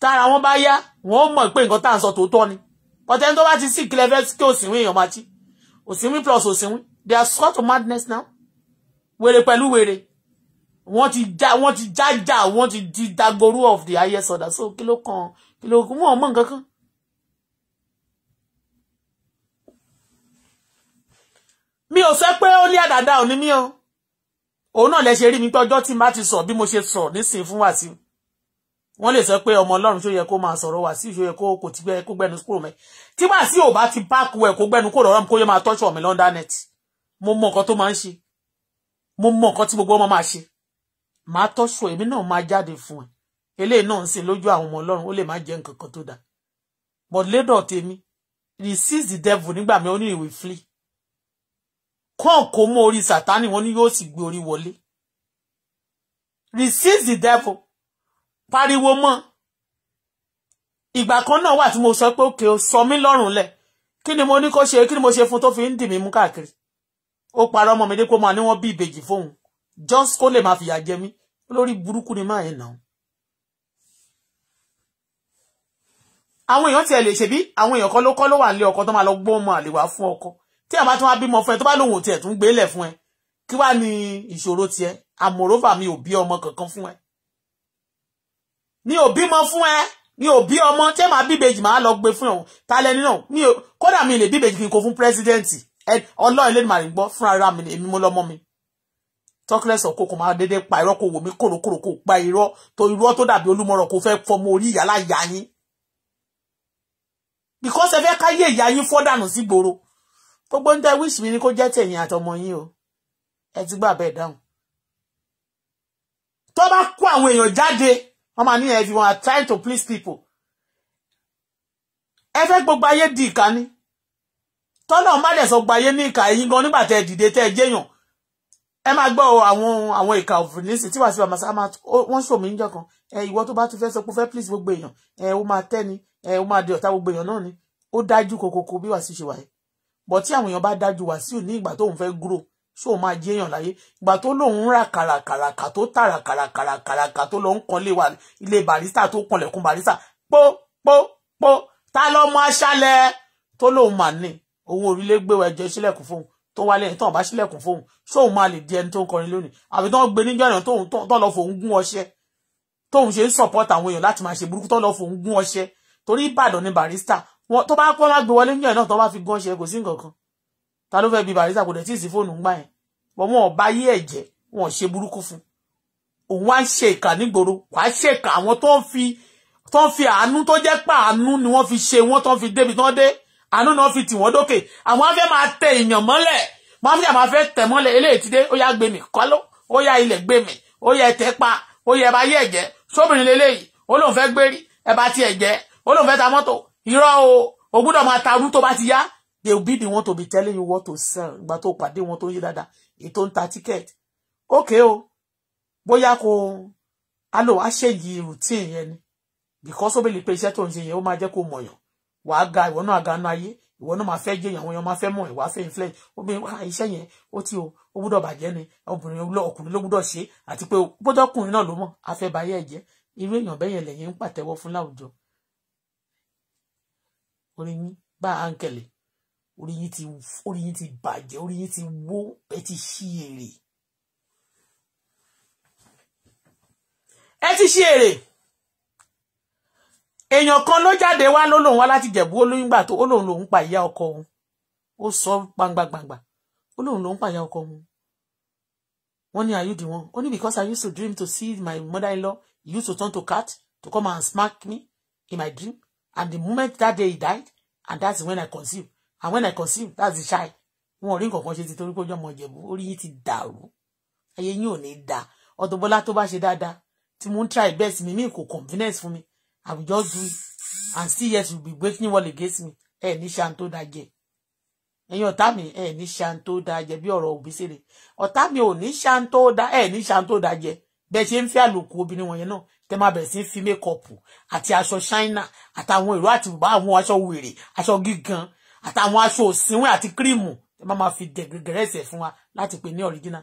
tára wọn bá yá wọn ó pé nǹkan tá à ń sọ tòótọ́ ni bọ́tẹ́ tó bá ti sí kílẹ̀ fẹ́ kí òsínwín èèyàn máa jí òsínwín plus òsínwín they are sort of madness now wèrè pẹ̀lú wèrè wọ́n ti já wọ́n ti jájà wọ́n ti di dagoru of the highest order so kí ló kan kí ló kún wọ́n mọ̀ nǹkan kan. mi ò sọ pé ó ní àdàdà òní mi o òun náà lè ṣe rí mi pé ọjọ́ tí n bá ti sọ bí mo ṣe sọ nísìnyí fún wàsíù wọ́n lè sọ pé ọmọ ọlọ́run tó yẹ kó máa sọ̀rọ̀ wá sí ìṣòyẹ kó kò ti gbẹ kó gbẹnu kúrò mẹ́ tí wàá sí ò bá ti báàkù ẹ̀ kó gbẹnu kúrò ọ̀rọ̀ mi kó yẹ máa tọ́jú ọ̀mí lọ́ndà net mo mọ nǹkan tó máa ń ṣe mo mọ nǹkan tí gbogbo ọmọ máa ṣe máa tọ́jú èmi náà máa jáde fún ẹ eléyìí náà ń sìn lójú àwọn ọmọ ọlọ́run ó lè má jẹ́ nǹkan kan tó dáa but later tèmi resist the devil nígbà mi ó ní ìwé flee kàn kó mọ́ orí sàtánì wọn ni yóò sì gbé orí wọlé resist the devil pariwo mọ́ ìgbà kan náà wà tí mo sọ pé òkè ó sọ mí lọ́rùn lẹ̀ kí ni mo ní kó ṣe kí ni mo ṣe fún tó fi ń dì mí mú káàkiri ó parọ́ ọmọ mi dé kó máa ní wọ́n bí ìbejì fóun Jones kó lè máa fìyà jẹ mí lórí burúkú ni máa ń nà án. àwọn èèyàn tiẹ̀ lè ṣe bí àwọn èèyàn kan ló kọ́ ló wà lé ọkọ tó máa lọ gbọ́ ọmọ àlè wá fún ọkọ tí àbá tó wá bímọ fún ẹ tó bá lòun ò tiẹ̀ tún gbélé fún ẹ kí wàá ní ìṣòro tiẹ̀ àmọ̀rọ́fà mi ò bí ọmọ kankan fún ẹ Ni obi bímọ fún ẹ mi ò bí ọmọ tẹ́ máa bíbejì máa lọ gbé fún ẹ ta lẹni náà mi ò kódà mi lè bíbejì kí n kó fún pírẹsidẹ́ǹtì ọlọ́run lè máa rìn ara mi emi mo lọ́mọ mi tọ́kílẹ̀sọ̀ o koko ma dede pa irọ́ kò wò mí kòròkòrò kò pa irọ́ tó irọ́ tó dàbí olúmọ̀rọ̀ kò fẹ́ fọmọ orí ìyá láyà yín because ẹ fẹ́ káyé ìyá yín fọ́ dànù sí gbòòrò gbogbo ń tẹ mi ni kó jẹ́ tẹ̀yìn àtọmọ yín o ẹ ti gbà bẹ́ẹ̀ dáhùn tó bá kó àwọn èèyàn jáde wọ́n máa ní if you are trying to please people ẹ fẹ́ gbogbo ayé di ìka ni tọ́nà má dẹ̀ sọ gbogbo ayé ní ìka yín gan nígbà tẹ́ ẹ dìde tẹ́ ẹ jẹ́yàn ẹ máa gbọ́ àwọn àwọn ìka òfìnísì tí wàá sí bàmásá máa wọ́n sọ mí níjọ́ kan ẹ ìwọ tó bá tún fẹ́ sọ pé fẹ́ please gbogbo èèyàn ẹ ó máa tẹ́ ni ẹ ó máa di ọ̀tá gbogbo èèyàn náà ni ó dájú kokoko bí wàá sí ṣe wáyé bọ̀ tí àwọn èèyàn bá dájú wàá sí ò ní ìgbà tóun fẹ́ grow ṣó o máa jẹyàn láyé ìgbà tó lòun ń ra kàràkàràkà tó tààrà kàràkàràkàràkà tó lọ ń kan wa ilé barista tó kanlẹ̀kùn barista pó pó pó ta lọ́mọ aṣálẹ̀ tó lòun mà ní òun òrìlé gbé wa ẹjọ́ sílẹ̀kùn fóun tó wá lẹ́yìn tán bá sílẹ̀kùn fóun ṣóun máa lè di ẹni tó ń kọrin lónìí àbí tán gbé níjọ́ ìrìn tán lọ fòun gún ọṣẹ tóun ṣe ń support àwọn èèyàn láti máa ṣe burúkú tán lọ fòun gún ọṣẹ torí Ìbàdàn ni barista tó bá kọ́ lágbèwọlé níjọ́ ìrìn náà tán bá fi gún ọṣẹ kò sí nǹkan kan ta ló fẹ́ bí Barrister kò dẹ̀ tí ì sí fóònù ńgbà yẹn wọn wọn bá yí ẹ̀jẹ̀ wọn ṣe burúkú fún òun wá ń ṣe ìkà nígboro wà ṣe ìkà àwọn tó ń fi tó ń fi àánú tó jẹ́ pé àánú ni wọ́n fi ṣe wọ́n tó ń fi débi tó ń dé àánú náà fi tì wọ́n dókè àwọn afẹ́ máa tẹ èèyàn mọ́lẹ̀ wọ́n afẹ́ máa fẹ́ tẹ̀ mọ́lẹ̀ eléyìí ti dé ó yá gbé mi ó yá ilẹ̀ gbé ó yá ẹ̀tẹ̀ pa ó yá ẹ̀bá yí ẹ̀jẹ̀ sóbìnrin lélẹ́yìí ó lóun fẹ́ gbérí ẹ̀bá ti ẹ̀jẹ̀ ó lóun fẹ́ ta mọ́tò irọ́ o ògbúdọ̀ máa ta arú tó bá ti yá they will be the one to be telling you what to sell ìgbà tó pàdé wọn tó ń yí dáadáa ètò ń ta ticket okay o bóyá kò á lò wá ṣèyí routine yẹn ni because ó bẹ̀rẹ̀ pé iṣẹ́ tó ń ṣe yẹn ó máa jẹ́ kó mọ̀yàn wàá ga ìwọ náà ga nu ayé ìwọ náà máa fẹ́ jẹ́ ìyàwó yẹn máa fẹ́ mọ̀ ìwà fẹ́ inflẹ̀ obìnrin wá iṣẹ́ yẹn ó ti o ó gbúdọ̀ bàjẹ́ ni obìnrin ọkùnrin ló gbúdọ̀ ṣe àti pé gbọ́dọ̀ ọkùnrin náà ló mọ̀ afẹ́bayẹ́ ẹ̀jẹ̀ irú èèyàn bẹ́yẹn lẹ́yìn yin pàtẹ́wọ́ fún láwùjọ orin bá àǹkẹ̀lẹ̀ orí yín ti orí yín ti bàjẹ́ orí yín ti wó ẹ ti ṣí èrè ẹ ti ṣí èrè èèyàn kan ló jáde wá ló wá láti jẹ̀bú olóyún gbà tó ó lòun pa ìyá ọkọ òun ó sọ gbangbangbangba ó lòun pa ìyá ọkọ òun wọ́n ní ayúdì wọn ó ní because I used to dream to see my mother-in-law he used to turn to cat to come and smack me in my dream and the moment that day he died and that's when I conceived and when I consume, that's the shy. wọn ò rí nǹkan kan ṣe ti torí pé ojú ọmọ ìjẹ̀bú orí yìí ti dàrú ayé yín ò ní da Auto Bola tó bá ṣe dáadáa tí mo ń try best mi mi kò confidence fún mi I will just do it and still yet you be breaking wall against me ẹ ní ṣan tó da jẹ ẹ̀yin ọ̀tá mi ẹ ní ṣan tó da jẹ bí ọ̀rọ̀ òbí ṣeré ọ̀tá mi ò ní ṣan tó da ẹ ní ṣan tó da jẹ bẹ́ẹ̀ ṣe ń fẹ́ àlòkù obìnrin wọ̀nyẹn náà tẹ máa bẹ̀rẹ̀ sí fi mékọ̀pù àti aṣọ ṣáínà àtàwọn ìró àti bùbá àwọn aṣọ wèrè aṣọ gígan àtàwọn aṣọ òsínwé àti kírìmù ẹ má máa fi dẹ̀gẹ̀gẹ̀rẹ́sẹ̀ fún wa láti pè ní ọ̀ríjínà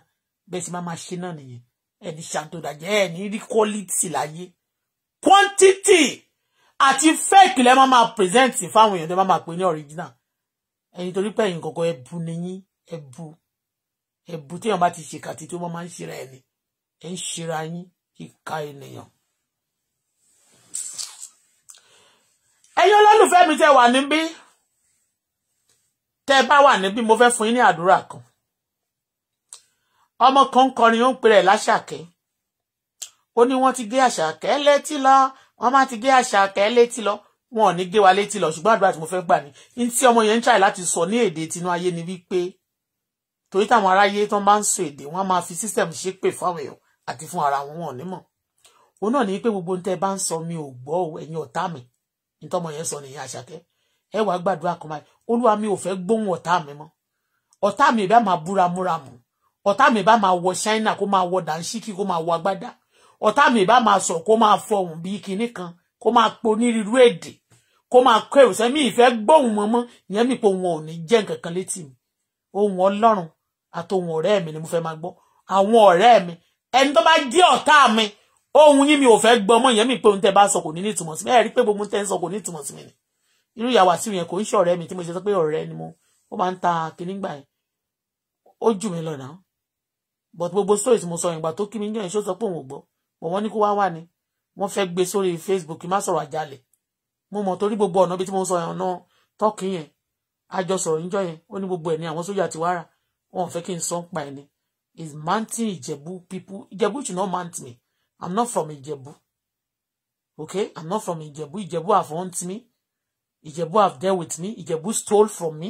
bẹ́ẹ̀ sì má máa ṣe náà nìyẹn ẹni ṣàǹtòdàjẹ́ ẹni rí quality láyé quantity àti fake lẹ́ má máa present fáwọn èèyàn tó má máa pè ní ọ̀ríjínà ẹni torí pé ẹ̀yin kọ̀ọ̀kan ẹbu nìyí ẹbu ẹbu téèyàn bá ti ṣèkàtì tó máa ń ṣera ẹni ẹ ń ṣera yín kíka ènìyàn. ẹ̀yin olólùfẹ́ mi tẹ́ wà níbí tẹ́ bá wà níbí mo fẹ́ fún yín ní àdúrà kan ọmọ kan kọrin ó ń pèrè láṣàkẹ́ ó ní wọ́n ti gé àṣàkẹ́ létí lọ wọ́n má ti gé àṣàkẹ́ létí lọ wọn ò ní gé wa létí lọ ṣùgbọ́n àdúrà tí mo fẹ́ gbà ní ní tí ọmọ yẹn ń ṣàì láti sọ ní èdè tinú ayé ni wípé torí táwọn aráyé tó máa ń sọ èdè wọn máa fi system ṣépè fáwọn èèyàn àti fún ara wọn wọn nímọ̀ òun náà ní pé gbogbo ohun tẹ́ bá ń sọ mi ò gbọ́ ẹ̀yin ọ̀tá mi ní tọ́mọ yẹn sọ nìyẹn àṣàkẹ́ ẹ wàá gbàdúrà kan báyìí olúwa mi ò fẹ́ gbóhùn ọ̀tá mi mọ́ ọ̀tá mi bá máa búra múra mu ọ̀tá mi bá máa wọ ṣáínà kó máa wọ dàńṣíkì kó máa wọ agbádá ọ̀tá mi bá máa sọ kó máa fọhùn bíi kinní kan kó máa po onírúurú èdè kó máa kó èrò sẹ́mi ìfẹ́ gbóhùn mọ́mọ́ ìyẹn mi pé òun ò ní jẹ́ nǹkan kan létí mi ohun ọlọ́run àtòhun ọ̀rẹ́ mi ni mo fẹ́ máa gbọ́ àwọn ọ̀rẹ́ mi ẹni tó bá jẹ́ ọ̀tá mi ohun yín mi ò fẹ́ gbọ́ mọ́ ìyẹn mi pé òun tẹ́ bá sọ kò ní nítumọ̀ sí mi ẹ̀ rí pé gbogbo tẹ́ ń sọ kò ní nítumọ̀ sí mi ni irú ìyá Wàsíù yẹn kò ń ṣe ọ̀rẹ́ mi tí mo ṣe sọ pé ọ̀rẹ́ ni mo ó máa ń ta kinní gbà yẹn ó jù mí lọ but gbogbo story tí mo sọ ìgbà tó kí mi yàn ṣó sọ pé òun ò gbọ́ mọ̀ wọ́n ní kó wá wà ní wọ́n fẹ́ gbé sórí Facebook má sọ̀rọ̀ àjálẹ̀ mo mọ̀ torí gbogbo ọ̀nà bí tí mo sọ yẹn ọ̀nà tọ́kì yẹn àjọsọ̀rọ̀ níjọ́ yẹn ó ní gbogbo ẹ̀ ní àwọn sójà ti wá rà wọn ò fẹ́ kí n sọ ń pa ẹ̀ ni is mounting Ìjẹ̀bú people Ìjẹ̀bú should not mount me I'm not from Ìjẹ̀bú okay I'm not from Ìjẹ̀bú Ìjẹ̀bú have hunt me Ìjẹ̀bú have dealt with me Ìjẹ̀bú stole from me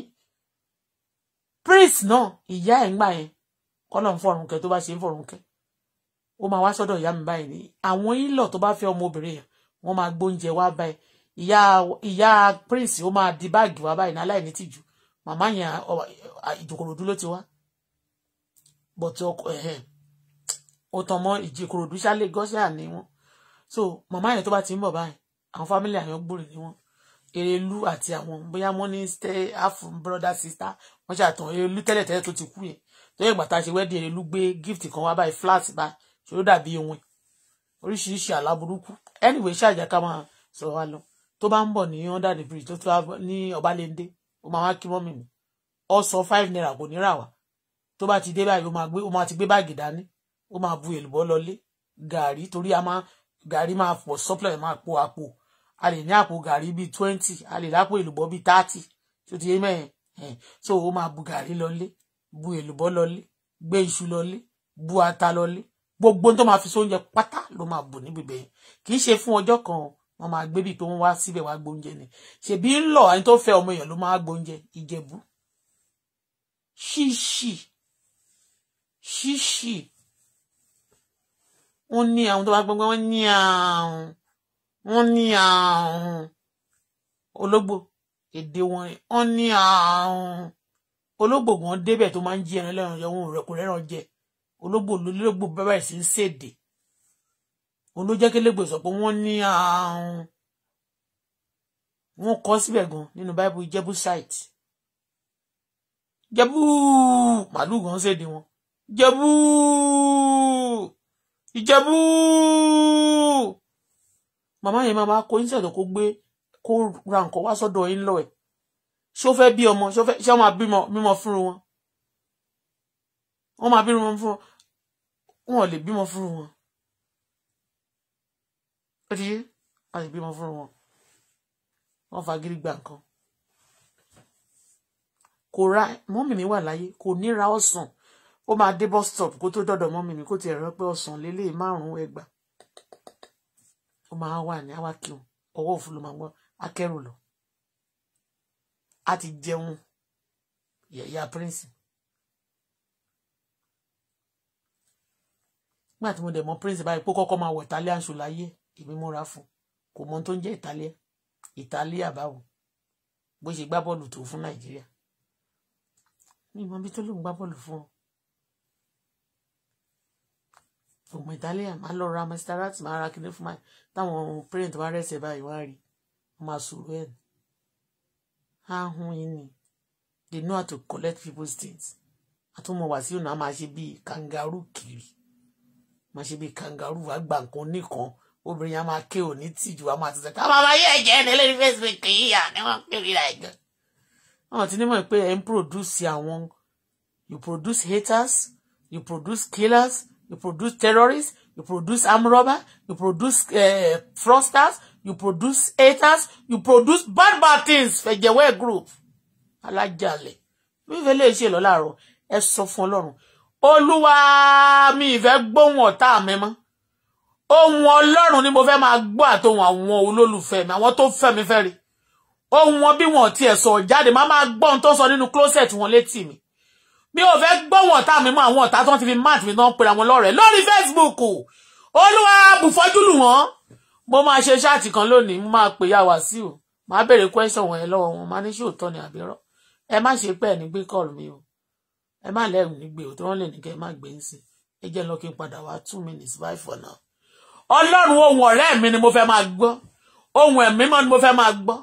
prince no. ìyá ẹ̀ ń gbà yẹn for ń fọ̀rùn kẹ́ tó bá ṣe ń fọ̀rùn kẹ́ ó máa wá sọ́dọ̀ ìyá mi báyìí ni àwọn ìlọ̀ tó bá fẹ́ ọmọbìnrin yẹn wọ́n máa gbóúnjẹ wá báyìí ìyá ìyá prince ó máa di báàgì wá báyìí náà láìní tìjú màmá yẹn ìjòkòròdú ló ti wá bọ̀tọ̀ ó tàn mọ́ ìjòkòròdú ṣálẹ̀ gọ́ṣà ni wọ́n so Mama, yẹn tó bá ti ń bọ̀ báyìí àwọn fámìlì àyàn gbòrè ni wọ́n erelu àti àwọn bóyá wọ́n ní half brother sister wọ́n ṣàtàn erelu tẹ́lẹ̀tẹ́lẹ̀ tó ti kú yẹn tó yẹ gbàtà ṣe wedding erelu gbé gift kan wá báyìí flat bá ṣòro dàbí ohun oríṣiríṣi aláburúkú anyway ṣáàjà ká máa sọ̀rọ̀ wa lọ tó bá ń bọ̀ ní under the bridge tó tó ní ọbalẹ́ndé ó máa wá kí mọ́mì mi ọsàn five naira kò ní rà wá tó bá ti dé báyìí ó máa gbé ó máa ti gbé báàgì dání ó máa bu èlùbọ́ lọlé gàrí torí a máa gàrí máa pọ̀ supplement máa pọ̀ àpò a lè ní àpò gàrí bíi twenty a lè lápò èlùbọ́ bíi thirty tó ti yé mẹ́yìn so ó máa bu gàrí lọlé bu èlùbọ́ lọlé gbé iṣu lọlé bu ata lọlé gbogbo tó máa fi sóúnjẹ pátá ló máa bù níbi bẹ́ẹ̀ kì í ṣe fún ọjọ́ kan wọ́n máa gbé bíi pé wọ́n wá síbẹ̀ wá gbóúnjẹ ni ṣèbí ń lọ àyín tó fẹ́ ọmọ èèyàn ló máa gbóúnjẹ ìjẹ̀bú ṣíṣì ṣíṣì wọ́n ní àwọn tó bá gbọ́ngbọ́n wọ́n ní àwọn wọ́n ní àrùn ológbò èdè wọn wọ́n ní àrùn ológbò gan débẹ̀ tó máa ń jí ẹran lẹ́ran jẹ òun rẹ̀ kò rẹ́ran jẹ ológbò lólógbò bàbá ìsìn ń ṣèdè òun ló jẹ́ kí lẹ́gbẹ̀ẹ́ sọ pé wọ́n ní àrùn wọ́n kọ síbẹ̀ gan nínú báìbù Jebusite Jẹ̀bú màálù gan ṣèdè wọn Jẹ̀bú Ìjẹ̀bú màmá yẹn máa máa kó yín sọ̀dọ̀ kó gbé kó ra nǹkan wá sọ́dọ̀ yín lọ ẹ̀ ṣó fẹ́ bí ọmọ ṣó fẹ́ ṣé wọ́n máa bímọ bímọ wọn wọ́n máa bímọ wọn wọn lè bímọ fún wọn ó ti yé a lè bímọ fún wọn wọ́n fagídí gba nǹkan kò ra mọ́mì mi wà láyé kò ní ra ọ̀sán ó máa dé bus stop kó tó dọ̀dọ̀ mọ́mì mi kó tiẹ̀ rẹ́ pé ọ̀sán lélẹ́ẹ̀ márùn-ún ẹgbàá ó máa wà ní awakíun ọwọ́ òfu ló máa gbọ́ akẹ́rù lọ a ti jẹun yẹ̀yà prince nígbà tí mo dẹ̀ mọ prince báyìí pé kọ́kọ́ máa wọ italian ṣù láyé èmi múra fún kò mọ tó ń jẹ́ italia italia báwo bó ṣe gbá bọ́ọ̀lù tó fún nàìjíríà mi mọ bí tó lóun gbá bọ́ọ̀lù fún ọ ògùn italian máa lọ ra masterat máa ra kinní fún mi táwọn parent bá rẹ̀sẹ̀ báyìí wá rí wọ́n máa sọ̀rọ̀ ẹ̀ ahun yìí ni they know how to collect people's things àtúmọ̀ wàsíù náà máa ṣe bíi kangaroo kiri máa ṣe bíi kangaroo wàá gba nǹkan nìkan obìnrin yẹn máa ké òní tìjú wa máa ti sọ ká máa máa yẹ ẹ̀jẹ̀ ẹni lórí facebook yìí yà ni wọ́n pè mí láìjọ. àwọn tí nímọ̀ pé ẹ̀ ń produce àwọn you produce haters you produce killers you produce terrorists, you produce armed robber. you produce uh, fraudsters, you produce haters, you produce bad bad things. way group. Alájàlẹ̀. Mi ìfẹ́ lè ṣe lọ láàárọ̀. Ẹ sọ fún Ọlọ́run. Olúwa mi ìfẹ́ gbóhùn ọ̀tá mi mọ́. Ohùn Ọlọ́run ni mo fẹ́ máa gbọ́ àtòhùn àwọn olólùfẹ́ mi, àwọn tó fẹ́ mi fẹ́ rí. Ohùn wọn bí wọn ò tiẹ̀ sọ jáde, màá máa gbọ́ ohun tó ń sọ nínú closet wọn létí mi mi ò fẹ́ gbọ́ wọn ọ̀tá mi mọ́ àwọn ọ̀tá tó ń ti fi mat mi náà pera wọn lọ́rẹ̀ẹ́ lórí Facebook olúwa bùfọ́jú lù wọ́n mo máa ṣe ṣáàtì kan lónìí mo máa pè ya Wàsíù màá béèrè question wọn yẹn lọ́wọ́ wọn máa ní ṣé òótọ́ ni àbí rọ́ ẹ má ṣe pẹ́ẹ́ ní gbé kọ́ọ̀lù mi o ẹ má lẹ́rù ní gbé o tí wọ́n lè ní kẹ́ ẹ má gbé ń sìn ẹ jẹ́ lọ kí n padà wá two minutes bye for now ọlọ́run ohun ọ̀rẹ́ mi ni mo fẹ́ máa gbọ́ ohun ẹ̀mí mọ́ ni mo fẹ́ máa gbọ́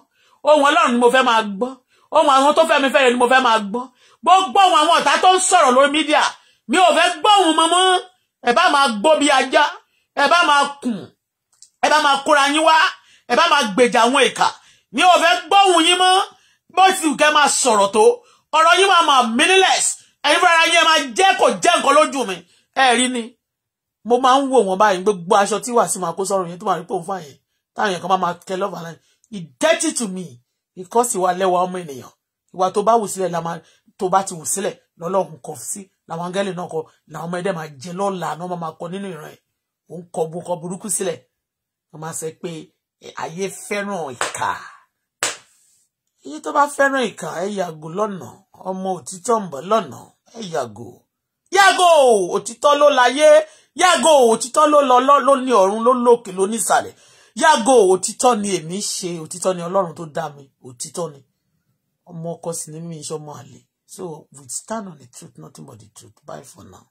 ohun ọlọ́run ni mo fẹ́ máa gbọ́ ohun àwọn tó fẹ́ mi fẹ́rẹ̀ ni mo fẹ́ máa gbọ́ gbogbo àwọn ọ̀tá tó ń sọ̀rọ̀ lórí mídíà mi ò fẹ́ gbóhùn mọ́mọ́ ẹ bá máa gbó bí ajá ẹ bá máa kùn ẹ bá máa kóra yín wá ẹ bá máa gbèjà àwọn ìkà mi ò fẹ́ gbóhùn yín mọ́ bó ti kẹ́ máa sọ̀rọ̀ tó ọ̀rọ̀ yín máa máa meaningless ẹ̀yin fúnra yín ẹ máa jẹ́ kò jẹ́ nǹkan lójú mi ẹ rí ni mo máa ń wò wọ́n báyìí gbogbo aṣọ tí wàá sí máa kó sọ́run yẹn tó máa rí pé òun fààyè táwọn yẹn kan máa kẹ lọ́ọ̀bà láì ìdẹ́tì to me because ìwà lẹ́wà ọmọ ènìyàn ìwà tó bá wù sílẹ̀ la máa tó bá ti wù sílẹ̀ lọ́lọ́run kọ sí làwọn áńgẹ́lì náà kọ làwọn ọmọ ẹ̀dẹ́ máa jẹ lọ́la náà wọ́n máa kọ nínú ìran ẹ̀ òun kọ bu nǹkan burúkú sílẹ̀ wọ́n máa sọ pé ayé fẹ́ràn ìkà iye tó bá fẹ́ràn ìkà ẹ yàgò lọ́nà ọmọ òtítọ́ ń bọ̀ lọ́nà ẹ yàgò yàgò òtítọ́ ló láyé yàgò òtítọ́ ló lọ ló ní ọ̀run ló lókè ló nísàlẹ̀ yàgò òtítọ́ ni èmi ṣe òtítọ́ ni ọlọ́run tó dá mi òtítọ́ ni ọmọ ọkọ sì ni mí iṣẹ́ ọmọ àlè So we stand on the truth, nothing but the truth. Bye for now.